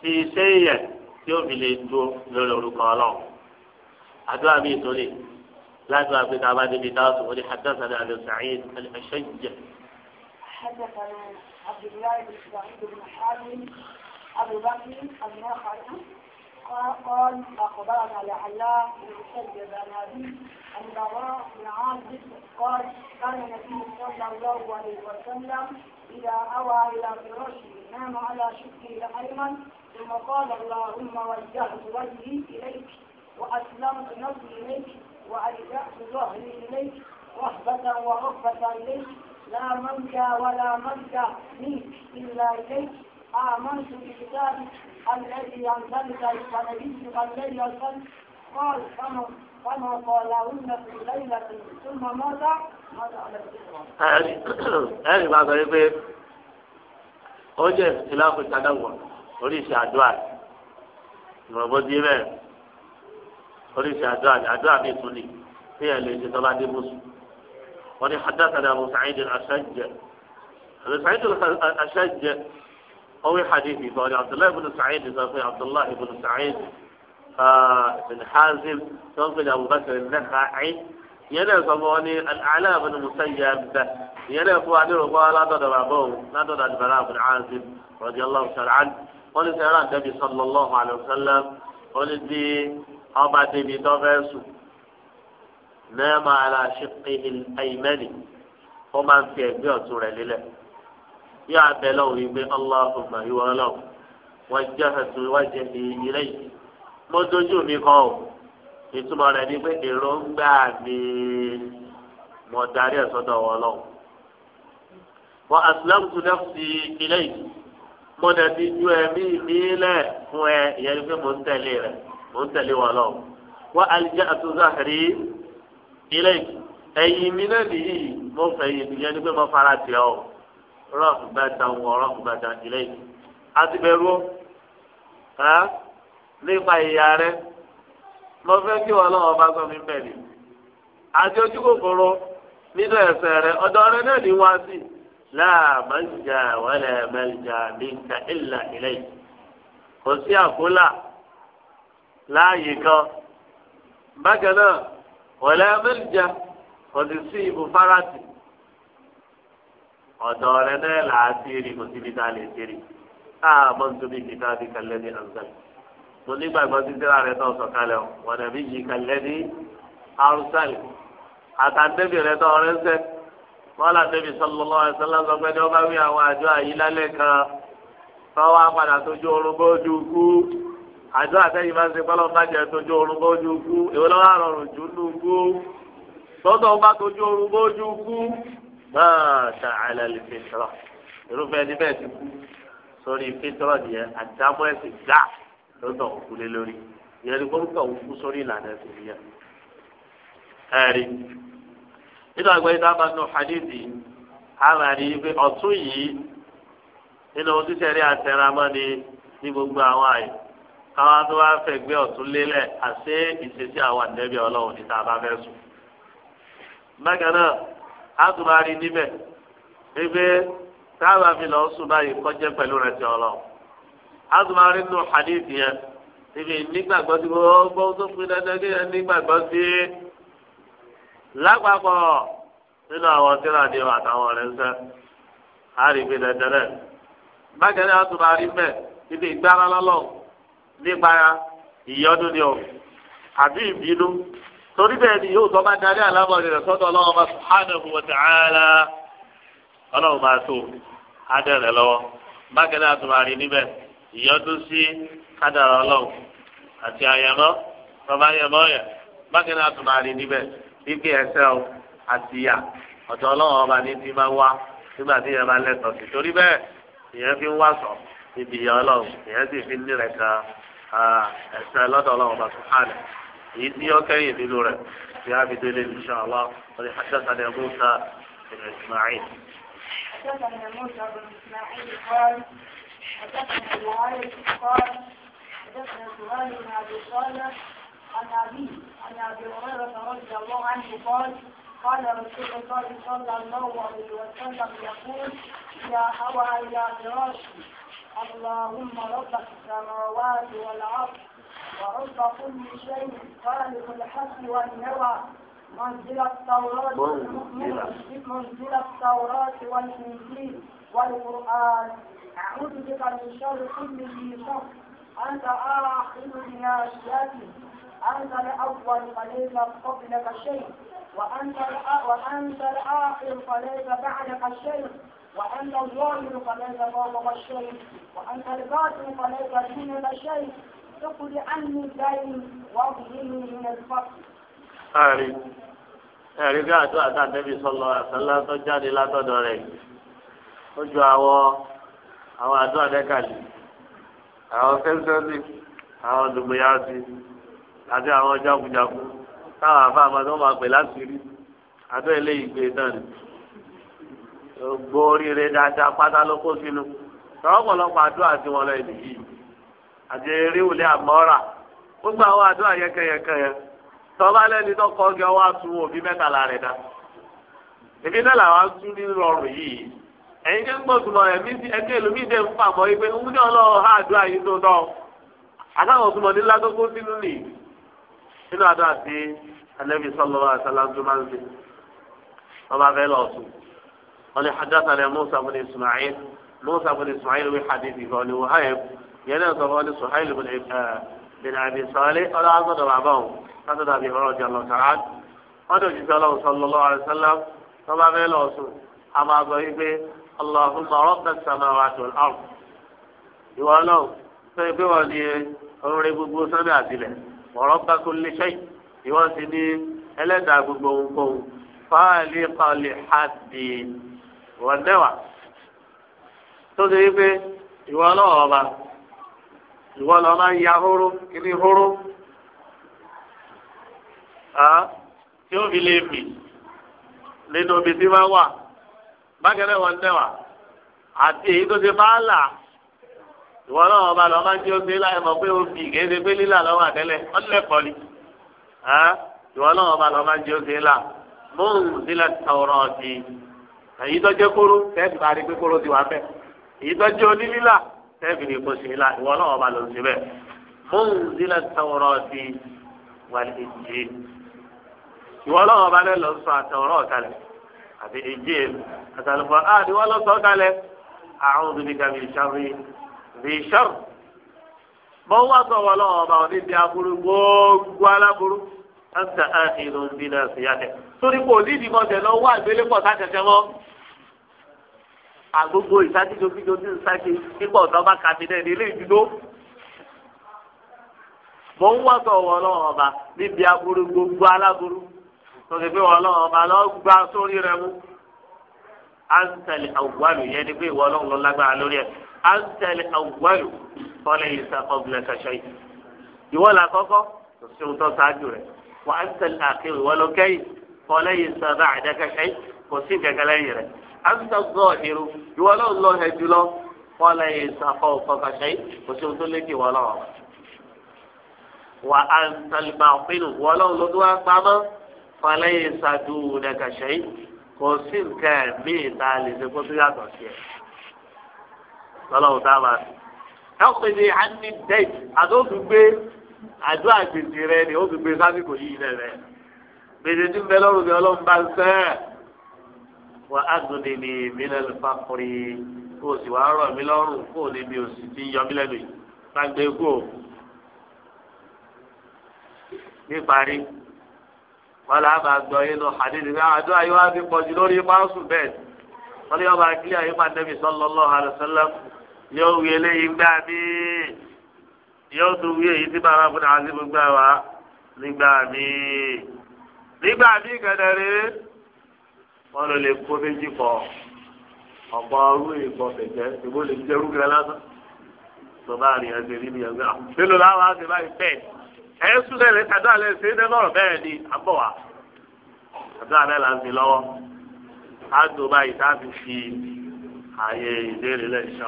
Speaker 1: sí iṣẹ́ yẹn tí ó fi lè dúró lórí orúkọ ọlọ́run. àdúrà mi ìtòlè láti wá pé ká bá débi táwọn sọ̀rọ̀ ní hadathana Abu Sa'id al-Ashajj.
Speaker 2: حدثنا عبد الله أبو بكر رضي الله قال أخبرنا لعلاء بن سيد بن أبي عن براء بن عازب قال كان النبي صلى الله عليه وسلم إذا أوى إلى فراشه نام على شقه الأيمن ثم قال اللهم وجهت وجهي إليك وأسلمت نفسي إليك وألجأت ظهري إليك رهبة ورهبة إليك لا ملجأ ولا ملجأ منك إلا إليك آمنت بكتابك الذي أنزلت ونبيك الذي أرسلت قال فما فما قالهن في ليلة ثم ماذا؟ ماذا على ẹnì
Speaker 1: kan sọ wípé ó jẹ ìlàkùn ìtàdánwò oríṣi àdúrà ìrọ̀bọ di oríṣi àdúrà àdúrà bíi túnì tí ẹ lè ṣe tọ́lá dé mùsùn wọ́n ní haddatana Abu Sa'id al-Ashajj Abu Sa'id وهو حديث قال عبد الله بن سعيد إذا في عبد الله بن سعيد بن حازم قال أبو بكر النخعي يلا صبوني الأعلى بن مسيب يلا أبو علي قال لا تدع أبوه لا تدع البراء بن عازم رضي الله تعالى عنه قال سيرى النبي صلى الله عليه وسلم قال دي أبا دي بدوفيسو نام على شقه الأيمن ومن في أبيض سورة لله yóò abẹ lọ́wọ́ yìí pé Allahumma ìwọ ọlọ́wọ́ wajjahtu wajhi ilayk mo dojú mi kọ o ìtumọ̀ rẹ̀ ni pé èròǹgbà mi mo darí ẹ̀ sọ́dọ̀ wọn lọ́wọ́ wa aslamtu nafsi ilayk mo dẹ̀ ti ju ẹ̀mí mi fún ẹ ìyẹn ni pé mo ń tẹ̀lé rẹ̀ mo ń tẹ̀lé wọn lọ́wọ́ wa alja'tu zahri ilayk ẹ̀yìn mi náà nìyí mo fẹ̀yìn ìyẹn ni pé mo fara tì ọ́. rọ́ọ̀bùbẹ́ta wọ rọ́ọ̀bùbẹ́ta ilé yìí ti bẹ̀rù ẹ́ nípa ìyá rẹ mo fẹ́ kí wọn lọ́wọ́ bá sọ mi bẹ̀rẹ̀ àti ojú nínú ẹ̀sẹ̀ rẹ ọ̀dọ̀ rẹ náà ní wá sí láàmánjà wàlẹ̀ mẹ́lìjà ìlà ilé yìí kò sí láàyè kan bákan náà kò sí ọ̀dọ̀ rẹ náà là á sí rí kò síbi tá a lè sí rí káàbọ̀ nítorí kíkà bí kalẹ́ ní àǹsẹ̀. mo nígbàgbọ́ títí ra rẹ náà sọ̀kalẹ̀ o wọ́n dàbí yìí kalẹ́ ní àrùsàlì àtàndébì rẹ náà rẹ ń sẹ́ wọ́n là débi sallallahu alaihi wasallam ni wọ́n bá wí àwọn àjọ àyílálẹ̀ kan tọ́wọ́ apàdà tójú orun bójú kú àjọ àtẹ́yìn máa ń ṣe pẹ́lú ọba jẹ tójú orun bójú kú èwo lọ́wọ́ àrọ̀rùn jù nù kú tọ́tọ̀ ọba tójú orun bójú kú. máa ta àlàlì irúfẹ́ ẹni bẹ́ẹ̀ ti kú sórí fìtírọ nìyẹn àdámọ́ ẹ̀sìn gbà ló tọ̀ lórí ìyẹn ni kú sórí ìlànà ẹ̀sìn nìyẹn. ẹ̀rí nínú àgbẹ̀ yìí dábàá nù hadithi àmà ní ọtụ ọ̀tún yìí nínú ohun ni ní gbogbo àwọn àyè káwọn tó fẹ́ gbé ọ̀tún lélẹ̀ àṣé ìṣesí àwọn àtùmárí níbẹ̀ gbégbé táwọn àfi lọ sùn báyìí kọjá pẹ̀lú rẹ̀ ti ọlọ́ àtùmárí nù hadith yẹn níbi nígbàgbọ́ tí gbogbo tó fi dandan kí ẹ nígbàgbọ́ sí lápapọ̀ nínú àwọn tíra ni àtàwọn ọ̀rẹ́ ń sẹ́ àrígbé dandan rẹ̀ bákan náà mẹ́ níbi ìgbára lọ́lọ́ nípa ìyọ́dún ni ọ̀ àbí ìbínú. torí bẹ́ẹ̀ ni yóò tọ́ bá darí àlámọ̀rí rẹ̀ sọ́dọ̀ ọlọ́run bá subhanahu wa ta'ala ọlọ́run bá tó adẹ́rẹ̀ lọ́wọ́ bákẹ́lẹ́ àtùmárì níbẹ̀ ìyọ́dún sí kádàrá ọlọ́run àti àyẹ̀mọ́ bàbá àyẹ̀mọ́ yẹ bákẹ́lẹ́ àtùmárì níbẹ̀ bíbí ẹsẹ̀ o àti ìyà ọ̀dọ̀ ọlọ́run ọba ní ti máa wá nígbà tí ìyẹn bá lẹ́tọ̀ọ́ sí torí bẹ́ẹ̀ ìyẹn يدي اوكي بدور في هذه دليل ان شاء الله قد حدثنا موسى بن اسماعيل
Speaker 2: حدثنا موسى بن اسماعيل قال حدثنا الوالد قال حدثنا سؤال بن ابي صالح عن ابي عن ابي هريره رضي الله عنه قال قال رسول الله صلى الله عليه وسلم يقول يا هوى يا فراشي اللهم رب السماوات والارض ورب كل شيء خالق الحق والنوى منزل التوراة منزل التوراة والإنجيل والقرآن أعوذ بك من شر كل ذي شر أنت آخذ بناصيته أنت الأول فليس قبلك شيء وأنت وأنت الآخر فليس بعدك شيء وأنت الظاهر فليس فوقك شيء وأنت الباطن فليس دونك شيء يقل عني دين واظلمني من الفقر
Speaker 1: àrí ẹ̀rí bí àtúwà tá a débi sọlọ àtàlà tó jáde látọ̀dọ̀ rẹ̀ ó ju àwọn àwọn àdúrà dẹ́kàlì àwọn kẹ́sẹ́sì àwọn dùgbìyàsì àti àwọn jagunjagun táwọn àfa àmọ́tò máa pè láti rí àtọ́ ilé ìgbé náà ni gbóríire dáadáa pátá ló kó sínú tọ́wọ́ pọ̀lọpọ̀ tí wọ́n lọ ìdí yìí. àti eréwòlé àmọ́ra gbogbo àwọn àdúrà yẹkẹyẹkẹ yẹn tọ́ba lẹ́ni tó kọ́ gẹ́ wá tu òbí mẹ́tàlá rẹ̀ dá èmi náà làwọn tú ní rọrùn yìí ẹ̀yin tó ń gbọ̀dùnmọ̀ ẹ̀mí ẹ̀kẹ́ ẹlòmíì dẹ̀ ń fà mọ́ yìí ń ní ọlọ́run á àdúrà yìí tó tọ́ àtàwọn ọ̀túnmọ̀ ní sínú nì nínú àdúrà alẹ́bí sọ́lọ́ ń yẹn náà sọ̀rọ̀ ní Suhail bin eh, Abi Salih ọlọ́ àgọ́dọ̀ bàbá òun látọ̀dọ̀ àbí ọ̀rọ̀ ọ̀jà lọ sàrà wọ́n dẹ̀ òjijì ọlọ́run sallallahu alaihi wasallam tó bá fẹ́ lọ sùn a máa gbọ́ yí pé Allahumma rabbas samawati wal ard ìwọ náà sọ pé wọ́n ní orin gbogbo sọ́dọ̀ àtìlẹ̀ wa rabba kulli shay ìwọ sì ní ẹlẹ́dàá gbogbo ohunkóhun fáàlì kọ́lì hàdì wọ́n dẹ́wà tó ṣe yí pé ìwọ náà ọba ìwọ lọ máa ń ya horo kíní horo tí ó fi lè mì nínú omi tí máa wà bákẹ́rẹ́ wọn tẹ́wà àti èyí tó ti máa là ìwọ náà ọba lọ máa ń jẹ́ omi láì mọ̀ pé omi kìí ṣe pé lílà lọ́wọ́ àtẹ́lẹ̀ ọ̀lẹ́kọ̀ọ́ ni ìwọ náà ọba lọ máa ń jẹ́ omi là mọ́ọ̀n sílẹ̀ tọ̀rọ̀ ọ̀sìn èyí tó jẹ́ kóró tẹ́ẹ̀tì bá pé kóró ti wà bẹ́ẹ̀ èyí tó jẹ́ onílílà tẹ́ẹ̀bì ni kò ṣe la ìwọ náà ọba ló ń ṣe bẹ́ẹ̀ fún ìdílé tẹwọ́rọ́ ti wà ní ìjì ìwọ náà ọba lẹ́ lọ sọ àtẹwọ́rọ́ kalẹ̀ àti ìjì àtàlùfọ́ àdìwọ́ lọ sọ kalẹ̀ àwọn òdùnìkà bíi sáré bíi sáré bọ́n wá sọ wọ́n lọ́wọ́ ọba òní di aburú gbogbo aláburú ẹ̀ka ẹ̀ka ìlú ń bí náà sí tẹ̀ torí kò ní ìdìbọn tẹ̀ lọ wá ìgbélé pọ̀ sákẹ̀kẹ̀ àgbogbo ìsájúdófíjó tí ń sáṣe nígbà ọ̀dọ́ bá kàmí náà ní ilé ìdúró. mo ń wá sọ wọn lọ́wọ́ ọba níbi aburú gbogbo aláburú tó ti pé wọn lọ́wọ́ ọba lọ́ọ́ gba sórí rẹ mú. ansẹ̀lì àwùwálù yẹn ni pé ìwọ ọlọ́run ló lágbára lórí ẹ̀ ansẹ̀lì àwùwálù kọ́lẹ̀ yìí sàkọ́bìlẹ̀ kàṣẹ́ yìí. ìwọ làkọ́kọ́ kò sí ohun tó ṣáájú rẹ̀ wọ́n ansẹ̀lì àtúntàgbọ́ ìrù ìwọ ló ń lọ ẹ jùlọ wọn lè sàkọ òkọkàṣẹ kò sí ohun tó lékè wọn lọ. wà á ń tẹlifà òpinnu wọn ló ń lọ tó wá pamọ́ wọn lè sàdúrà kàṣẹ kò sí nǹkan míì tá a lè ṣe kó tó yàtọ̀ sí ẹ. lọ́lọ́run tá a máa ẹ̀kọ́ ni a ní dẹ́ẹ̀tì àti ó àdó àgbèsè rẹ ni ó fi gbé sásìkò yìí rẹ rẹ gbèsè tí ń bẹ lọ́rùn ni ọlọ́run bá ń sẹ́ wà á gbòde ní mílẹ̀ lùfàkùrì kó o sì wá rọ̀ mí lọ́rùn kó o níbi òsì ti yọ mí lẹ́nu yìí lágbè kú o. níparí wọn là bá gbọ́ inú hadithi náà àdó ayé wa fi pọ̀jù lórí pàṣẹ bẹ́ẹ̀ wọ́n ní ọba akílẹ̀ ayé máa dẹ́bi sallallahu alaihi wasallam yóò wí eléyìí gbá mi yóò tún wí èyí tí bàbá fúnra sí gbogbo àwa nígbà mi nígbà mi kẹ̀dẹ̀ wọn lọ lè kó méjì kọ ọ̀pọ̀ ọrú ìbọn fẹ̀jẹ̀ ìbò lè jẹ́ rúgẹ́ lásán tó bá rìn ẹsẹ̀ nínú ẹgbẹ́ àwọn mélòó láwọn á ti báyìí bẹ́ẹ̀ ẹ̀ ń súnlẹ̀ lẹ́ka dá lẹ́ ṣe é dẹ́ lọ́rọ̀ ni àbọ̀ wá àdúrà náà là ń fi lọ́wọ́ á báyìí tá a fi fi ààyè ìbéèrè lẹ̀ ṣá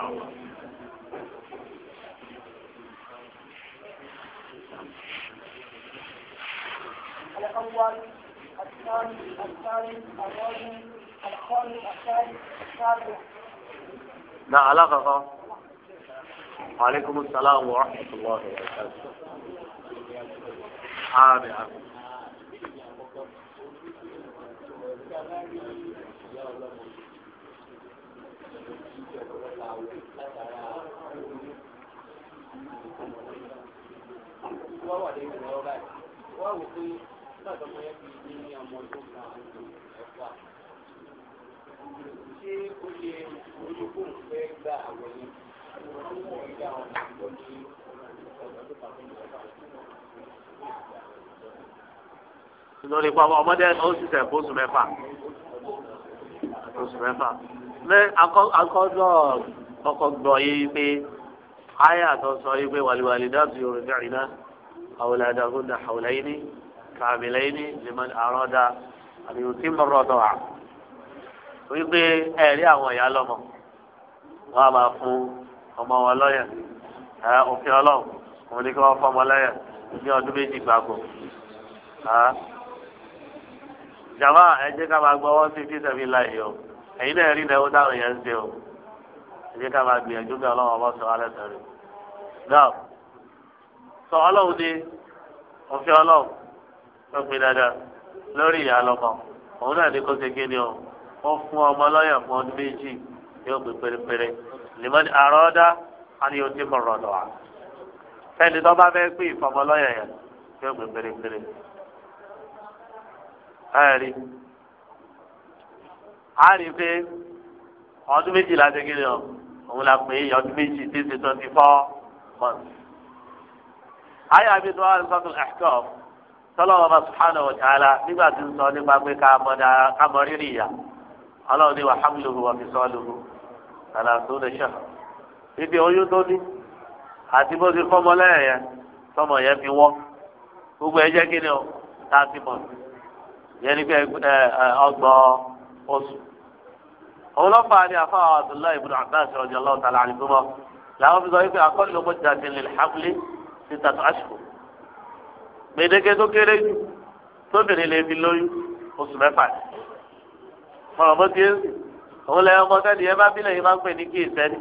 Speaker 2: Thank you. الثاني الثالث الرابع الخامس السابع
Speaker 1: لا علاقة وعليكم السلام ورحمة الله وبركاته
Speaker 3: حامي Wọ́n wà ṣé o lè olùkó fẹ́ gba àwọn yẹn olùkó ìgbà àwọn àgbọ̀ ní
Speaker 1: lórí pàmò ọmọdé ó sì sẹ fóṣù mẹ́fà fóṣù mẹ́fà lẹ akọjọ yìí pé aya tó sọ yìí pé wàlúwàlú dáàbò yorùbá ìná àwòlá dàgúndà àwòlá yìí ní kàmìlẹ́ni lèmọ àrọ́dá àbíyù tí mo rọ̀dọ̀ à wípé ẹ̀rí àwọn ìyá lọ́mọ wọn a máa fún ọmọ wọn lọ́yẹ̀ ẹ òfin ọlọ́run òun ni kí wọ́n fọmọ lọ́yẹ̀ ní ọdún méjì gbàgbọ́ jàmbá ẹ jẹ́ ká máa gbọ́wọ́ sí fí sẹ́mi láì o ẹ̀yin náà rí ìnáwó táwọn èèyàn ń ṣe o ẹ jẹ́ ká máa gbìyànjú bí ọlọ́run ọmọ sọ alẹ́ sọ̀rọ̀ náà sọ ọlọ́run ni òfin ọlọ́run tó fi dáadáa lórí ìyá lọ́mọ òun náà ní kó ṣe kí ni o wọ́n fún ọmọ lọ́yà fún ọdún méjì yóò gbé pérépéré lèmọ́ni àrọ́dá àni yóò ti mọ̀rọ̀ lọ́wọ́ fẹ́ni tó bá fẹ́ pé ìfọmọ lọ́yà yẹn yóò gbé pérépéré. ẹ̀rí a rí pé ọdún méjì la ṣe ni o òun la pè é ọdún méjì tí ṣe twenty four months. ayé àbí tó ẹ̀kọ́ tọ́lọ́wọ́ bá subhanahu wa ta'ala nígbà tí sọ nípa pé ká mọ dáa ká mọ rírì ìyá ọlọ́run ní wa hamluhu wa fisaluhu àlàtò lè ṣàn. ibi oyún tó ní àti bó ti fọ́mọ lẹ́yìn yẹn tọmọ yẹn fi wọ́ gbogbo ẹ jẹ́ kí ni o thirty months yẹn ní pé ọgbọ̀n oṣù. òun lọ́fà ni àfáà abdullahi ibn abbas radiyallahu ta'ala anhuma làwọn fi sọ wípé akọ́lù muddatin lil gbèdéke tó kéré jù tóbìnrin lè fi lóyún oṣù mẹ́fà ni mọ̀rọ̀ bó tiẹ̀ òun lẹ́yìn ọkọ sẹ́ni ẹ bá bílẹ̀ yìí máa ń pè ní kí ìsẹ́ni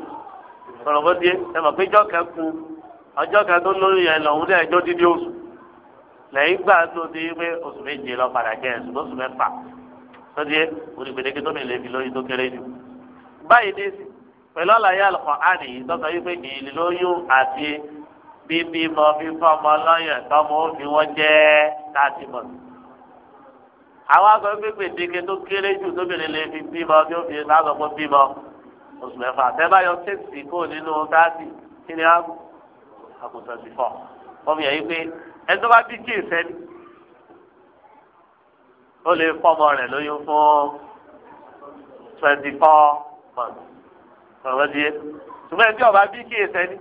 Speaker 1: mọ̀rọ̀ bó tiẹ̀ ẹ mọ̀ pé jọ́kẹ́ ku ọjọ́ kan tó lóyún yẹn lọ́hún dẹ́ ẹjọ́ dídí oṣù lẹ́yìn gbà tó di pé oṣù méje lọ padà jẹ́ ẹ̀sùn oṣù mẹ́fà tó di orí gbèdéke tóbìnrin lè fi lóyún tó kéré jù báyìí dé sí pẹ̀lú àlùkò àná yìí tọ́ka bíbí mọ fífọ ọmọ lọ́yàn tọmọ òfin wọn jẹ́ láti mọ̀. àwọn akọ̀ pípé dike tó kéré jù tóbìnrin lè fi bímọ bí ó fi lásán fún bímọ oṣù mẹ́fà tẹ́báyọ sèkìtì kò nínú táàtì kí ni àgùn àgùntàn sì fọ. wọ́n fi hàn yí pé ẹni tó bá bí kí ìsẹ́ni ó lè fọmọ rẹ̀ lóyún fún twenty four months. ọ̀rọ̀ díẹ̀ ṣùgbọ́n ẹni tí ọba bí kí ìsẹ́ni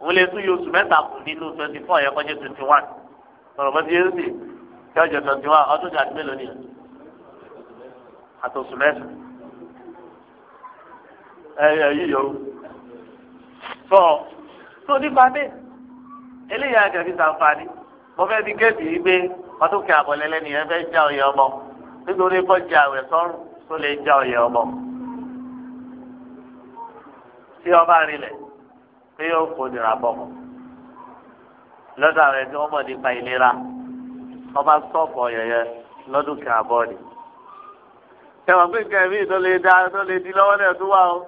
Speaker 1: òun lè tún yóò sùn mẹ́ta kù nínú twenty four yẹn kọjá twenty one sọ̀rọ̀ bọ́ sí yéé sì kí ọjọ́ twenty one ọdún ìjà mélòó ni àtòsùn mẹ́ta ẹ̀yẹ yìí yòó sọ tó nípa bẹ́ẹ̀ eléyà àjẹbí sàǹfààní mo fẹ́ fi kéèpì yìí gbé ọdún kí àbọ̀lẹ́lẹ́ nìyẹn fẹ́ já oyè ọmọ nítorí kọjá àwẹ̀ sọ́run tó lè já oyè ọmọ tí ọba rinlẹ̀. pé yóò kó nira bọ̀ mọ́ lọ́dọ̀ àwọn tí wọ́n mọ̀ nípa ìlera wọ́n bá sọ̀pọ̀ yẹ̀yẹ lọ́dún kan àbọ̀ ni. tẹ̀wọ̀n pé nǹkan ẹ̀mí tó lè dá tó lè di lọ́wọ́ náà tó wà ó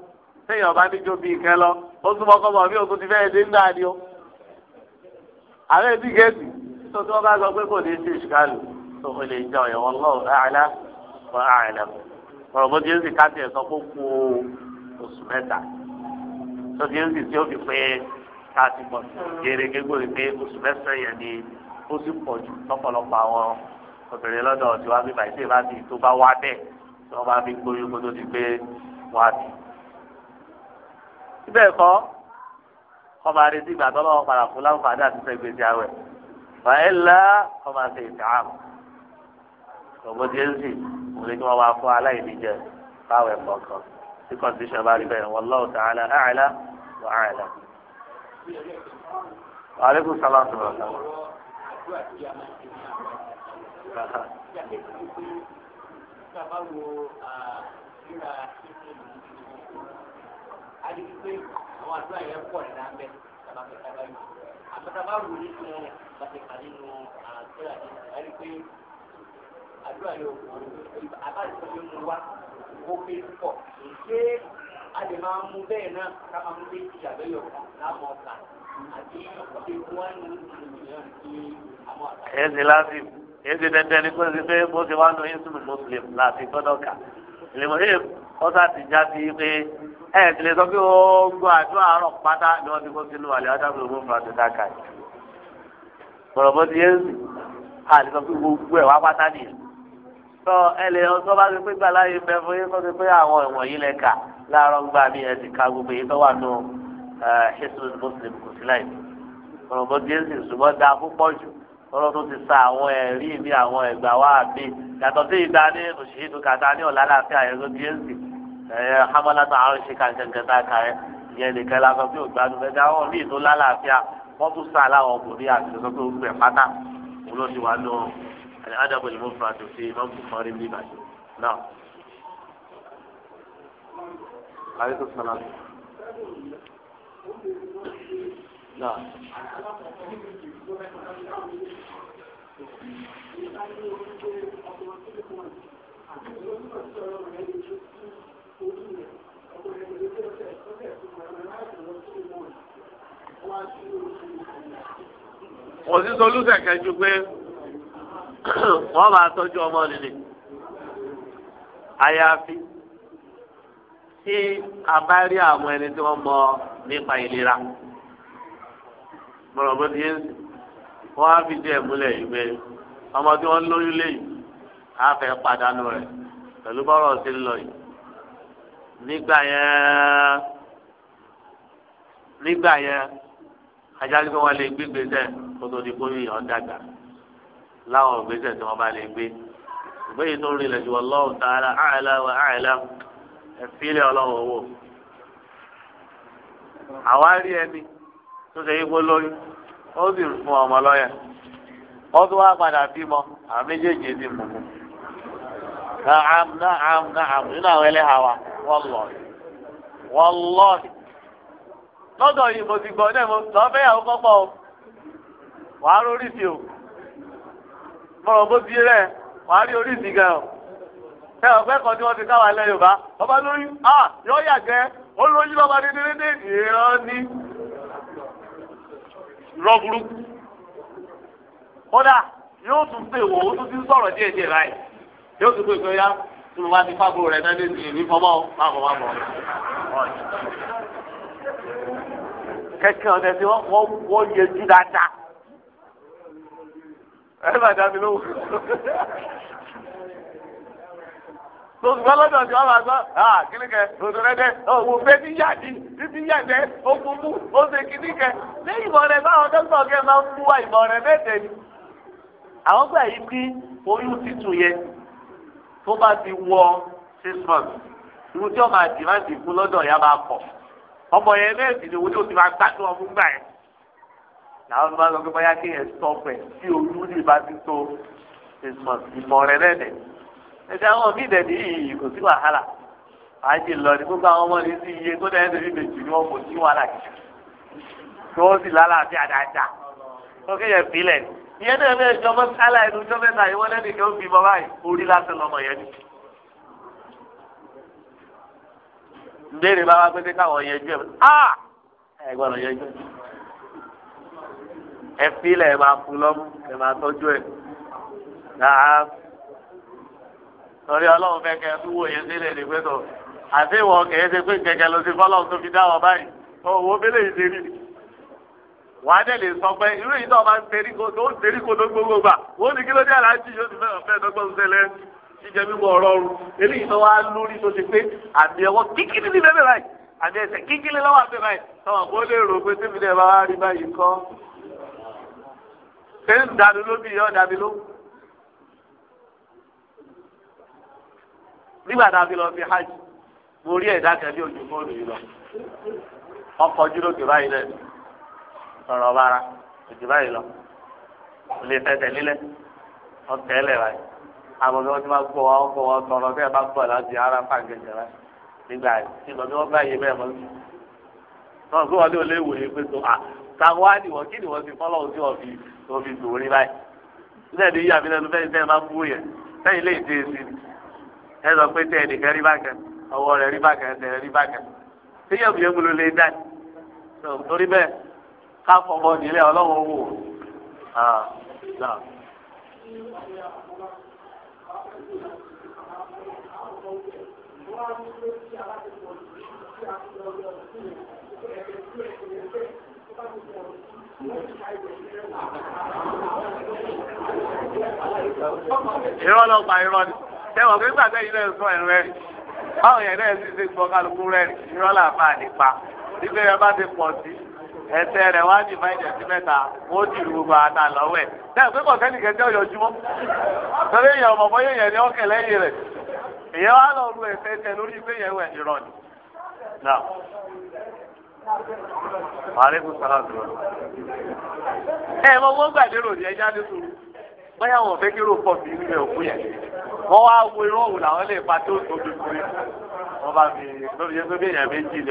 Speaker 1: téèyàn bá níjó bíi lọ ó bí ti fẹ́ẹ́ dé ni o lè jẹ ọ̀yọ̀wọ̀ lọ́wọ́ àìlá fún àìlẹ̀ ọ̀rọ̀ tó ti ń sì tí ó fi pé káàtì pọ̀ gèrègé gbòòrè pé oṣù mẹ́sàn-án yẹn ni ó sì pọ̀ jù lọ́pọ̀lọpọ̀ àwọn obìnrin lọ́dọ̀ tí wàá fi bàyí sí ìbáàdì tó bá wá bẹ́ẹ̀ tí wọ́n bá fi gbóyún kó tó ti pé wọ́n á bì. síbẹ̀ kọ́ ọmọ àrètí ìgbà tó lọ́wọ́ padà fún láǹfààní àti sẹ́gbẹ̀ẹ́sì àwẹ̀ báyìí ńlá ọmọ àti ìtààmù ọmọdé ń sì òun ni kí wọ́n wá fún aláìní jẹ kọ̀ọ̀kan tí kọ́ndíṣàn bá rí bẹ́ẹ̀ wallahu ta'ala a'la wa a'la.
Speaker 3: aleykum salaam tó rọ̀ lọ́wọ́ ó pé pọ̀ ṣé a lè máa mú bẹ́ẹ̀ náà ká máa mú méjì àbẹ́yọ̀ kan láàmú ọ̀tà àti ọ̀dẹ̀kùn wọn ní ìlú ní àwọn àtàkùn. ẹ ṣe láti
Speaker 1: ẹ dandan ni pé ṣe pé bó ṣe wá nu insulin muslim láti gbọ́dọ̀ kà ìlẹ̀mọ̀ ẹ̀ ọ̀sà ti já sí pé ẹ̀ ti lè sọ pé ó gbọ́ àdúrà àárọ̀ pátá ni wọ́n ti kó sínú àlẹ́ ọ̀dàbọ̀ ìwé ìfúnra ti dáka yìí. bọ̀rọ̀ bó ti yé sí sọ pé gbogbo ẹ̀ wá pátá nìyẹn tọ ẹ lè ọtọ bá ti pé gbà láyé fẹ fún yín kó ti pé àwọn ìwọ̀n yìí lẹ kà láàárọ̀ gbà mí ẹ ti ka gbogbo yìí tó wà nù Hisnul Muslim kò sí láì ọ̀rọ̀ bó díẹ̀ sì ṣùgbọ́n da púpọ̀ jù ọ̀rọ̀ tó ti sa àwọn ẹ̀rí mi àwọn ẹ̀gbà wá mi yàtọ̀ sí ìta ní òṣìṣẹ́ tó kàtà ní ọ̀la láti àyẹ̀wò díẹ̀ sì ẹ̀yẹ hamalata àrùn ṣe kàǹkàǹkà tá a kà ẹ́ ìyẹn nìkan la sọ pé ògbádùn mẹ́ta àwọn míì tó lálàáfíà wọ́n tún sá láwọn ọkùnrin àti ìṣòṣọ́ tó ń gbẹ̀ الأدب المفرد في إمام بخاري بن ماجه نعم
Speaker 3: عليكم السلام نعم òsì solúsẹ̀ kẹjú pé *coughs* wọ́n máa
Speaker 1: tọ́jú ọmọ líle àyàfi tí a bá rí àwọn ẹni tí wọ́n mọ nípa ìlera bọ̀rọ̀ bó ti ń wọ́n á fi díẹ̀ múlẹ̀ yìí pé ọmọ tí wọ́n lóyún léyìí á fẹ́ pàdánù rẹ̀ pẹ̀lú bọ́rọ̀ sí lọ yìí nígbà yẹn nígbà yẹn ajá ní kí wọ́n lè gbígbé sẹ́ẹ̀ kó tó kó yìnyín ọ̀ dàgbà. láwọn ìgbésẹ̀ tí wọ́n bá lè gbé ìgbé yìí tó rinlẹ̀ ju ọlọ́run tààlà àìlá wa àìlá ẹ̀fílẹ̀ ọlọ́run owó. àwa rí ẹni tó ṣe lórí ó sì fún ọmọ lọ́yẹ̀ ó tún wá padà bímọ àwọn méjèèjì ti mú un. naam naam naam nínú àwọn ẹlẹ́hà wa wọ́n lọ wọ́n lọ lọ́dọ̀ yìí mo mọ̀rọ̀ bó ti rẹ̀ wàá rí orí ìsìn gan o. ọ̀pẹ́ kan tí wọ́n ti káwa lẹ́ yorùbá ọba lóyún a yọ yàgbẹ́ ó lóyún lọ́ba dédédédé ìran
Speaker 3: ní rọ́bùrú.
Speaker 1: kódà yóò tún pè wò ó tún ti sọ̀rọ̀ díẹ̀ díẹ̀ báyìí yóò tún pè pé ya tí mo bá ti fábò rẹ̀ náà lẹ́sìn ìní fọmọ́ máàmọ́ máàmọ́ kẹ̀kẹ́ ọ̀dẹ̀ tí wọ́n yẹjú dáadáa ẹ bá dá mi lówó. Tòṣùgbọ́n lọ́dọ̀ tí wọ́n máa sọ, àà kíní kẹ, tòṣù rẹ dẹ, òwò fẹ́ ti yà dí, títí yà dẹ, ó fún mú, ó ṣe kíní kẹ. Ṣé ìmọ̀ rẹ báwọn dókítà kẹ máa ń mú wa ìmọ̀ rẹ mẹ́tẹ̀ ni? Àwọn gbà yí pé oyún títù yẹn tó bá ti wọ six months, irú tí wọ́n máa dì máa dì fún lọ́dọ̀ yà máa pọ̀. Ọmọ yẹn mẹ́rin ni wo ni o ti máa gbádùn ọmú gbà yẹn làwọn máa ń lọ pé báyà kéèyàn sọpẹ tí olú ní ìbá ti tó ìmọ̀ rẹ̀ lẹ́nẹ̀. ẹ̀sẹ̀ àwọn míì dẹ̀ níyì kò sí wàhálà àti lọ ní gbogbo àwọn ọmọ ní sí iye tó dẹ̀ ẹ́ méjì ni wọ́n kò sí wàhálà kìí tó ó sì lálàáfíà dáadáa tó kéèyàn bílẹ̀ ìyẹn náà bẹ́ẹ̀ jọ mọ́ sálà inú jọ mẹ́ta yìí wọ́n lẹ́nu ìkẹ́wọ́n bímọ báyìí orí lásán lọ́mọ yẹn ni. ìbéèrè bá wá yẹn
Speaker 2: jù
Speaker 1: ẹ̀ ẹ filẹ̀ ẹ máa fún lọ́mú ẹ máa tọ́jú ẹ̀ dáa torí ọlọ́run fẹ́ kẹ́ wúwo yẹn sílẹ̀ ní pẹ́tọ̀ àti ìwọ kẹ́ ẹ ṣe pé kẹ̀kẹ́ ló ti fọ́lọ́run tó fi dáwọ̀ báyìí owó bẹ́lẹ̀ yìí ṣerí wà á dẹ̀ lè sọ pé irú yìí náà máa ń tẹ̀rí kó tó ń tẹ̀rí kó tó gbogbo gbà wọ́n ní kí ló dé aláàjì yóò ti fẹ́ràn fẹ́ dọ́gbọ́n sẹlẹ̀ jíjẹ mímu ọ̀rọ̀ ọ̀run eléyìí náà wá lórí tó ti pé àmì ẹ̀wọ́ kíkiri ní bẹ́ẹ̀ báyìí àmì ẹ̀sẹ̀ kíkiri lọ́wọ́ àbẹ̀ báyìí táwọn kò lè rò pé tèmi náà bá wá rí báyìí kọ́ ṣé ń dàbí lóbi yọ dàbí ló. nígbà tá a fi lọ fi hajj mo rí ẹ̀dá kan ní ojú fóònù yìí lọ ọkọ̀ ojú lókè báyìí lẹ́nu sọ̀rọ̀ bára ojú báyìí lọ kò lè fẹsẹ̀ nílẹ̀ ọ̀tẹ̀ ẹlẹ̀ báyìí àwọn ọmọ tí wọ́n gbọ́ wa gbọ́ wa sọ̀rọ̀ bẹ́ẹ̀ bá gbọ́ láti ara fàgẹ̀gẹ̀ rẹ̀ nígbà tí lọ́dún wọn bá yẹ bẹ́ẹ̀ mọ́ sí. wọ́n gbé wọn ní wòye pé tó à táwa nìwọ kí nìwọ ti fọlọ́ òsì ọ̀fi òfi gbòòrí báyìí sílẹ̀ ní yíyà mi lẹ́nu fẹ́ẹ́ fẹ́ẹ́ máa bú yẹn sẹ́yìn lè dé sí i ẹ sọ pé tẹ ẹnìkan rí bákan ọwọ́ rẹ̀ rí bákan ẹsẹ̀ rẹ̀ rí bákan síyẹ̀ mi yẹn mo ló lè dá torí bẹ́ẹ̀ ká fọmọ nílẹ̀ ọlọ́wọ́ wò
Speaker 3: Thank you. irọ́
Speaker 1: lọ pa irọ́ ni gbàgbé yìí lẹ́yìn ẹ̀rù yẹn ti gbọ́ kálukú irọ́ nípa nígbà yẹn bá ti pọ̀ sí ẹsẹ̀ rẹ̀ wá ní mẹ́ta ó gbogbo àtà lọ́wọ́ ẹ̀ pé ọ̀yọ́júmọ́ torí èèyàn ọmọ bọ́ yẹn ni lẹ́yìn rẹ̀ wá tẹ lórí
Speaker 3: Àlékún sara sọ̀rọ̀. Ẹ mọ
Speaker 1: wọ́n gbàdérò ní ẹja ní sùúrù. Bóyá wọn fẹ́ kí ló pọ̀ sí ilé òkú yẹn. Wọ́n wá wo irú làwọn lè pa tó bá fi yẹn bí èèyàn méjì ni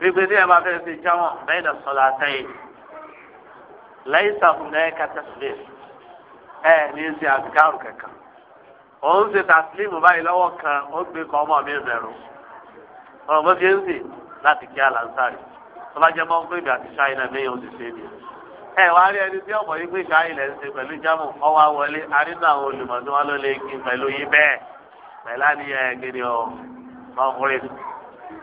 Speaker 1: wípé ní ẹ bá fẹ́ fi jámọ̀ bẹ́ẹ̀nà sọ̀lá àtẹ̀yìn lẹ́yìn sàkùnà ẹ̀ka tẹ̀sílẹ̀ ẹ̀ ní í ṣe àbíkárù kankan òun ṣe tàsílímù báyìí lọ́wọ́ kan ó gbé kọ́ ọmọ mi bẹ̀rù ọ̀rọ̀ bó ṣe ń sè láti kí àlàǹsàrì tó bá jẹ́ mọ́ pé ìgbà tí ṣáì náà méyàn ti ṣe é nìyẹn. ẹ wá rí ẹni tí ọ̀pọ̀ yìí pé ṣáì lẹ̀ ń ṣe pẹ̀lú jámù ọwọ́ wọlé arínú àwọn olùmọ̀ tí wọ́n ló lè kí pẹ̀lú yìí bẹ́ẹ̀ pẹ̀lá ni ẹ̀ gidi ọ̀ ọkùnrin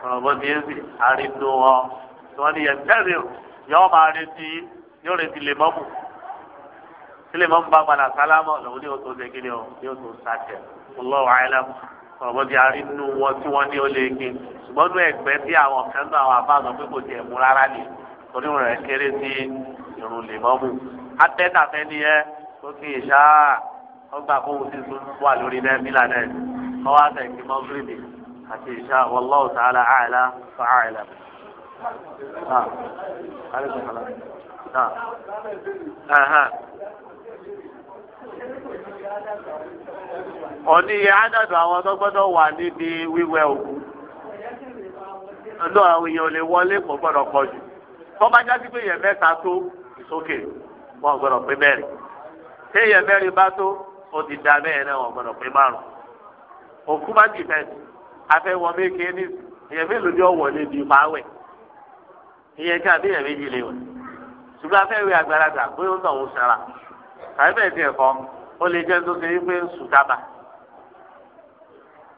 Speaker 1: ọ̀rọ̀bọ ni ẹ sì àrìndò wọn tí wọ́n ní yẹn tẹ́lẹ̀ yọ́ọ́ máa retí yóò retí lè mọ́mù tí lè mọ́mù bá padà sálámọ̀ lòun ní oṣù ṣe kíni o ní oṣù sàkẹ́ ọlọ́wọ́ àìlẹ́mù ọ̀rọ̀bọ ni àrìndò wọn tí wọ́n ní ó lè gbé ṣùgbọ́n ní ẹgbẹ́ tí àwọn kan náà àwọn àbá àwọn pé kò tiẹ̀ mú rárá ni torí rẹ̀ kéré sí ìrùn lè atẹ́tàfẹ́ ni ẹ tó kí ìṣá ọgbà kóhun ti tún wà lórí náà mílà náà ọwọ́ àtẹ̀kí mọ́gírìbì àti ìṣá wallahu ta'ala a'la fa a'la. ọ̀ní iye ádàdù àwọn tó gbọ́dọ̀ wà níbi wíwẹ̀ òkú lọ àwọn èèyàn ò lè wọlé kò gbọ́dọ̀ pọ̀ jù tó bá já sí pé èèyàn mẹ́ta tó ìsókè wọn gbọ́dọ̀ pé mẹ́rin tí èèyàn mẹ́rin bá tó ó ti da bẹ́ẹ̀ náà wọn gbọ́dọ̀ pé márùn òkú má dìbẹ́ẹ̀tì afẹ́ wọ méke ní ìyẹn mélòó ni ọ̀wọ́ lè di ìpàwẹ̀ ìyẹn kí adé yẹn méjì lè wẹ̀ ṣùgbọ́n afẹ́ wẹ àgbàlagbà pé ó ń tọ̀hún sara tàbí bẹ́ẹ̀ tiẹ̀ kọ́ ó lè jẹ́ tó ṣe é pé ń sùn dábàá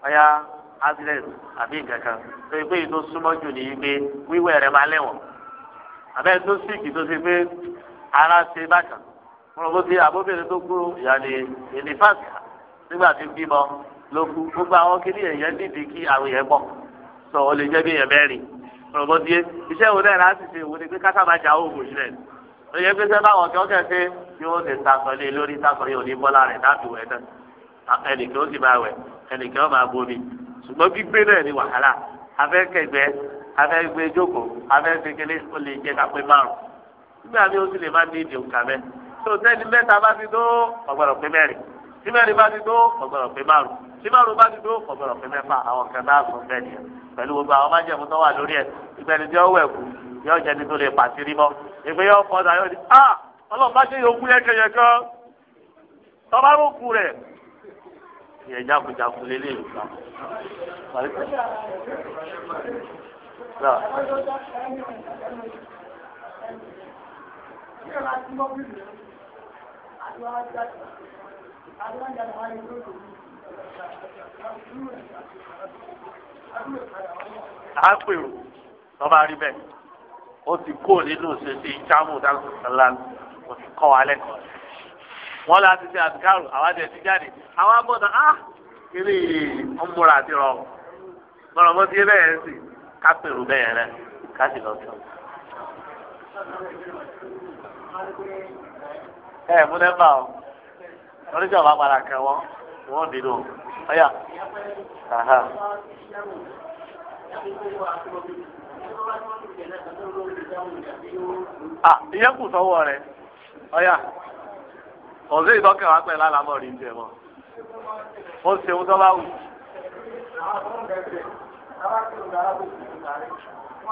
Speaker 1: ọ̀ya accident àbí nǹkankan tó yẹ pé ètò súnmọ́ jù ní pé wíwẹ̀ rẹ̀ máa lẹ́wọ̀n àbẹ́ tó síkì tó ṣe pé ara ṣe bákan mo rò bó ti àbóbìnrin tó kúrò ìyá ni ènìfàṣà nígbà tí bímọ ló kú gbogbo àwọn kiri èèyàn dìde kí àwọn èèyàn gbọ́ sọ ọ lè jẹ́ bí èèyàn mẹ́rin ọ̀rọ̀ díẹ̀ iṣẹ́ wo náà láti ṣe ìwé ni pé kásábà jà ó ògùn sílẹ̀ ló yẹ pé sẹ́fà wọn kí wọ́n kẹ́ ṣe bí wọ́n ṣe sàkọlé lórí sàkọlé òní bọ́lá rẹ̀ láti wẹ̀ náà ẹnìkan ó sì máa wẹ̀ ẹnìkan ó máa bomi ṣùgbọ́n gbígbé náà ni wàhálà afẹ́ kẹgbẹ́ afẹ́ gbé jókòó afẹ́ kékeré ó lè jẹ́ kápẹ́ márùn nígbà mi ó sì lè má ní ìdí òǹkà mẹ́ tó sẹ́ni mẹ́ta bá ti tó ọgbọ́dọ̀ pé tí bá ti tó ọ̀gbọ̀rọ̀ pé márùn tí bá ti tó ọ̀gbọ̀rọ̀ pé mẹ́fà àwọn nǹkan bá sùn bẹ́ẹ̀ ni pẹ̀lú gbogbo àwọn májẹ̀mú tó wà lórí ẹ̀ ìgbẹ́ni tí ó wẹ̀ kú yóò jẹ́ni tó lè pàṣẹ rí mọ́ ìpè yóò fọ́ ọ̀dà yóò di a ọlọ́run bá ṣe yòókù yẹ kẹyẹ kan tọ́ba ló kú rẹ̀ ìyẹn jákujàku lélẹ̀ ìgbà.
Speaker 3: Thank
Speaker 2: à
Speaker 1: lọ́ba rí bẹ́ẹ̀ ó ti kó nínú ṣèṣe ìjámù dáhùn sọ́lá kò sì kọ́ wa lẹ́kọ̀ọ́ wọ́n lọ àti ṣe àdìkárò àwọn àti ẹ̀sìn jáde àwọn agbọ́dọ̀ á ah, kiri ọmọra àti rọ mọ̀rọ̀ mọ́ sí bẹ́ẹ̀ sí ká bẹ́ẹ̀ rẹ ká lọ sọ. ẹ múlẹ́ bá ọ torí ọba padà kẹ wọn wọn dì lò ọyà. ìyẹn kù sọ́wọ́ rẹ̀ ọyà ọ̀sẹ̀ ìtọ́kẹ̀ wá pẹ̀lú àlámọ̀ rí jẹ mọ́
Speaker 3: ó ṣe tó bá wù. *laughs* Ẹ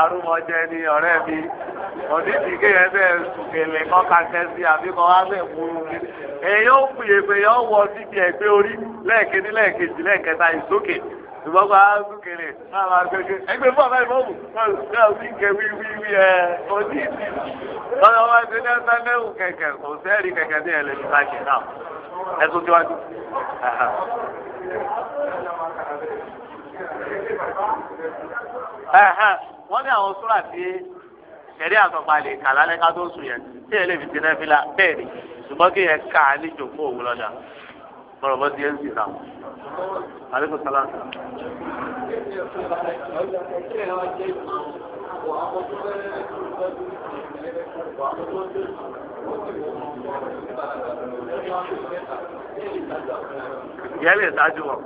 Speaker 1: arúmọjẹ ni ọ̀rẹ́ mi, òdìdí kéèyàn bẹ́ẹ̀ sùkèlè kọ́ kàkẹ́ sí àbí kọ́ wá bẹ́ẹ̀ kúrú. Èyí ó pè é pé yọ wọ síbi ẹ̀gbẹ́ orí lẹ́ẹ̀kejì lẹ́ẹ̀kejì lẹ́ẹ̀kẹta ìsókè. ìbọn bá gòkèrè náà máa ẹgbẹ́ fún àbáyé bọ́ọ̀mù náà sì kẹ wíwíwí ẹ òní ìdí lọ́dọ̀ wọn bá ní ẹsẹ̀ lẹ́wù kẹ̀kẹ́ kò sẹ́ẹ̀rì kẹ̀kẹ́ ní ẹ̀lẹ́ ní báyìí
Speaker 3: náà ẹ̀sùn tíwájú.
Speaker 1: wọ́n ní àwọn súrà tí ẹ̀rí àtọ̀pá lè kà lálẹ́ ká tó sùn yẹn tí ẹ ti náà fi la bẹ́ẹ̀ ni ṣùgbọ́n kí yẹn ká níjòkó bọ́rọ̀ bọ́ díẹ̀ ń sì rà àlékún sálá.
Speaker 3: ìyẹn lè ṣáájú wọn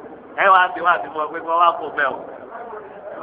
Speaker 3: ẹ wá sí wá sí fún pé kí
Speaker 1: wá kó bẹ́ẹ̀ o.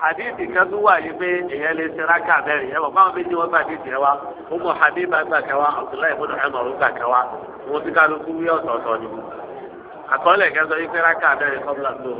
Speaker 1: hadithi kan tó wà yìí pé èèyàn lè ṣe rákà ji ẹ bọ fáwọn méjì wọn gbà dídì ẹ wa ọmọ habiba gbà kẹwa abdullahi ibùdó ẹmọrú gbà kẹwa wọn ti kálukú wí ọ̀tọ̀ọ̀tọ̀ ni àkọọ́lẹ̀ kẹsọ yìí pé rákà mẹ́rin kọ́bùlà tó